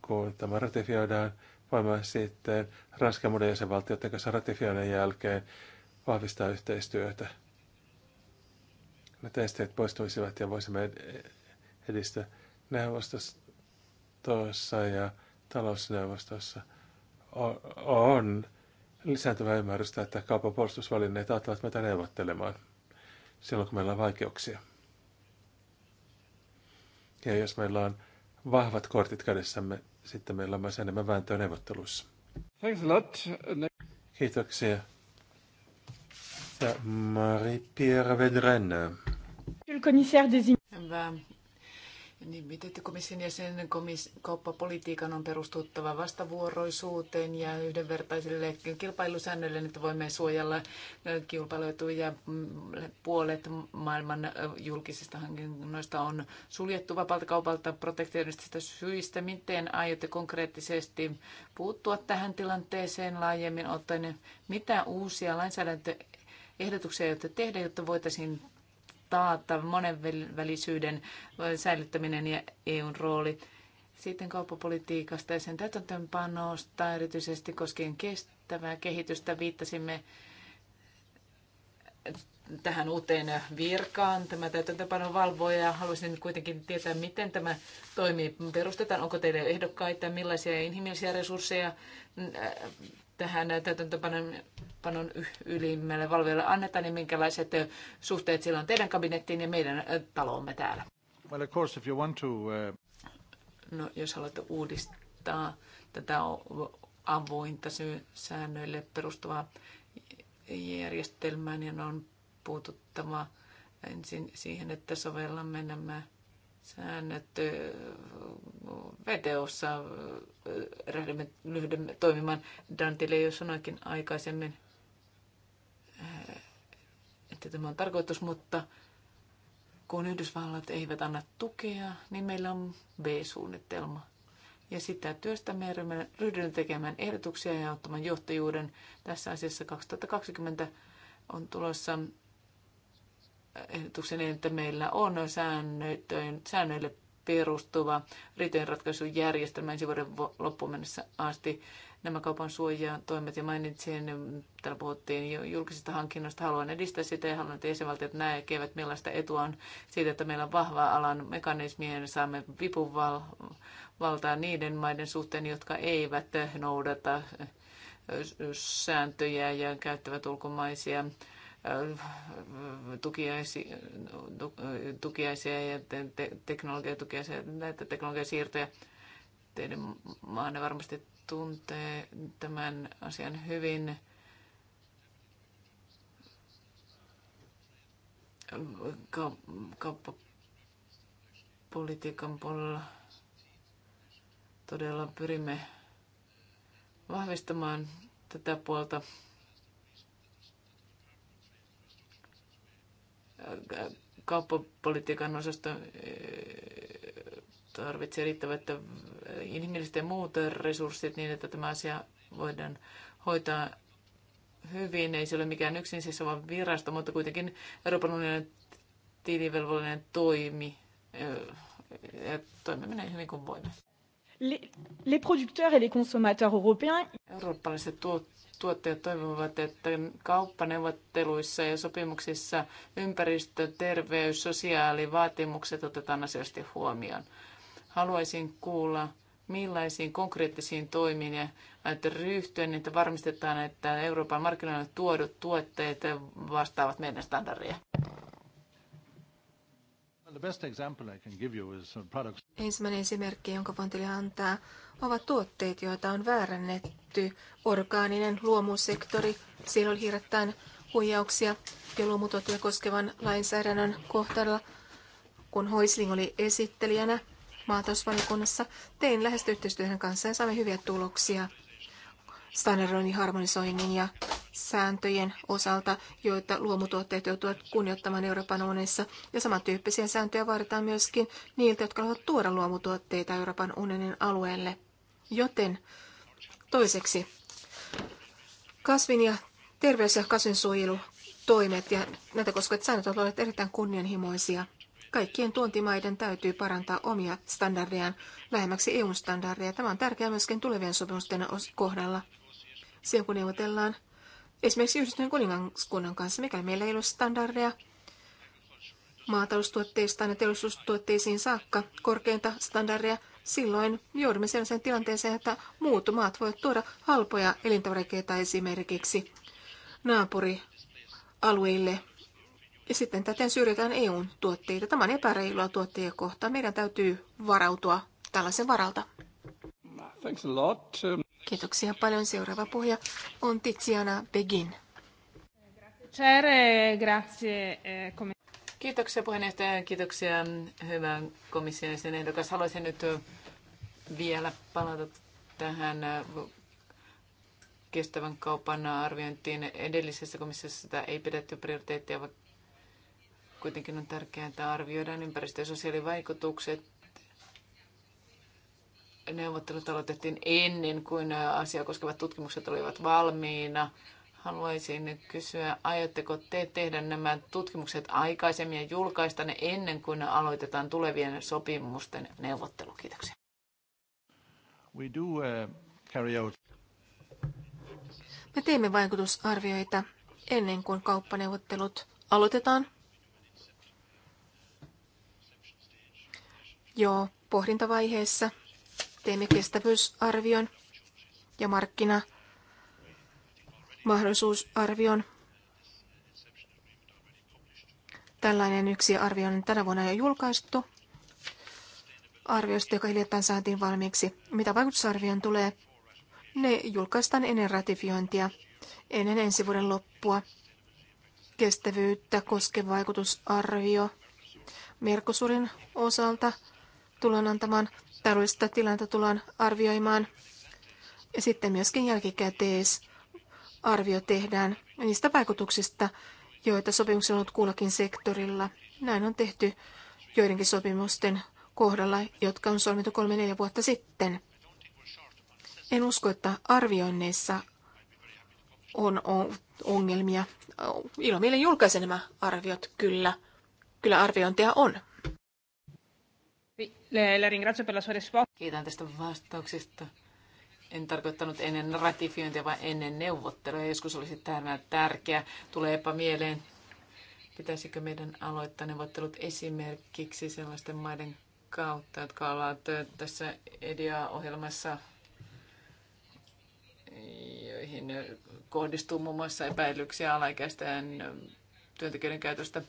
kun tämä ratifioidaan, voimme sitten Ranskan muiden jäsenvaltioiden kanssa ratifioinnin jälkeen vahvistaa yhteistyötä. Että testit poistuisivat ja voisimme edistä neuvostossa ja talousneuvostossa on lisääntyvä ymmärrystä, että kaupan puolustusvalinneet auttavat meitä neuvottelemaan silloin, kun meillä on vaikeuksia. Ja jos meillä on vahvat kortit kädessämme, sitten meillä on myös enemmän vääntöä neuvotteluissa. Thanks a lot. Kiitoksia. Ja Marie-Pierre des Hyvä niin, miten komission ja sen komis- kauppapolitiikan on perustuttava vastavuoroisuuteen ja yhdenvertaisille kilpailusäännöille, että voimme suojella kilpailuetuja mm, puolet maailman julkisista hankinnoista on suljettu vapaalta kaupalta protektionistisista syistä. Miten aiotte konkreettisesti puuttua tähän tilanteeseen laajemmin ottaen? Mitä uusia lainsäädäntöehdotuksia aiotte tehdä, jotta voitaisiin taata monenvälisyyden säilyttäminen ja EUn rooli. Sitten kauppapolitiikasta ja sen täytäntöönpanosta, erityisesti koskien kestävää kehitystä, viittasimme tähän uuteen virkaan. Tämä täytäntöpanon valvoja. Haluaisin kuitenkin tietää, miten tämä toimii. Perustetaan, onko teille ehdokkaita, millaisia inhimillisiä resursseja tähän täytäntöpanon ylimmälle valvojalle annetaan, niin minkälaiset suhteet sillä on teidän kabinettiin ja meidän taloomme täällä? Well, of course, if you want to, uh... No, jos haluatte uudistaa tätä avointa säännöille perustuvaa järjestelmää, niin on puututtava ensin siihen, että sovellamme nämä säännöt VTOssa lähdemme toimimaan. Dantille jo sanoikin aikaisemmin, että tämä on tarkoitus, mutta kun Yhdysvallat eivät anna tukea, niin meillä on B-suunnitelma. Ja sitä työstämme me ryhdymme tekemään ehdotuksia ja ottamaan johtajuuden. Tässä asiassa 2020 on tulossa ehdotuksen, että meillä on säännöille perustuva riitojenratkaisujärjestelmä ensi vuoden loppuun mennessä asti. Nämä kaupan suojaan toimet ja mainitsin, täällä puhuttiin jo julkisista hankinnoista, haluan edistää sitä ja haluan, että jäsenvaltiot näkevät, millaista etua on siitä, että meillä on vahva alan mekanismia ja saamme vipuvaltaa niiden maiden suhteen, jotka eivät noudata sääntöjä ja käyttävät ulkomaisia tukiaisia, tukiaisia ja te, te, teknologiatukiaisia, näitä teknologiasiirtoja. Teidän maanne varmasti tuntee tämän asian hyvin. Ka- kauppapolitiikan puolella todella pyrimme vahvistamaan tätä puolta kauppapolitiikan osasto eh, tarvitsee riittävät eh, inhimilliset ja muut resurssit niin, että tämä asia voidaan hoitaa hyvin. Ei se ole mikään yksin siis vaan virasto, mutta kuitenkin Euroopan unionin tilivelvollinen toimi eh, ja toimiminen hyvin kuin voimme. Les producteurs et les consommateurs européens. Eurooppalaiset tuottajat tuottajat toivovat, että kauppaneuvotteluissa ja sopimuksissa ympäristö, terveys, sosiaalivaatimukset otetaan asiallisesti huomioon. Haluaisin kuulla, millaisiin konkreettisiin toimiin ja että ryhtyä, niin että varmistetaan, että Euroopan markkinoille tuodut tuotteet vastaavat meidän standardeja. Ensimmäinen esimerkki, jonka voin teille antaa, ovat tuotteet, joita on väärännetty. Orgaaninen luomusektori, siellä oli hirrettään huijauksia ja luomutuotteja koskevan lainsäädännön kohdalla, kun Hoisling oli esittelijänä maatalousvaliokunnassa. Tein lähestyyhteistyöhön kanssa ja saimme hyviä tuloksia standardoinnin harmonisoinnin ja sääntöjen osalta, joita luomutuotteet joutuvat kunnioittamaan Euroopan unionissa. Ja samantyyppisiä sääntöjä vaaditaan myöskin niiltä, jotka haluavat tuoda luomutuotteita Euroopan unionin alueelle. Joten toiseksi kasvin ja terveys- ja kasvinsuojelutoimet ja näitä koskevat säännöt ovat olleet erittäin kunnianhimoisia. Kaikkien tuontimaiden täytyy parantaa omia standardejaan lähemmäksi EU-standardeja. Tämä on tärkeää myöskin tulevien sopimusten kohdalla. Silloin kun neuvotellaan esimerkiksi Yhdistyneen kuningaskunnan kanssa, mikäli meillä ei ole standardeja maataloustuotteista ja teollisuustuotteisiin saakka korkeinta standardeja, silloin joudumme sellaiseen tilanteeseen, että muut maat voivat tuoda halpoja elintarvikkeita esimerkiksi naapurialueille. Ja sitten täten syrjitään EUn tuotteita. Tämä on epäreilua tuottajia kohtaan. Meidän täytyy varautua tällaisen varalta. Thanks a lot. Kiitoksia paljon. Seuraava puhuja on Tiziana Begin. Eh, eh, kiitoksia puheenjohtaja, kiitoksia hyvän komission sen ehdokas. Haluaisin nyt eh, vielä palata tähän kestävän kaupan arviointiin. Edellisessä komissiossa sitä ei pidetty prioriteettia, vaikka kuitenkin on tärkeää, että arvioidaan ympäristö- ja sosiaalivaikutukset neuvottelut aloitettiin ennen kuin asiaa koskevat tutkimukset olivat valmiina. Haluaisin kysyä, aiotteko te tehdä nämä tutkimukset aikaisemmin ja julkaista ne ennen kuin aloitetaan tulevien sopimusten neuvottelu? Kiitoksia. We do, uh, carry out. Me teemme vaikutusarvioita ennen kuin kauppaneuvottelut aloitetaan. Joo, pohdintavaiheessa Teimme kestävyysarvion ja markkina mahdollisuusarvion. Tällainen yksi arvio on tänä vuonna jo julkaistu arviosta, joka hiljattain saatiin valmiiksi. Mitä vaikutusarvioon tulee, ne julkaistaan ennen ratifiointia, ennen ensi vuoden loppua. Kestävyyttä koskeva vaikutusarvio Merkosurin osalta tullaan antamaan taloudellista tilannetta tullaan arvioimaan. Ja sitten myöskin jälkikäteisarvio tehdään niistä vaikutuksista, joita sopimuksella on ollut kullakin sektorilla. Näin on tehty joidenkin sopimusten kohdalla, jotka on solmittu kolme neljä vuotta sitten. En usko, että arvioinneissa on ongelmia. mielen julkaisen nämä arviot kyllä. Kyllä arviointia on. Le, le ringrazio per la sua risposta. Kiitän tästä vastauksesta. En tarkoittanut ennen ratifiointia, vaan ennen neuvotteluja. Joskus olisi tämä tärkeä. Tuleepa mieleen, pitäisikö meidän aloittaa neuvottelut esimerkiksi sellaisten maiden kautta, jotka ovat tässä EDIA-ohjelmassa, joihin kohdistuu muun muassa epäilyksiä alaikäisten työntekijöiden käytöstä.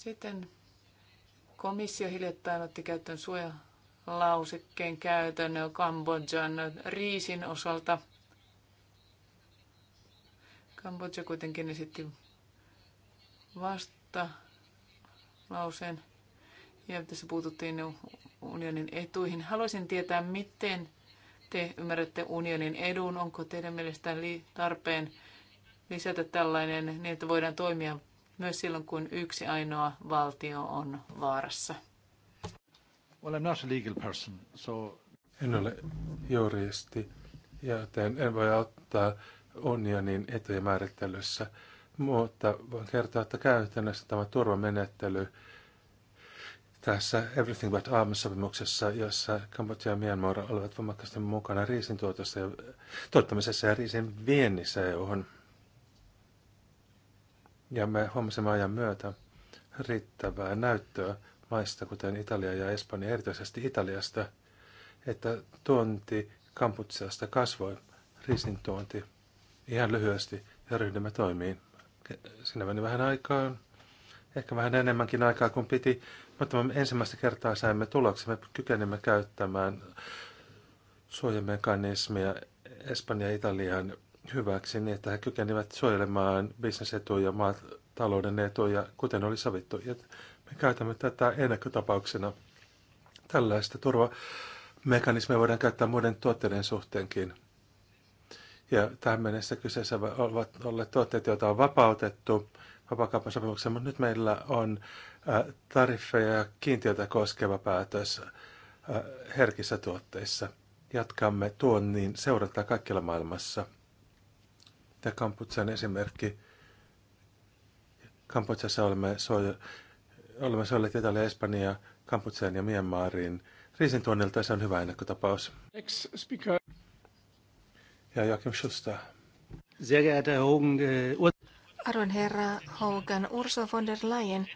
Sitten komissio hiljattain otti käyttöön suojalausekkeen käytön Kambodjan riisin osalta. Kambodja kuitenkin esitti vasta lauseen ja tässä puututtiin unionin etuihin. Haluaisin tietää, miten te ymmärrätte unionin edun. Onko teidän mielestä tarpeen lisätä tällainen niin, että voidaan toimia myös silloin, kun yksi ainoa valtio on vaarassa. Well, I'm not a legal person, so... En ole juristi, joten en voi ottaa unionin etujen määrittelyssä, mutta voin kertoa, että käytännössä tämä turvamenettely tässä Everything But Arms-sopimuksessa, jossa Kambodja ja Myanmar olivat voimakkaasti mukana riisin tuotossa ja, tuottamisessa ja riisin viennissä johon e ja me huomasimme ajan myötä riittävää näyttöä maista, kuten Italia ja Espanja, erityisesti Italiasta, että tuonti Kamputsiasta kasvoi, riisin tuonti, ihan lyhyesti, ja ryhdymme toimiin. Siinä meni vähän aikaa, ehkä vähän enemmänkin aikaa kuin piti, mutta me ensimmäistä kertaa saimme tuloksen. Me kykenimme käyttämään suojamekanismia espanja ja Italian hyväksi niin, että he kykenivät suojelemaan bisnesetuja, maatalouden etuja, kuten oli sovittu. Ja me käytämme tätä ennakkotapauksena. Tällaista turvamekanismia voidaan käyttää muiden tuotteiden suhteenkin. Ja tähän mennessä kyseessä ovat olleet tuotteet, joita on vapautettu vapaakauppasopimuksen, mutta nyt meillä on tariffeja ja kiintiötä koskeva päätös herkissä tuotteissa. Jatkamme tuonnin seurataan kaikkialla maailmassa – Tämä Kamputsan esimerkki. Kamputsassa olemme, suoja, olemme soilleet Italia, Espanja, Kamputseen ja Myanmariin. Riisin tuonnilta se on hyvä ennakkotapaus. Next speaker. Ja Joachim Schuster. Sehr geehrter Hogan, äh, Arvon herra Hogan, Ursula von der Leyen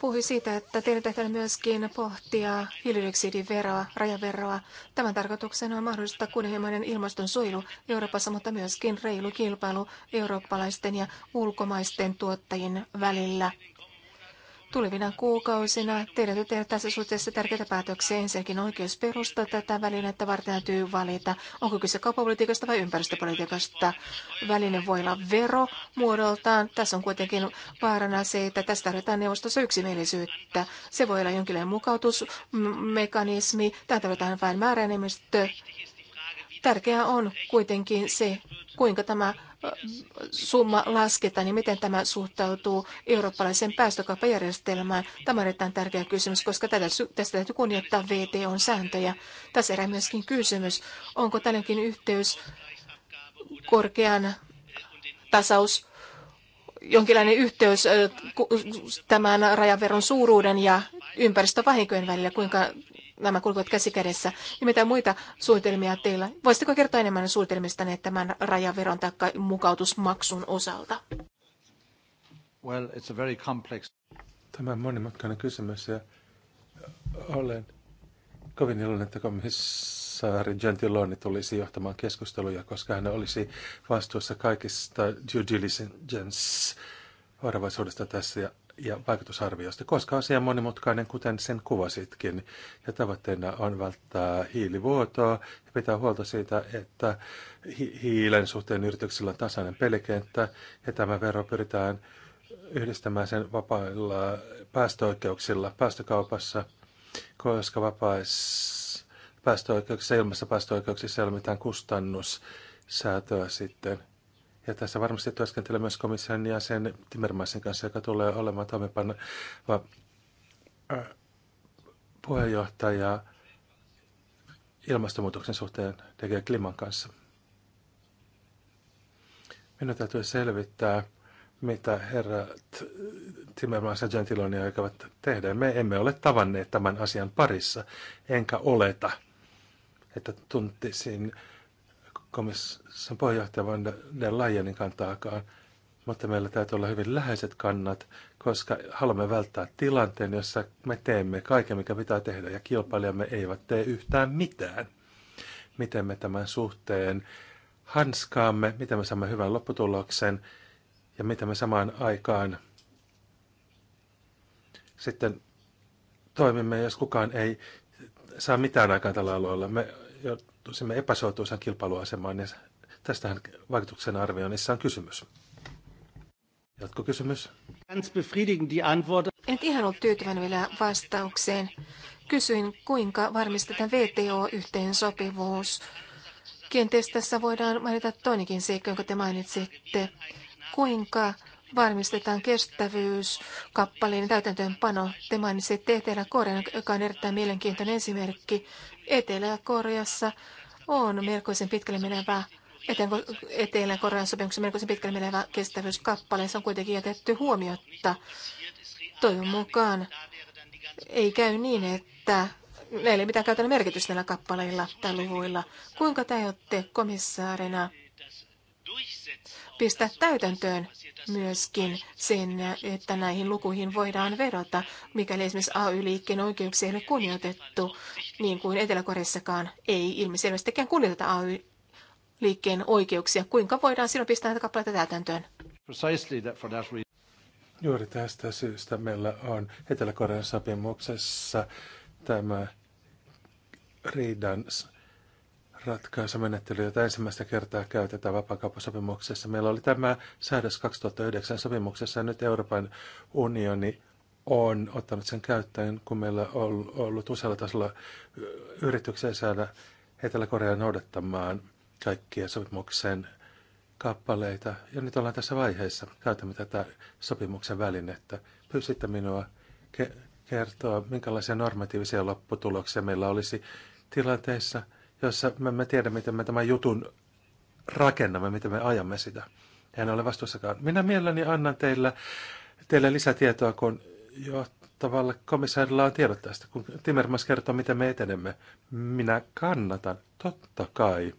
puhui siitä, että teidän tehtävä myöskin pohtia hiilidioksidiveroa, rajaveroa. Tämän tarkoituksena on mahdollista kunnianhimoinen suojelu Euroopassa, mutta myöskin reilu kilpailu eurooppalaisten ja ulkomaisten tuottajien välillä Tulevina kuukausina teidän täytyy tehdä tässä suhteessa tärkeitä päätöksiä. Ensinnäkin oikeus perustaa tätä välinettä varten täytyy valita, onko kyse kauppapolitiikasta vai ympäristöpolitiikasta. Väline voi olla vero muodoltaan. Tässä on kuitenkin vaarana se, että tässä tarvitaan neuvostossa yksimielisyyttä. Se voi olla jonkinlainen mukautusmekanismi. Tämä tarvitaan vain määräenemmistö Tärkeää on kuitenkin se, kuinka tämä summa lasketaan ja miten tämä suhtautuu eurooppalaiseen päästökauppajärjestelmään. Tämä on erittäin tärkeä kysymys, koska tätä, tästä täytyy kunnioittaa VTOn sääntöjä. Tässä erää myöskin kysymys, onko tällainenkin yhteys korkean tasaus jonkinlainen yhteys tämän rajaveron suuruuden ja ympäristövahinkojen välillä, kuinka nämä kulkevat käsikädessä. Ja mitä muita suunnitelmia teillä? Voisitteko kertoa enemmän suunnitelmistanne tämän rajaveron tai mukautusmaksun osalta? Well, it's a very complex... Tämä on monimutkainen kysymys ja olen kovin iloinen, että komissaari Gentiloni tulisi johtamaan keskusteluja, koska hän olisi vastuussa kaikista due diligence varovaisuudesta tässä ja ja vaikutusarviosta, koska asia on monimutkainen, kuten sen kuvasitkin. Ja tavoitteena on välttää hiilivuotoa ja pitää huolta siitä, että hi- hiilen suhteen yrityksillä on tasainen pelikenttä ja tämä vero pyritään yhdistämään sen vapailla päästöoikeuksilla päästökaupassa, koska vapaissa päästöoikeuksissa, ilmassa päästöoikeuksissa ei ole mitään kustannussäätöä sitten – ja tässä varmasti työskentelee myös komission jäsen Timmermansin kanssa, joka tulee olemaan toimenpaneva äh, puheenjohtaja ilmastonmuutoksen suhteen tekee Kliman kanssa. Minun täytyy selvittää, mitä herra Timmermans ja Gentiloni aikovat tehdä. Me emme ole tavanneet tämän asian parissa, enkä oleta, että tuntisin komission puheenjohtaja Van der Leyenin kantaakaan, mutta meillä täytyy olla hyvin läheiset kannat, koska haluamme välttää tilanteen, jossa me teemme kaiken, mikä pitää tehdä, ja kilpailijamme eivät tee yhtään mitään. Miten me tämän suhteen hanskaamme, miten me saamme hyvän lopputuloksen, ja miten me samaan aikaan sitten toimimme, jos kukaan ei saa mitään aikaan tällä alueella. Me joutuisimme epäsuotuisan kilpailuasemaan, niin tästähän vaikutuksen arvioinnissa on kysymys. Jatkokysymys. En ihan ollut tyytyväinen vielä vastaukseen. Kysyin, kuinka varmistetaan VTO-yhteensopivuus. Kenties tässä voidaan mainita toinenkin seikka, jonka te mainitsitte. Kuinka varmistetaan kestävyys kappaleen täytäntöönpano. Te mainitsitte Etelä-Korean, joka on erittäin mielenkiintoinen esimerkki. Etelä-Koreassa on melkoisen pitkälle menevä Etelä-Korean sopimuksen melkoisen pitkälle menevä kestävyyskappale. Se on kuitenkin jätetty huomiotta. Toivon mukaan ei käy niin, että näillä ei mitään käytännön merkitystä näillä kappaleilla tai luvuilla. Kuinka te olette komissaarina pistää täytäntöön myöskin sen, että näihin lukuihin voidaan vedota, mikäli esimerkiksi AY-liikkeen oikeuksia ei ole kunnioitettu, niin kuin Etelä-Koreassakaan ei ilmiselvästikään kunnioiteta AY-liikkeen oikeuksia. Kuinka voidaan silloin pistää näitä kappaleita täytäntöön? Juuri tästä syystä meillä on Etelä-Korean sopimuksessa tämä riidan ratkaisumenettely, jota ensimmäistä kertaa käytetään vapaakauppasopimuksessa. Meillä oli tämä säädös 2009 sopimuksessa ja nyt Euroopan unioni on ottanut sen käyttöön, kun meillä on ollut usealla tasolla yrityksiä saada Etelä-Korea noudattamaan kaikkia sopimuksen kappaleita. Ja nyt ollaan tässä vaiheessa. Käytämme tätä sopimuksen välinettä. Pyysitte minua ke- kertoa, minkälaisia normatiivisia lopputuloksia meillä olisi tilanteessa jossa me, me tiedämme, miten me tämän jutun rakennamme, miten me ajamme sitä. Hän ole vastuussakaan. Minä mielelläni annan teille, teille lisätietoa, kun tavalla komissaarilla on tiedot tästä, kun Timmermans kertoo, miten me etenemme. Minä kannatan, totta kai,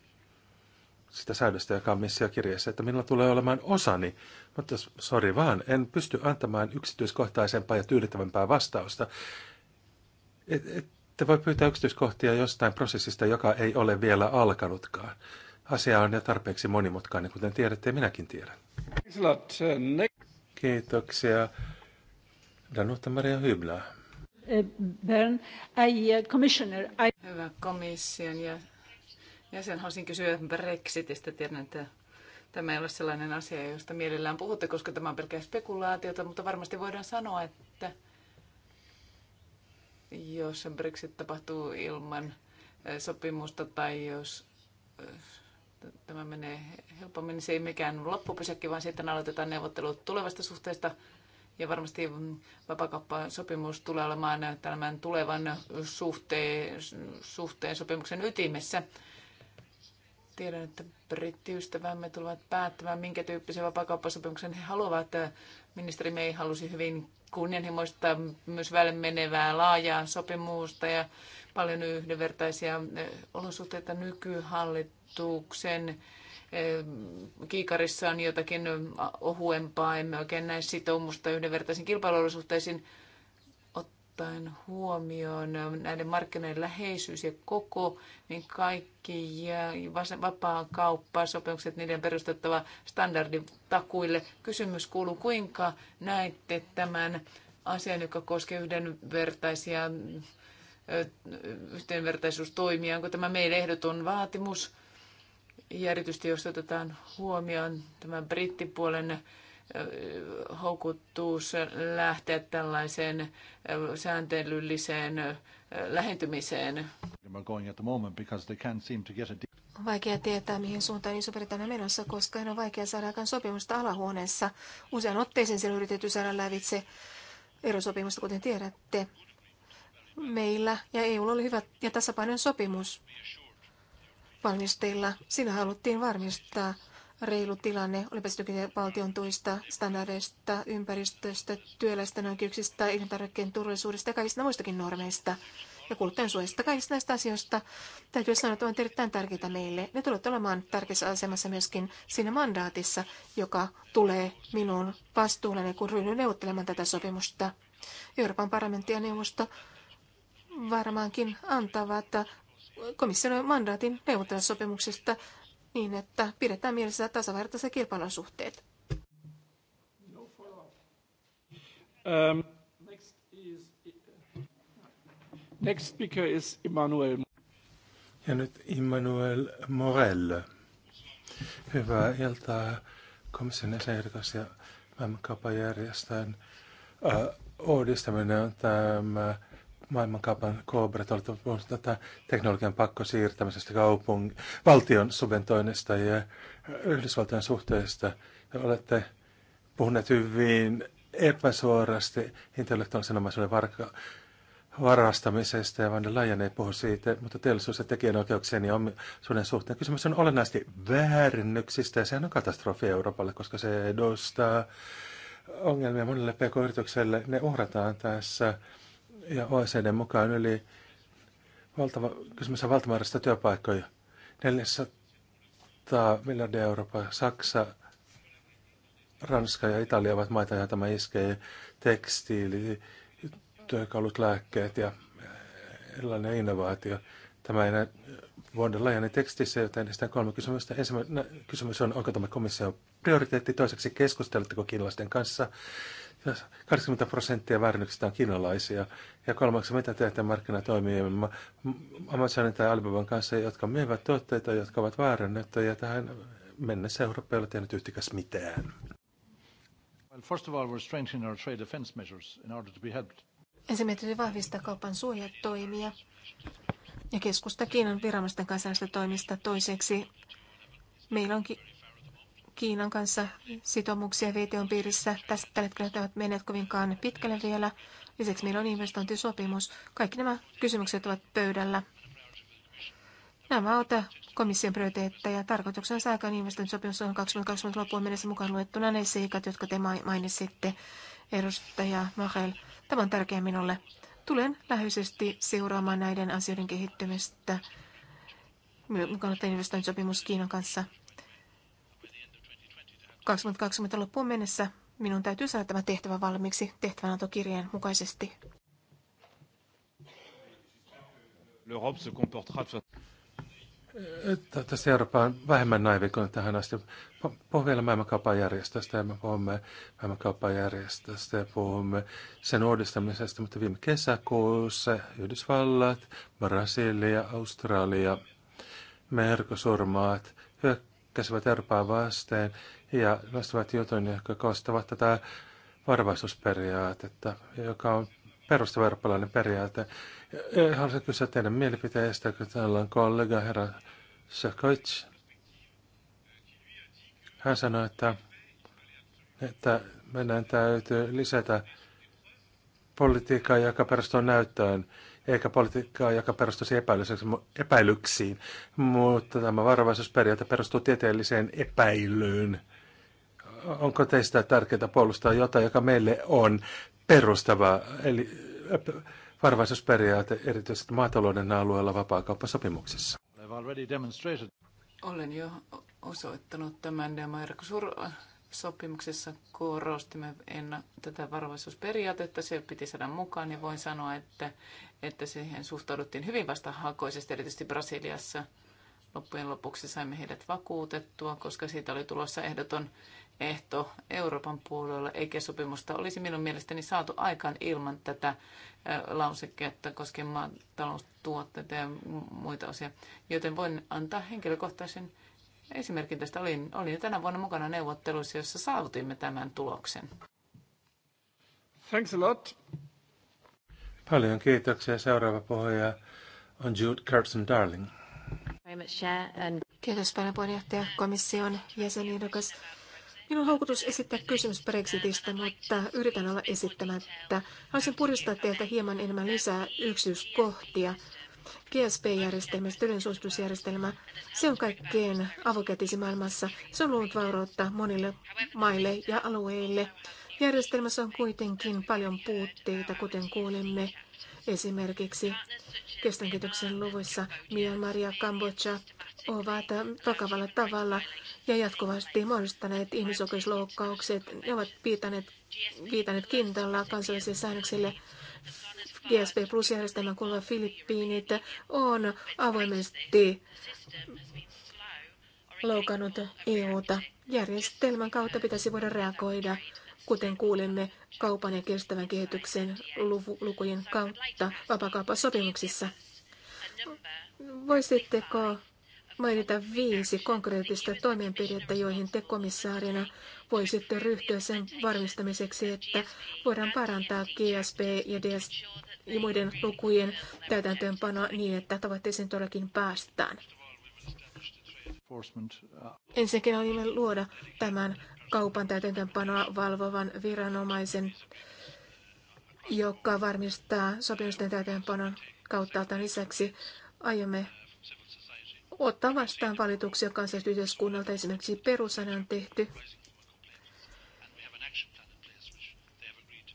sitä säädöstä, joka on kirjassa, että minulla tulee olemaan osani, mutta sori vaan, en pysty antamaan yksityiskohtaisempaa ja tyydyttävämpää vastausta. Et, et, sitten voi pyytää yksityiskohtia jostain prosessista, joka ei ole vielä alkanutkaan. Asia on jo tarpeeksi monimutkainen, kuten tiedätte ja minäkin tiedän. Kiitoksia. Danuta Maria Hyblä. Eh, Bern, I, uh, commissioner, I... Hyvä komission ja jäsen. Haluaisin kysyä Brexitistä. Tiedän, että tämä ei ole sellainen asia, josta mielellään puhutte, koska tämä on pelkkää spekulaatiota, mutta varmasti voidaan sanoa, että jos Brexit tapahtuu ilman eh, sopimusta tai jos eh, tämä menee helpommin, niin se ei mikään loppupysäkki, vaan sitten aloitetaan neuvottelut tulevasta suhteesta. Ja varmasti mm, vapakauppasopimus tulee olemaan eh, tämän tulevan suhteen, suhteen sopimuksen ytimessä. Tiedän, että brittiystävämme tulevat päättämään, minkä tyyppisen vapakauppasopimuksen he haluavat. Ministeri May halusi hyvin kunnianhimoista, myös menevää laajaa sopimusta ja paljon yhdenvertaisia eh, olosuhteita nykyhallituksen eh, kiikarissa on jotakin eh, ohuempaa, emme oikein näe sitoumusta yhdenvertaisiin kilpailuolosuhteisiin ottaen huomioon näiden markkinoiden läheisyys ja koko, niin kaikki ja vapaa kauppa, sopimukset, niiden perustettava standarditakuille. Kysymys kuuluu, kuinka näette tämän asian, joka koskee yhdenvertaisia yhteenvertaisuustoimia, onko tämä meille ehdoton vaatimus, ja erityisesti jos otetaan huomioon tämän brittipuolen houkuttuus lähteä tällaiseen sääntelylliseen lähentymiseen. On vaikea tietää, mihin suuntaan iso on menossa, koska on vaikea saada aikaan sopimusta alahuoneessa. Usean otteeseen siellä yritetty saada lävitse erosopimusta, kuten tiedätte. Meillä ja EU oli hyvä ja tasapainoinen sopimus valmisteilla. Siinä haluttiin varmistaa, reilu tilanne, olipa se valtion tuista, standardeista, ympäristöstä, työläisten oikeuksista, elintarvikkeen turvallisuudesta ja kaikista muistakin normeista ja suojasta. Kaikista näistä asioista täytyy sanoa, että ovat erittäin tärkeitä meille. Ne tulevat olemaan tärkeässä asemassa myöskin siinä mandaatissa, joka tulee minun vastuulleni, kun ryhdyn neuvottelemaan tätä sopimusta. Euroopan parlamentti ja neuvosto varmaankin antavat komission mandaatin neuvotella sopimuksesta niin, että pidetään mielessä tasavertaiset kilpailun suhteet. Um, next, is, next speaker is Emmanuel. Ja nyt Emmanuel Morel. Hyvää iltaa komission jäsenehdokas ja maailmankaupan järjestään. Uh, äh, uudistaminen on tämä maailmankaupan koobrat olivat tätä teknologian pakko siirtämisestä kaupung- valtion subentoinnista ja Yhdysvaltojen suhteesta. Olette puhuneet hyvin epäsuorasti intellektuaalisen omaisuuden varka- varastamisesta ja Van der Leyen ei puhu siitä, mutta teollisuus- ja tekijänoikeuksien ja omisuuden suhteen kysymys on olennaisesti väärennyksistä ja sehän on katastrofi Euroopalle, koska se edustaa ongelmia monelle pk-yritykselle. Ne uhrataan tässä ja OECD mukaan yli valtava, kysymys on valtamäärästä työpaikkoja. 400 miljardia Euroopan, Saksa, Ranska ja Italia ovat maita, joihin tämä iskee. Tekstiili, työkalut, lääkkeet ja erilainen innovaatio. Tämä ei näy von der Leyenin tekstissä, joten sitä kolme kysymystä. Ensimmäinen kysymys on, onko tämä komission prioriteetti? Toiseksi, keskusteletteko kiinalaisten kanssa? 80 prosenttia väärännyksistä on kiinalaisia. Ja kolmaksi mitä teette markkinatoimijoiden Amazonin tai Alibaban kanssa, jotka myyvät tuotteita, jotka ovat väärännettyjä. Ja tähän mennessä Eurooppa ei ole tehnyt yhtikäs mitään. Well, first of all, we're strengthening our trade defense measures in order to be helped. Esimerkiksi vahvistaa kaupan suojatoimia ja keskusta Kiinan viranomaisten kansallisista toimista toiseksi. Meillä on Kiinan kanssa sitoumuksia VTOn piirissä. Tästä tällä hetkellä ovat menneet kovinkaan pitkälle vielä. Lisäksi meillä on investointisopimus. Kaikki nämä kysymykset ovat pöydällä. Nämä ovat komission prioriteetteja. Tarkoituksena saakaan investointisopimus on 2020 loppuun mennessä mukaan luettuna ne seikat, jotka te mainitsitte, edustaja Mahel. Tämä on tärkeä minulle. Tulen läheisesti seuraamaan näiden asioiden kehittymistä. Mukaan investointisopimus Kiinan kanssa. 2020 loppuun mennessä minun täytyy saada tämä tehtävä valmiiksi tehtävänantokirjeen mukaisesti. Tätä se Eurooppa on vähemmän naivi kuin tähän asti. Puhun vielä järjestöstä ja me puhumme järjestöstä ja puhumme sen uudistamisesta, mutta viime kesäkuussa Yhdysvallat, Brasilia, Australia, Merkosurmaat hyökkäsivät Eurooppaa vastaan ja nostavat jutun, jotka koostavat tätä varvaisuusperiaatetta, joka on perustava eurooppalainen periaate. Haluaisin kysyä teidän mielipiteestä, kun täällä on kollega herra Sakoic. Hän sanoi, että, että meidän täytyy lisätä politiikkaa, joka perustuu näyttöön, eikä politiikkaa, joka perustuisi epäilyksiin. Mutta tämä varovaisuusperiaate perustuu tieteelliseen epäilyyn onko teistä tärkeää puolustaa jotain, joka meille on perustava, eli varvaisuusperiaate erityisesti maatalouden alueella vapaakauppasopimuksissa? Olen jo osoittanut tämän demarkusur sopimuksessa korostimme enna, tätä varovaisuusperiaatetta, se piti saada mukaan, niin voin sanoa, että, että siihen suhtauduttiin hyvin vastahakoisesti, erityisesti Brasiliassa. Loppujen lopuksi saimme heidät vakuutettua, koska siitä oli tulossa ehdoton ehto Euroopan puolella, eikä sopimusta olisi minun mielestäni saatu aikaan ilman tätä lausekkeetta koskien maataloustuotteita ja muita osia. Joten voin antaa henkilökohtaisen esimerkin tästä. Olin, olin tänä vuonna mukana neuvotteluissa, jossa saavutimme tämän tuloksen. Thanks a lot. Paljon kiitoksia. Seuraava puhuja on Jude Carson Darling. Kiitos paljon puheenjohtaja komission jäsenehdokas. Minun houkutus esittää kysymys Brexitistä, mutta yritän olla esittämättä. Haluaisin puristaa teiltä hieman enemmän lisää yksityiskohtia. GSP-järjestelmä, suositusjärjestelmä, se on kaikkein avokätisi maailmassa. Se on luonut vaurautta monille maille ja alueille. Järjestelmässä on kuitenkin paljon puutteita, kuten kuulemme esimerkiksi kestänkityksen luvuissa Myanmar ja Kambodža ovat vakavalla tavalla ja jatkuvasti mahdollistaneet ihmisoikeusloukkaukset. Ne ovat viitanneet, viitanneet kintalla kansallisille säännöksille. GSP Plus-järjestelmän kuuluva Filippiinit on avoimesti loukannut EUta. Järjestelmän kautta pitäisi voida reagoida, kuten kuulemme kaupan ja kestävän kehityksen lukujen kautta sopimuksissa. Voisitteko mainita viisi konkreettista toimenpidettä, joihin te komissaarina voisitte ryhtyä sen varmistamiseksi, että voidaan parantaa GSP ja DS ja muiden lukujen täytäntöönpanoa niin, että tavoitteeseen todellakin päästään. Uh, Ensinnäkin haluamme luoda tämän kaupan täytäntöönpanoa valvovan viranomaisen, joka varmistaa sopimusten täytäntöönpanon kautta. Tämän lisäksi aiomme ottaa vastaan valituksia kansallisyhteiskunnalta. Esimerkiksi perusana on tehty.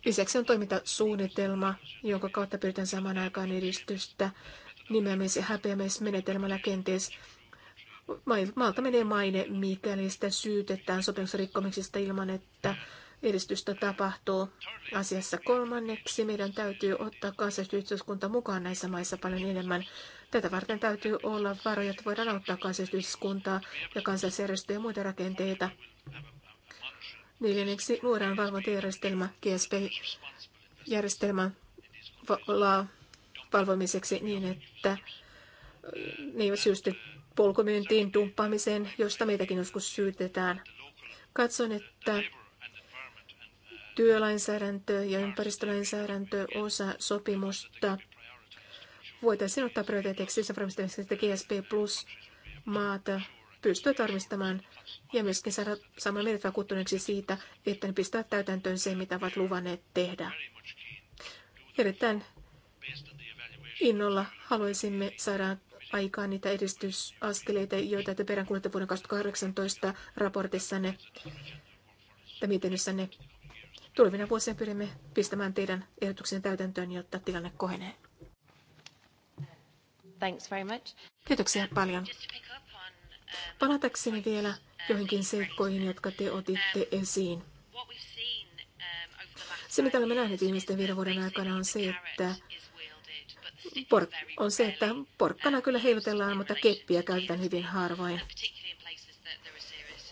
Lisäksi on toimintasuunnitelma, jonka kautta pyritään samaan aikaan edistystä nimeämis- ja häpeämismenetelmällä kenties maalta menee maine, mikäli sitä syytetään sopimuksen ilman, että edistystä tapahtuu. Asiassa kolmanneksi meidän täytyy ottaa kansallisyhteiskunta mukaan näissä maissa paljon enemmän. Tätä varten täytyy olla varoja, että voidaan auttaa kansallisyhteiskuntaa ja kansallisjärjestöjä ja muita rakenteita. Neljänneksi niin, luodaan valvontajärjestelmä GSP-järjestelmän valvomiseksi niin, että ne eivät syystä polkumyyntiin, dumppaamiseen, josta meitäkin joskus syytetään. Katson, että työlainsäädäntö ja ympäristölainsäädäntö osa sopimusta – voitaisiin ottaa prioriteetiksi sisävarmistamiseksi, että GSP Plus maata pystyy tarvistamaan ja myöskin saada saman meidät vakuuttuneeksi siitä, että ne pistävät täytäntöön se, mitä ovat luvanneet tehdä. Erittäin innolla haluaisimme saada aikaan niitä edistysaskeleita, joita te peräänkuulette vuoden 2018 raportissanne tai mietinnössänne. Tulevina vuosina pyrimme pistämään teidän ehdotuksenne täytäntöön, jotta tilanne kohenee. Thanks very much. Kiitoksia paljon. Palatakseni vielä joihinkin seikkoihin, jotka te otitte esiin. Se, mitä olemme nähneet viimeisten viiden vuoden aikana, on se, että por- on se, että porkkana kyllä heilutellaan, mutta keppiä käytetään hyvin harvoin.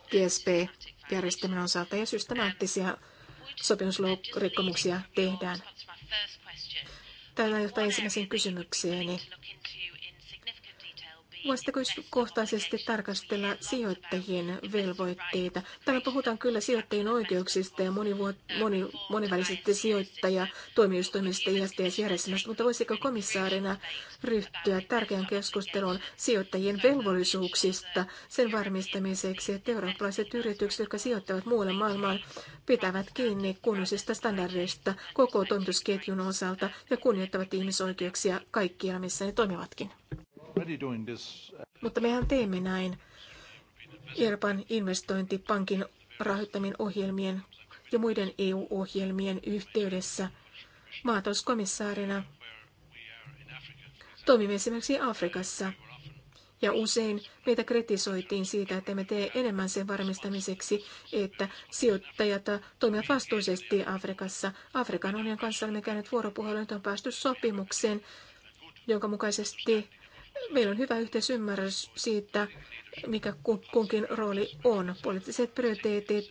GSP-järjestelmän osalta ja systemaattisia sopimusrikkomuksia tehdään. Tämä johtaa ensimmäiseen kysymykseeni. Vastakohtaisesti kohtaisesti tarkastella sijoittajien velvoitteita? Täällä puhutaan kyllä sijoittajien oikeuksista ja monivuot- moni- monivälisesti sijoittaja, toimijustoimista ja järjestelmästä, mutta voisiko komissaarina ryhtyä tärkeän keskusteluun sijoittajien velvollisuuksista sen varmistamiseksi, että eurooppalaiset yritykset, jotka sijoittavat muualle maailmaan, pitävät kiinni kunnollisista standardeista koko toimitusketjun osalta ja kunnioittavat ihmisoikeuksia kaikkialla, missä ne toimivatkin. Uh, Mutta mehän teemme näin Euroopan investointipankin rahoittamien ohjelmien ja muiden EU-ohjelmien yhteydessä maatalouskomissaarina. Toimimme esimerkiksi Afrikassa ja usein meitä kritisoitiin siitä, että me tee enemmän sen varmistamiseksi, että sijoittajat toimivat vastuullisesti Afrikassa. Afrikan unionin kanssa olemme käyneet vuoropuhelun, on päästy sopimukseen, jonka mukaisesti Meillä on hyvä yhteisymmärrys siitä, mikä kunkin rooli on. Poliittiset prioriteetit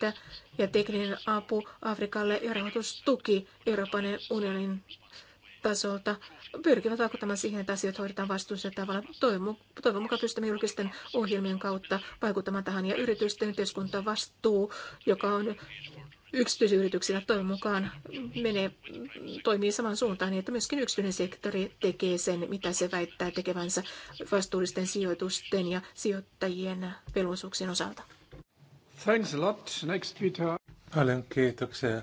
ja tekninen apu Afrikalle ja rahoitustuki Euroopan unionin tasolta pyrkivät vaikuttamaan siihen, että asiat hoidetaan vastuullisella tavalla. Toivon mukaan pystymme julkisten ohjelmien kautta vaikuttamaan tähän ja yritysten yhteiskunta vastuu, joka on yksityisyrityksillä toivon mukaan menee, toimii saman suuntaan niin, että myöskin yksityinen sektori tekee sen, mitä se väittää tekevänsä vastuullisten sijoitusten ja sijoittajien velvollisuuksien osalta. Thanks a lot. Next Peter. Paljon kiitoksia.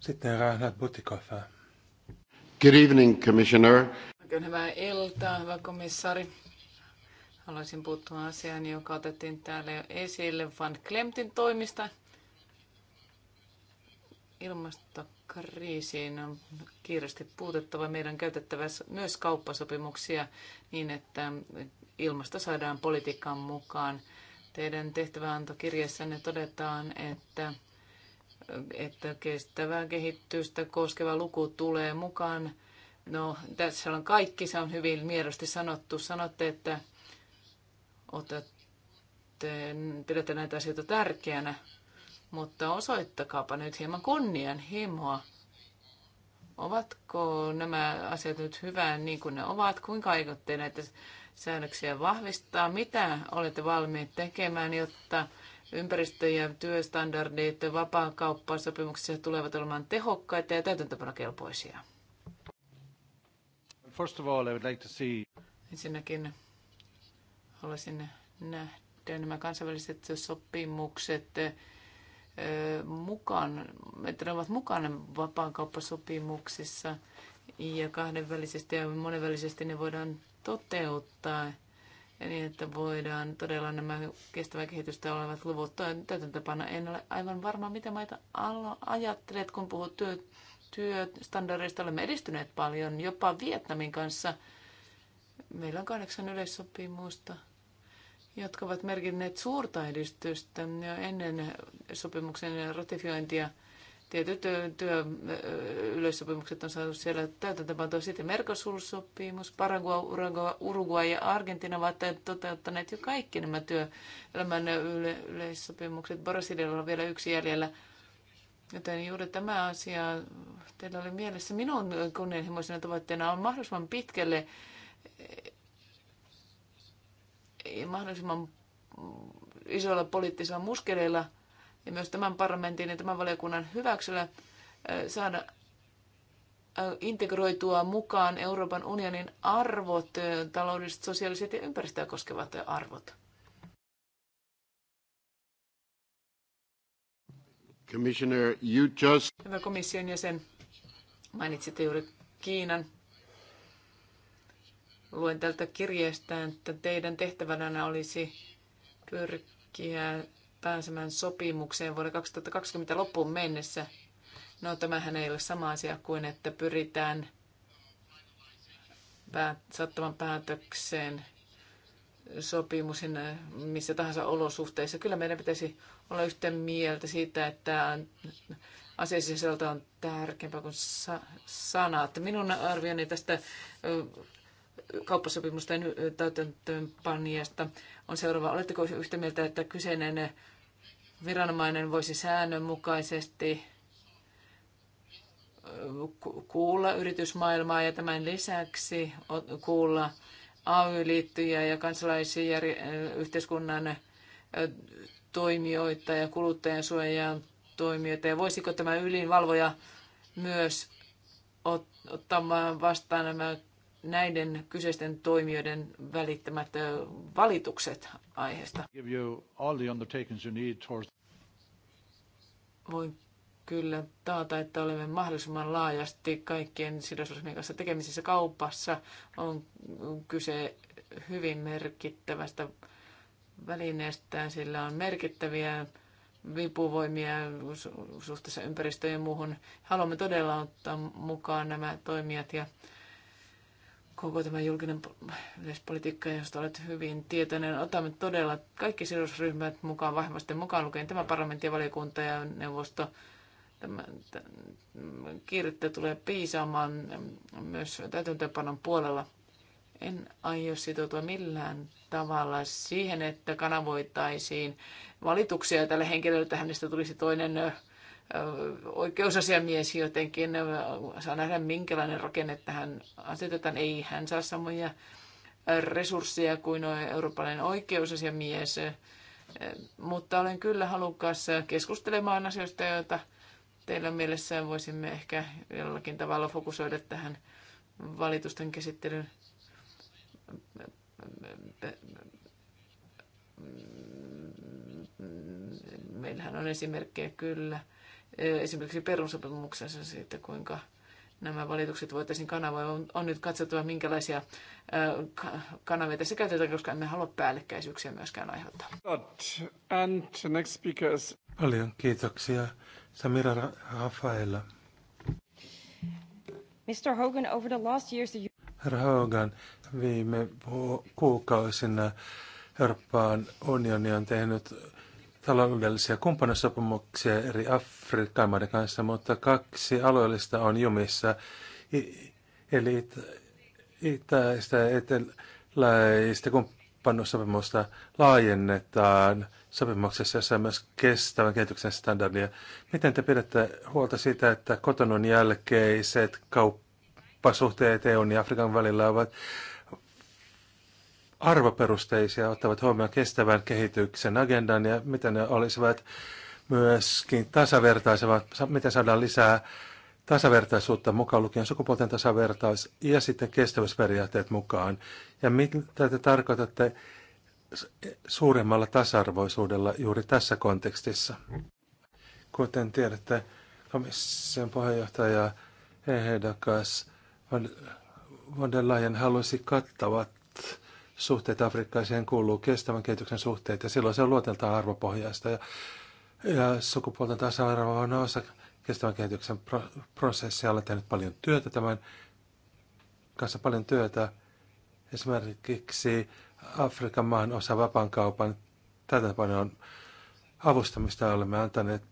Sitten Rahnat Butikoffa. Good evening, Commissioner. Oikein hyvää iltaa, hyvä komissaari. Haluaisin puuttua asiaan, joka otettiin täällä jo esille Van Klemtin toimista – Ilmastokriisiin on kiireesti puutettava. Meidän on käytettävä myös kauppasopimuksia niin, että ilmasta saadaan politiikan mukaan. Teidän tehtäväantokirjassanne todetaan, että, että kestävää kehitystä koskeva luku tulee mukaan. No, tässä on kaikki, se on hyvin miedosti sanottu. Sanotte, että otatte, pidätte näitä asioita tärkeänä, mutta osoittakaapa nyt hieman kunnianhimoa. Ovatko nämä asiat nyt hyvää niin kuin ne ovat? Kuinka aikotte näitä säännöksiä vahvistaa? Mitä olette valmiit tekemään, jotta ympäristö- ja työstandardit vapaakauppasopimuksissa tulevat olemaan tehokkaita ja täytäntöpanokelpoisia? First of all, I would like to see... Ensinnäkin haluaisin nähdä nämä kansainväliset sopimukset mukaan, että ne ovat mukana vapaankauppasopimuksissa ja kahdenvälisesti ja monenvälisesti ne voidaan toteuttaa ja niin, että voidaan todella nämä kestävää kehitystä olevat luvut täytäntöpana. En ole aivan varma, mitä maita ajattelet, kun puhut työ, työstandardeista. Olemme edistyneet paljon, jopa Vietnamin kanssa. Meillä on kahdeksan yleissopimusta jotka ovat merkinneet suurta edistystä jo ennen sopimuksen ratifiointia. Tietyt työ, yleissopimukset on saatu siellä täytäntöpantoa. Sitten Mercosur-sopimus, Paraguay, Uruguay ja Argentina ovat toteuttaneet jo kaikki nämä työelämän yle, yleissopimukset. Brasilialla on vielä yksi jäljellä. Joten juuri tämä asia teillä oli mielessä. Minun kunnianhimoisena tavoitteena on mahdollisimman pitkälle mahdollisimman isoilla poliittisilla muskeleilla ja myös tämän parlamentin ja tämän valiokunnan hyväksyllä saada integroitua mukaan Euroopan unionin arvot, taloudelliset, sosiaaliset ja ympäristöä koskevat arvot. Commissioner, you just... Hyvä komission jäsen, mainitsitte juuri Kiinan. Luen tältä kirjeestä, että teidän tehtävänä olisi pyrkiä pääsemään sopimukseen vuoden 2020 loppuun mennessä. No tämähän ei ole sama asia kuin, että pyritään saattamaan päätökseen sopimusin missä tahansa olosuhteissa. Kyllä meidän pitäisi olla yhtä mieltä siitä, että asiasisältö on tärkeämpää kuin sa- sanat. Minun arvioni tästä kauppasopimusten täytäntöönpanijasta on seuraava. Oletteko yhtä mieltä, että kyseinen viranomainen voisi säännönmukaisesti äh, kuulla yritysmaailmaa ja tämän lisäksi kuulla AY-liittyjä ja kansalaisyhteiskunnan äh, äh, toimijoita ja kuluttajansuojan toimijoita. Ja voisiko tämä ylinvalvoja myös ottamaan vastaan nämä näiden kyseisten toimijoiden välittämät valitukset aiheesta. Voin kyllä taata, että olemme mahdollisimman laajasti kaikkien sidosryhmien kanssa tekemisissä kaupassa. On kyse hyvin merkittävästä välineestä. Sillä on merkittäviä vipuvoimia suhteessa ympäristöön ja muuhun. Haluamme todella ottaa mukaan nämä toimijat ja koko tämä julkinen yleispolitiikka, josta olet hyvin tietoinen. Otamme todella kaikki sidosryhmät mukaan vahvasti mukaan lukien tämä parlamentti ja valiokunta ja neuvosto. Tämä, tämän kiirettä tulee piisaamaan myös täytäntöpanon puolella. En aio sitoutua millään tavalla siihen, että kanavoitaisiin valituksia tälle henkilölle, että hänestä tulisi toinen oikeusasiamies jotenkin saa nähdä, minkälainen rakenne tähän asetetaan. Ei hän saa samoja resursseja kuin eurooppalainen oikeusasiamies, mutta olen kyllä halukas keskustelemaan asioista, joita teillä mielessä voisimme ehkä jollakin tavalla fokusoida tähän valitusten käsittelyyn meillähän on esimerkkejä kyllä esimerkiksi perusopimuksessa siitä, kuinka nämä valitukset voitaisiin kanavoida. On nyt katsottava, minkälaisia kanavia tässä käytetään, koska emme halua päällekkäisyyksiä myöskään aiheuttaa. And next Paljon kiitoksia. Samira Rafaela. Mr. Hogan, over the last years... The... Herra Hogan, viime kuukausina Euroopan unioni on tehnyt taloudellisia kumppanussopimuksia eri Afrikan maiden kanssa, mutta kaksi alueellista on jumissa, I, eli itäistä ja eteläistä kumppanuussopimusta laajennetaan sopimuksessa, jossa on myös kestävän kehityksen standardia. Miten te pidätte huolta siitä, että kotonon jälkeiset kauppasuhteet EUn ja Afrikan välillä ovat arvoperusteisia, ottavat huomioon kestävän kehityksen agendan ja miten ne olisivat myöskin tasavertaisevat, miten saadaan lisää tasavertaisuutta mukaan lukien sukupuolten tasavertais ja sitten kestävyysperiaatteet mukaan. Ja mitä te tarkoitatte suuremmalla tasa-arvoisuudella juuri tässä kontekstissa? Kuten tiedätte, komission puheenjohtaja ehdokas von der Leyen halusi kattavat suhteet Afrikkaan, siihen kuuluu kestävän kehityksen suhteet ja silloin se on luoteltaan arvopohjaista. Ja, ja sukupuolten tasa-arvo on osa kestävän kehityksen pro- prosessia. Olen tehnyt paljon työtä tämän kanssa, paljon työtä esimerkiksi Afrikan maan osa vapaan vapaankaupan täytäntöpanon avustamista olemme antaneet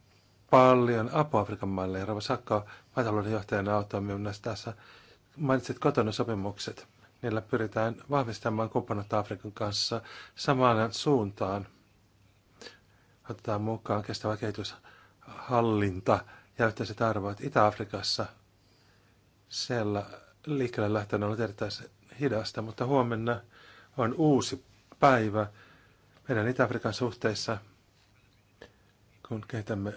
paljon apua Afrikan maille. Ja Rova Sakko, maatalouden johtajana auttoi minun tässä. Mainitsit kotona sopimukset millä pyritään vahvistamaan kumppanat Afrikan kanssa samaan suuntaan. Otetaan mukaan kestävä kehityshallinta ja yhteiset arvot Itä-Afrikassa. Siellä liikkeelle lähtenä on erittäin hidasta, mutta huomenna on uusi päivä meidän Itä-Afrikan suhteissa, kun kehitämme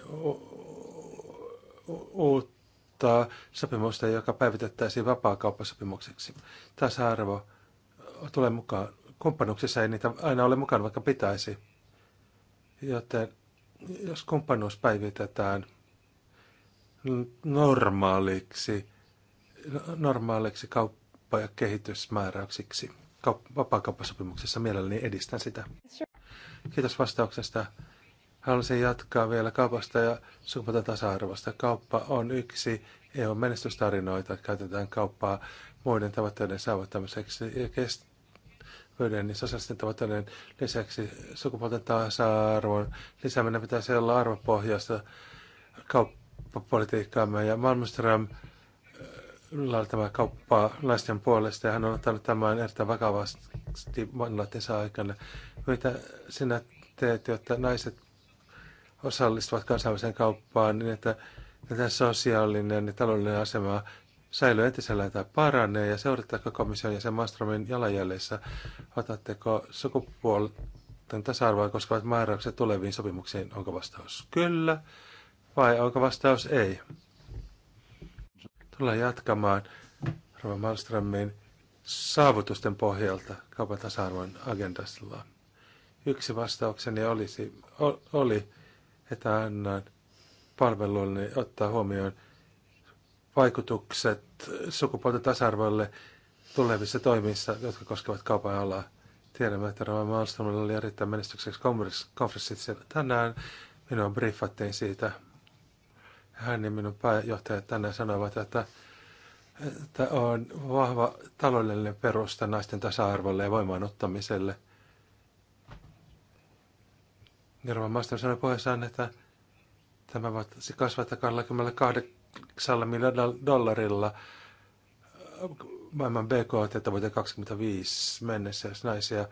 uutta muuttaa sopimusta, joka päivitettäisiin vapaakauppasopimukseksi. Tasa-arvo tulee mukaan. Kumppanuksissa ei niitä aina ole mukana, vaikka pitäisi. Joten jos kumppanuus päivitetään normaaliksi, no, normaaliksi kauppa- ja kehitysmääräyksiksi, vapaakauppasopimuksessa mielelläni edistän sitä. Kiitos vastauksesta. Haluaisin jatkaa vielä kaupasta ja sukupuolten tasa-arvosta. Kauppa on yksi EUn menestystarinoita. Käytetään kauppaa muiden tavoitteiden saavuttamiseksi ja kestävyyden niin sosiaalisten tavoitteiden lisäksi sukupuolten tasa-arvon lisääminen pitäisi olla arvopohjasta kauppapolitiikkaamme. Ja Malmström äh, lailla tämä kauppaa naisten puolesta ja hän on ottanut tämän erittäin vakavasti mandaattinsa aikana. Mitä sinä teet, jotta naiset osallistuvat kansainväliseen kauppaan, niin että tätä sosiaalinen ja taloudellinen asema säilyy entisellään tai paranee, ja seurattaako komission ja sen Mastromin jalanjäljessä, otatteko sukupuolten tasa-arvoa koskevat määräykset tuleviin sopimuksiin, onko vastaus kyllä vai onko vastaus ei? Tullaan jatkamaan Rova Malmströmin saavutusten pohjalta kaupan tasa-arvon agendalla. Yksi vastaukseni olisi, oli, että annan palveluille ottaa huomioon vaikutukset sukupuolten tasa-arvolle tulevissa toimissa, jotka koskevat kaupan alaa. Tiedämme, että Rama Malmströmillä oli erittäin menestykseksi siellä tänään. Minua briefattiin siitä. Hän ja minun pääjohtaja tänään sanoivat, että, että on vahva taloudellinen perusta naisten tasa-arvolle ja voimaanottamiselle. German Master sanoi puheessaan, että tämä voisi kasvattaa 28 miljardilla dollarilla maailman BKT vuoteen 25 mennessä, jos naisia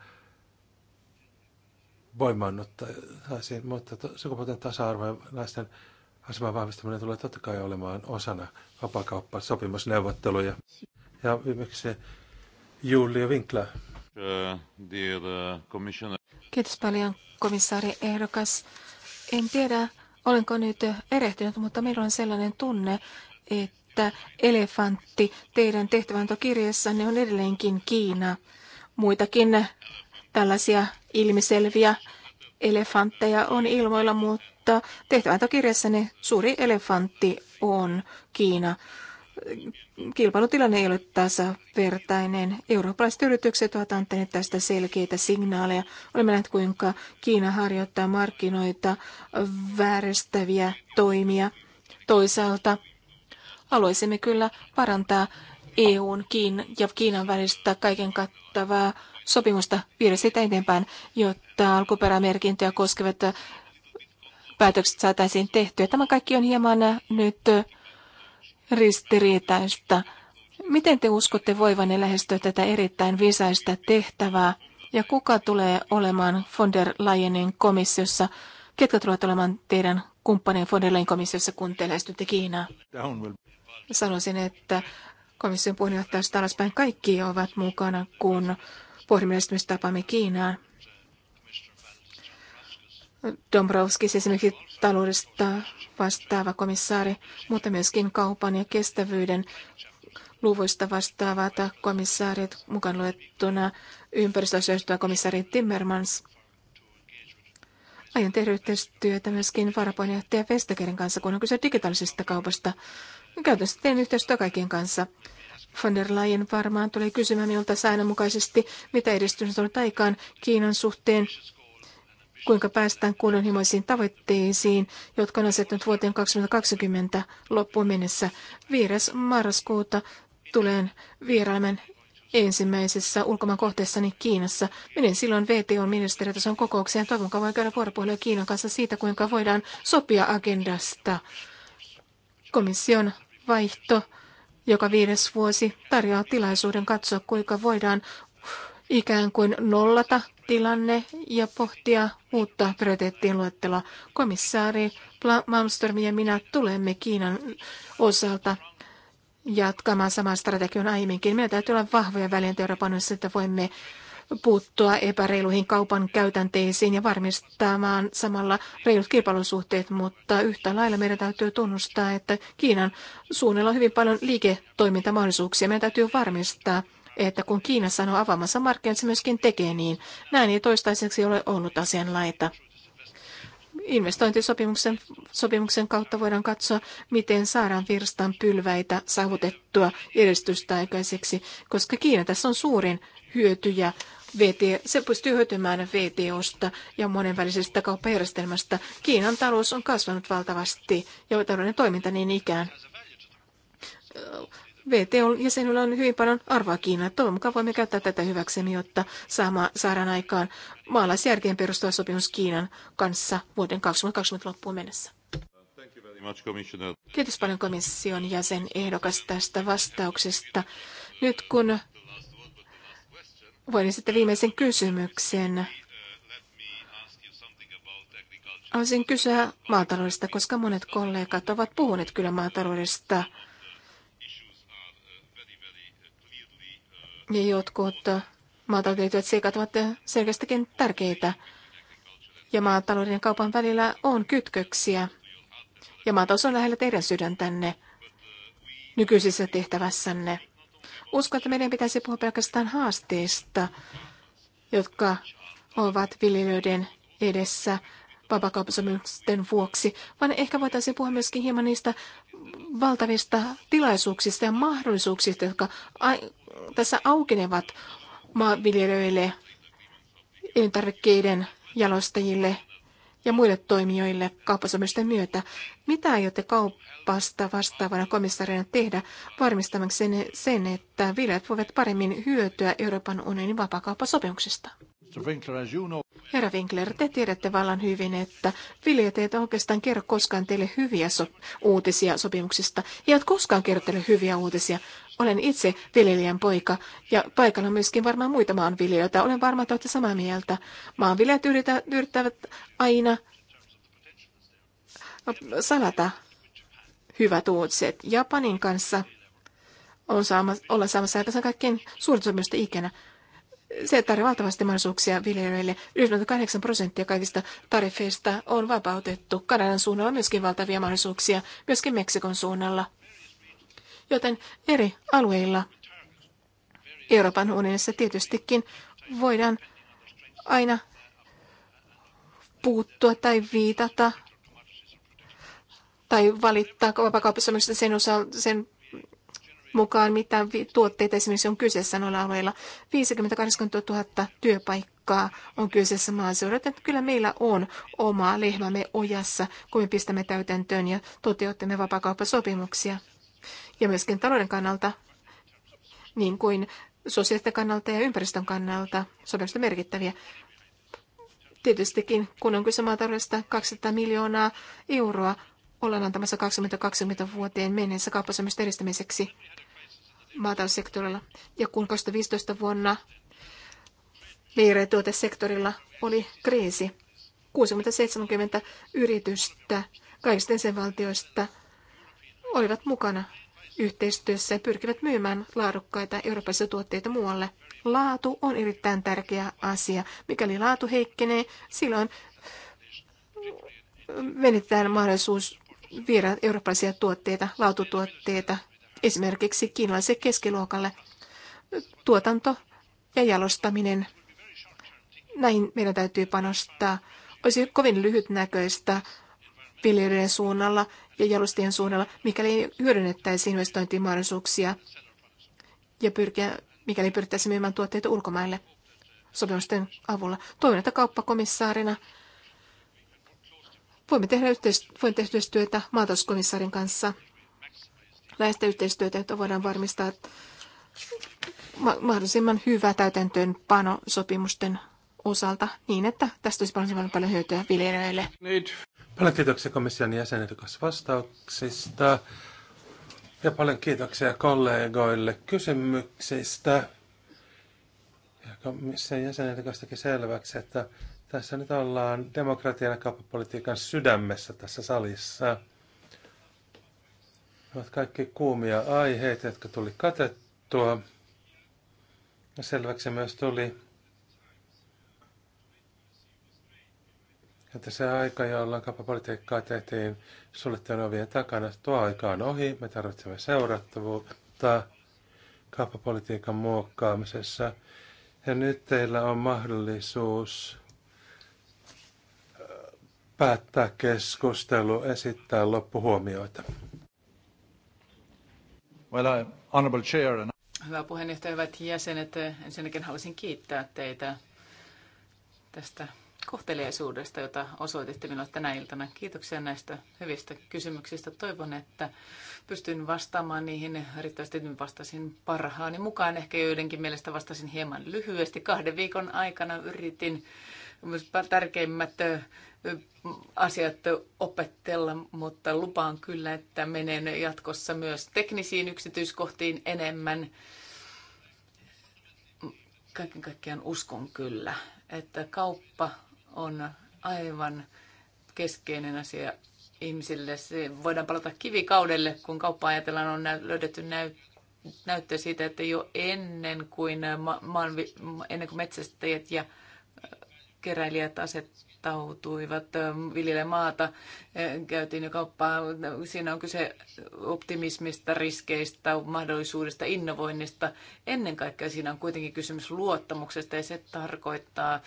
voimaannuttaisiin, mutta sukupuolten tasa-arvo ja naisten aseman vahvistaminen tulee totta kai olemaan osana sopimusneuvotteluja. Ja viimeksi Julia Winkler. Uh, dear, uh, Kiitos paljon, komissaari ehdokas. En tiedä, olenko nyt erehtynyt, mutta meillä on sellainen tunne, että elefantti teidän tehtävänantokirjassanne on edelleenkin Kiina. Muitakin tällaisia ilmiselviä elefantteja on ilmoilla, mutta tehtävänantokirjassanne suuri elefantti on Kiina kilpailutilanne ei ole tasavertainen. Eurooppalaiset yritykset ovat antaneet tästä selkeitä signaaleja. Olemme nähneet, kuinka Kiina harjoittaa markkinoita vääristäviä toimia. Toisaalta haluaisimme kyllä parantaa EUn Kiin ja Kiinan välistä kaiken kattavaa sopimusta viedä sitä eteenpäin, jotta alkuperämerkintöjä koskevat päätökset saataisiin tehtyä. Tämä kaikki on hieman nyt ristiriitaista. Miten te uskotte voivanne lähestyä tätä erittäin visaista tehtävää? Ja kuka tulee olemaan von der Leyenin komissiossa? Ketkä tulevat olemaan teidän kumppaneen von der Leyen komissiossa, kun te lähestytte Kiinaa? Sanoisin, että komission puheenjohtajasta alaspäin kaikki ovat mukana, kun pohdimme lähestymistapaamme Kiinaan. Dombrovskis esimerkiksi taloudesta vastaava komissaari, mutta myöskin kaupan ja kestävyyden luvuista vastaavat komissaarit, mukaan luettuna ympäristöasioista komissaari Timmermans. Aion tehdä yhteistyötä myöskin varapuheenjohtaja Vestakerin kanssa, kun on kyse digitaalisesta kaupasta. Käytännössä teen yhteistyötä kaikkien kanssa. Von der Leyen varmaan tuli kysymään minulta säännönmukaisesti, mitä edistys on aikaan Kiinan suhteen kuinka päästään kunnianhimoisiin tavoitteisiin, jotka on asettanut vuoteen 2020 loppuun mennessä. 5. marraskuuta tulen vierailemaan ensimmäisessä ulkomaan kohteessani Kiinassa. Menen silloin VTOn ministeritason kokoukseen. Toivon mukaan voin käydä vuoropuhelua Kiinan kanssa siitä, kuinka voidaan sopia agendasta. Komission vaihto joka viides vuosi tarjoaa tilaisuuden katsoa, kuinka voidaan ikään kuin nollata tilanne ja pohtia uutta prioriteettien luettelua. Komissaari Malmström ja minä tulemme Kiinan osalta jatkamaan saman strategian aiemminkin. Meillä täytyy olla vahvoja välineitä Euroopan että voimme puuttua epäreiluihin kaupan käytänteisiin ja varmistamaan samalla reilut kilpailusuhteet, mutta yhtä lailla meidän täytyy tunnustaa, että Kiinan suunnilla on hyvin paljon liiketoimintamahdollisuuksia. Meidän täytyy varmistaa, että kun Kiina sanoo avaamansa markkinat, se myöskin tekee niin. Näin ei toistaiseksi ole ollut asianlaita. Investointisopimuksen sopimuksen kautta voidaan katsoa, miten saadaan virstan pylväitä saavutettua edistystä aikaiseksi, koska Kiina tässä on suurin hyötyjä VT, se pystyy hyötymään VTOsta ja monenvälisestä kauppajärjestelmästä. Kiinan talous on kasvanut valtavasti ja talouden toiminta niin ikään. VTO-jäsenillä on hyvin paljon arvoa Kiinaa. Toivon mukaan voimme käyttää tätä hyväksemme, jotta saama, saadaan aikaan maalaisjärkeen perustuva sopimus Kiinan kanssa vuoden 2020 loppuun mennessä. Kiitos paljon komission jäsen ehdokas tästä vastauksesta. Nyt kun voin sitten viimeisen kysymyksen. Haluaisin kysyä maataloudesta, koska monet kollegat ovat puhuneet kyllä maataloudesta – ja jotkut maatalouteen liittyvät seikat ovat selkeästikin tärkeitä. Ja maatalouden ja kaupan välillä on kytköksiä. Ja maatalous on lähellä teidän sydäntänne nykyisessä tehtävässänne. Uskon, että meidän pitäisi puhua pelkästään haasteista, jotka ovat viljelijöiden edessä vapakauppasopimusten vuoksi, vaan ehkä voitaisiin puhua myöskin hieman niistä valtavista tilaisuuksista ja mahdollisuuksista, jotka tässä aukenevat maanviljelijöille, elintarvikkeiden jalostajille ja muille toimijoille kauppasopimusten myötä. Mitä aiotte kauppasta vastaavana komissaarina tehdä varmistamaksi sen, että viljelijät voivat paremmin hyötyä Euroopan unionin vapaakauppasopimuksesta? Herra Winkler, te tiedätte vallan hyvin, että viljelijät eivät oikeastaan kerro koskaan teille hyviä so- uutisia sopimuksista. He eivät koskaan kerro teille hyviä uutisia. Olen itse viljelijän poika ja paikalla on myöskin varmaan muita maanviljelijöitä. Olen varma, että olette samaa mieltä. Maanviljelijät yrittävät, aina salata hyvät uutiset. Japanin kanssa on saama, olla saamassa aikaisemmin kaikkien suurin sopimusta ikinä se tarjoaa valtavasti mahdollisuuksia viljelijöille. 98 prosenttia kaikista tarifeista on vapautettu. Kanadan suunnalla on myöskin valtavia mahdollisuuksia, myöskin Meksikon suunnalla. Joten eri alueilla Euroopan unionissa tietystikin voidaan aina puuttua tai viitata tai valittaa vapakauppasopimuksesta sen, osa, sen mukaan, mitä tuotteita esimerkiksi on kyseessä noilla alueilla. 50-80 000 työpaikkaa on kyseessä maaseudulla. Kyllä meillä on oma lehmämme ojassa, kun me pistämme täytäntöön ja toteuttamme vapakauppasopimuksia. Ja myöskin talouden kannalta, niin kuin sosiaalisten kannalta ja ympäristön kannalta, sopimukset merkittäviä. Tietystikin, kun on kyse maataloudesta 200 miljoonaa euroa, ollaan antamassa 2020 vuoteen mennessä kauppasopimusten edistämiseksi maataloussektorilla. Ja kun 2015 vuonna vihreä oli kriisi, 60-70 yritystä kaikista jäsenvaltioista olivat mukana yhteistyössä ja pyrkivät myymään laadukkaita eurooppalaisia tuotteita muualle. Laatu on erittäin tärkeä asia. Mikäli laatu heikkenee, silloin venitään mahdollisuus viedä eurooppalaisia tuotteita, laatutuotteita esimerkiksi kiinalaiselle keskiluokalle. Tuotanto ja jalostaminen. Näihin meidän täytyy panostaa. Olisi kovin lyhytnäköistä viljelijöiden suunnalla ja jalostien suunnalla, mikäli hyödynnettäisiin investointimahdollisuuksia ja pyrkiä, mikäli pyrittäisiin myymään tuotteita ulkomaille sopimusten avulla. Toivon, että kauppakomissaarina voimme tehdä yhteistyötä maatalouskomissaarin kanssa läheistä yhteistyötä, että voidaan varmistaa mahdollisimman hyvä täytäntöönpano sopimusten osalta niin, että tästä olisi paljon paljon hyötyä viljelijöille. Paljon kiitoksia komission jäsenetukas vastauksista ja paljon kiitoksia kollegoille kysymyksistä. Ja komission jäsenet teki selväksi, että tässä nyt ollaan demokratian ja kauppapolitiikan sydämessä tässä salissa. Ne ovat kaikki kuumia aiheita, jotka tuli katettua. Ja selväksi myös tuli, että se aika, jolloin kapapolitiikkaa tehtiin suljettujen ovien takana, tuo aika on ohi. Me tarvitsemme seurattavuutta kapapolitiikan muokkaamisessa. Ja nyt teillä on mahdollisuus äh, päättää keskustelu, esittää loppuhuomioita. Well, honorable chair and... Hyvä puheenjohtaja, hyvät jäsenet. Ensinnäkin haluaisin kiittää teitä tästä kohteliaisuudesta, jota osoititte minulle tänä iltana. Kiitoksia näistä hyvistä kysymyksistä. Toivon, että pystyn vastaamaan niihin riittävästi. Nyt vastasin parhaani mukaan. Ehkä joidenkin mielestä vastasin hieman lyhyesti. Kahden viikon aikana yritin tärkeimmät asiat opettella, mutta lupaan kyllä, että menen jatkossa myös teknisiin yksityiskohtiin enemmän. Kaiken kaikkiaan uskon kyllä, että kauppa on aivan keskeinen asia ihmisille. Se voidaan palata kivikaudelle, kun kauppa ajatellaan, on löydetty näyttö näyttöä siitä, että jo ennen kuin, ma- maan, ennen kuin metsästäjät ja keräilijät asettautuivat viljelle maata, käytiin jo kauppaa. Siinä on kyse optimismista, riskeistä, mahdollisuudesta, innovoinnista. Ennen kaikkea siinä on kuitenkin kysymys luottamuksesta ja se tarkoittaa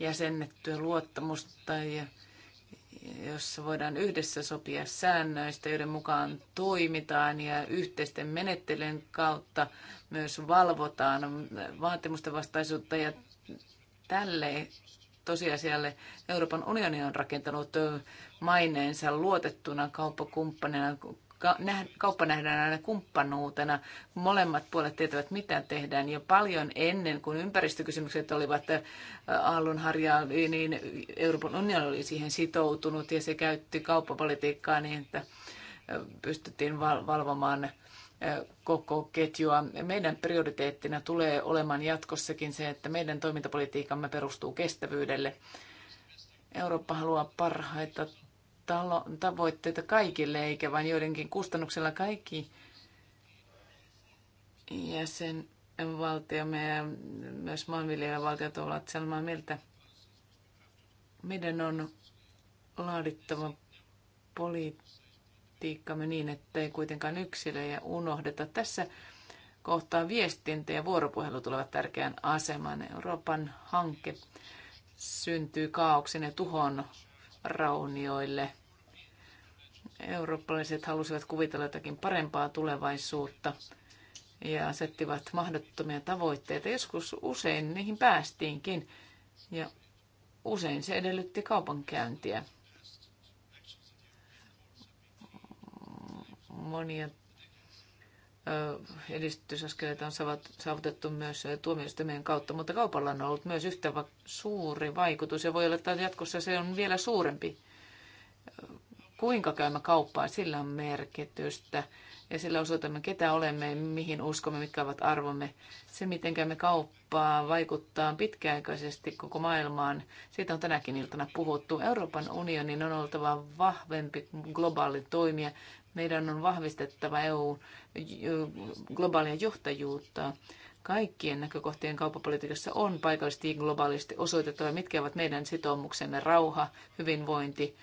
jäsennettyä luottamusta ja jossa voidaan yhdessä sopia säännöistä, joiden mukaan toimitaan ja yhteisten menettelyjen kautta myös valvotaan vaatimusten vastaisuutta ja tälle tosiasialle. Euroopan unioni on rakentanut maineensa luotettuna kauppakumppanina kauppa nähdään aina kumppanuutena. Molemmat puolet tietävät, mitä tehdään. jo paljon ennen kuin ympäristökysymykset olivat aallonharjaa, niin Euroopan unioni oli siihen sitoutunut ja se käytti kauppapolitiikkaa niin, että pystyttiin valvomaan koko ketjua. Meidän prioriteettina tulee olemaan jatkossakin se, että meidän toimintapolitiikamme perustuu kestävyydelle. Eurooppa haluaa parhaita tavoitteita kaikille, eikä vain joidenkin kustannuksella kaikki jäsenvaltiomme ja myös maanviljelijävaltiot ovat samaa mieltä. Meidän on laadittava politiikka politiikkamme niin, että ei kuitenkaan yksilöjä unohdeta. Tässä kohtaa viestintä ja vuoropuhelu tulevat tärkeään asemaan. Euroopan hanke syntyy kaauksen ja tuhon raunioille. Eurooppalaiset halusivat kuvitella jotakin parempaa tulevaisuutta ja asettivat mahdottomia tavoitteita. Joskus usein niihin päästiinkin ja usein se edellytti kaupankäyntiä. monia edistysaskeleita on saavutettu myös tuomioistuimien kautta, mutta kaupalla on ollut myös yhtä suuri vaikutus ja voi olla, että jatkossa se on vielä suurempi. Kuinka käymme kauppaa, sillä on merkitystä ja sillä osoitamme, ketä olemme, mihin uskomme, mitkä ovat arvomme. Se, miten käymme kauppaa, vaikuttaa pitkäaikaisesti koko maailmaan. Siitä on tänäkin iltana puhuttu. Euroopan unionin on oltava vahvempi globaali toimija. Meidän on vahvistettava EU globaalia johtajuutta. Kaikkien näkökohtien kauppapolitiikassa on paikallisesti ja globaalisti osoitettava, mitkä ovat meidän sitoumuksemme rauha, hyvinvointi,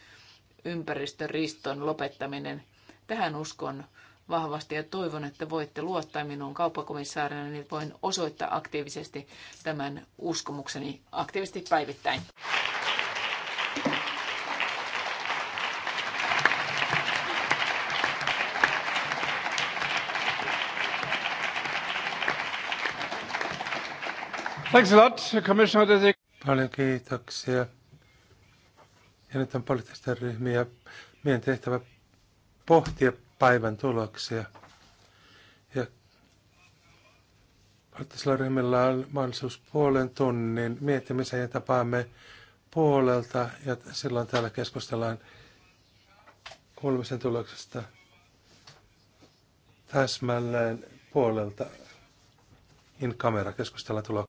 ympäristön riston lopettaminen. Tähän uskon vahvasti ja toivon, että voitte luottaa minuun kauppakomissaarina, niin voin osoittaa aktiivisesti tämän uskomukseni aktiivisesti päivittäin. Thanks a lot, Commissioner Paljon kiitoksia. Ja nyt on poliittista ryhmiä. Meidän tehtävä pohtia päivän tuloksia. Ja poliittisella ryhmillä on mahdollisuus puolen tunnin miettimiseen ja tapaamme puolelta. Ja silloin täällä keskustellaan kuulemisen tuloksesta täsmälleen puolelta in camera keskustella tuloksesta.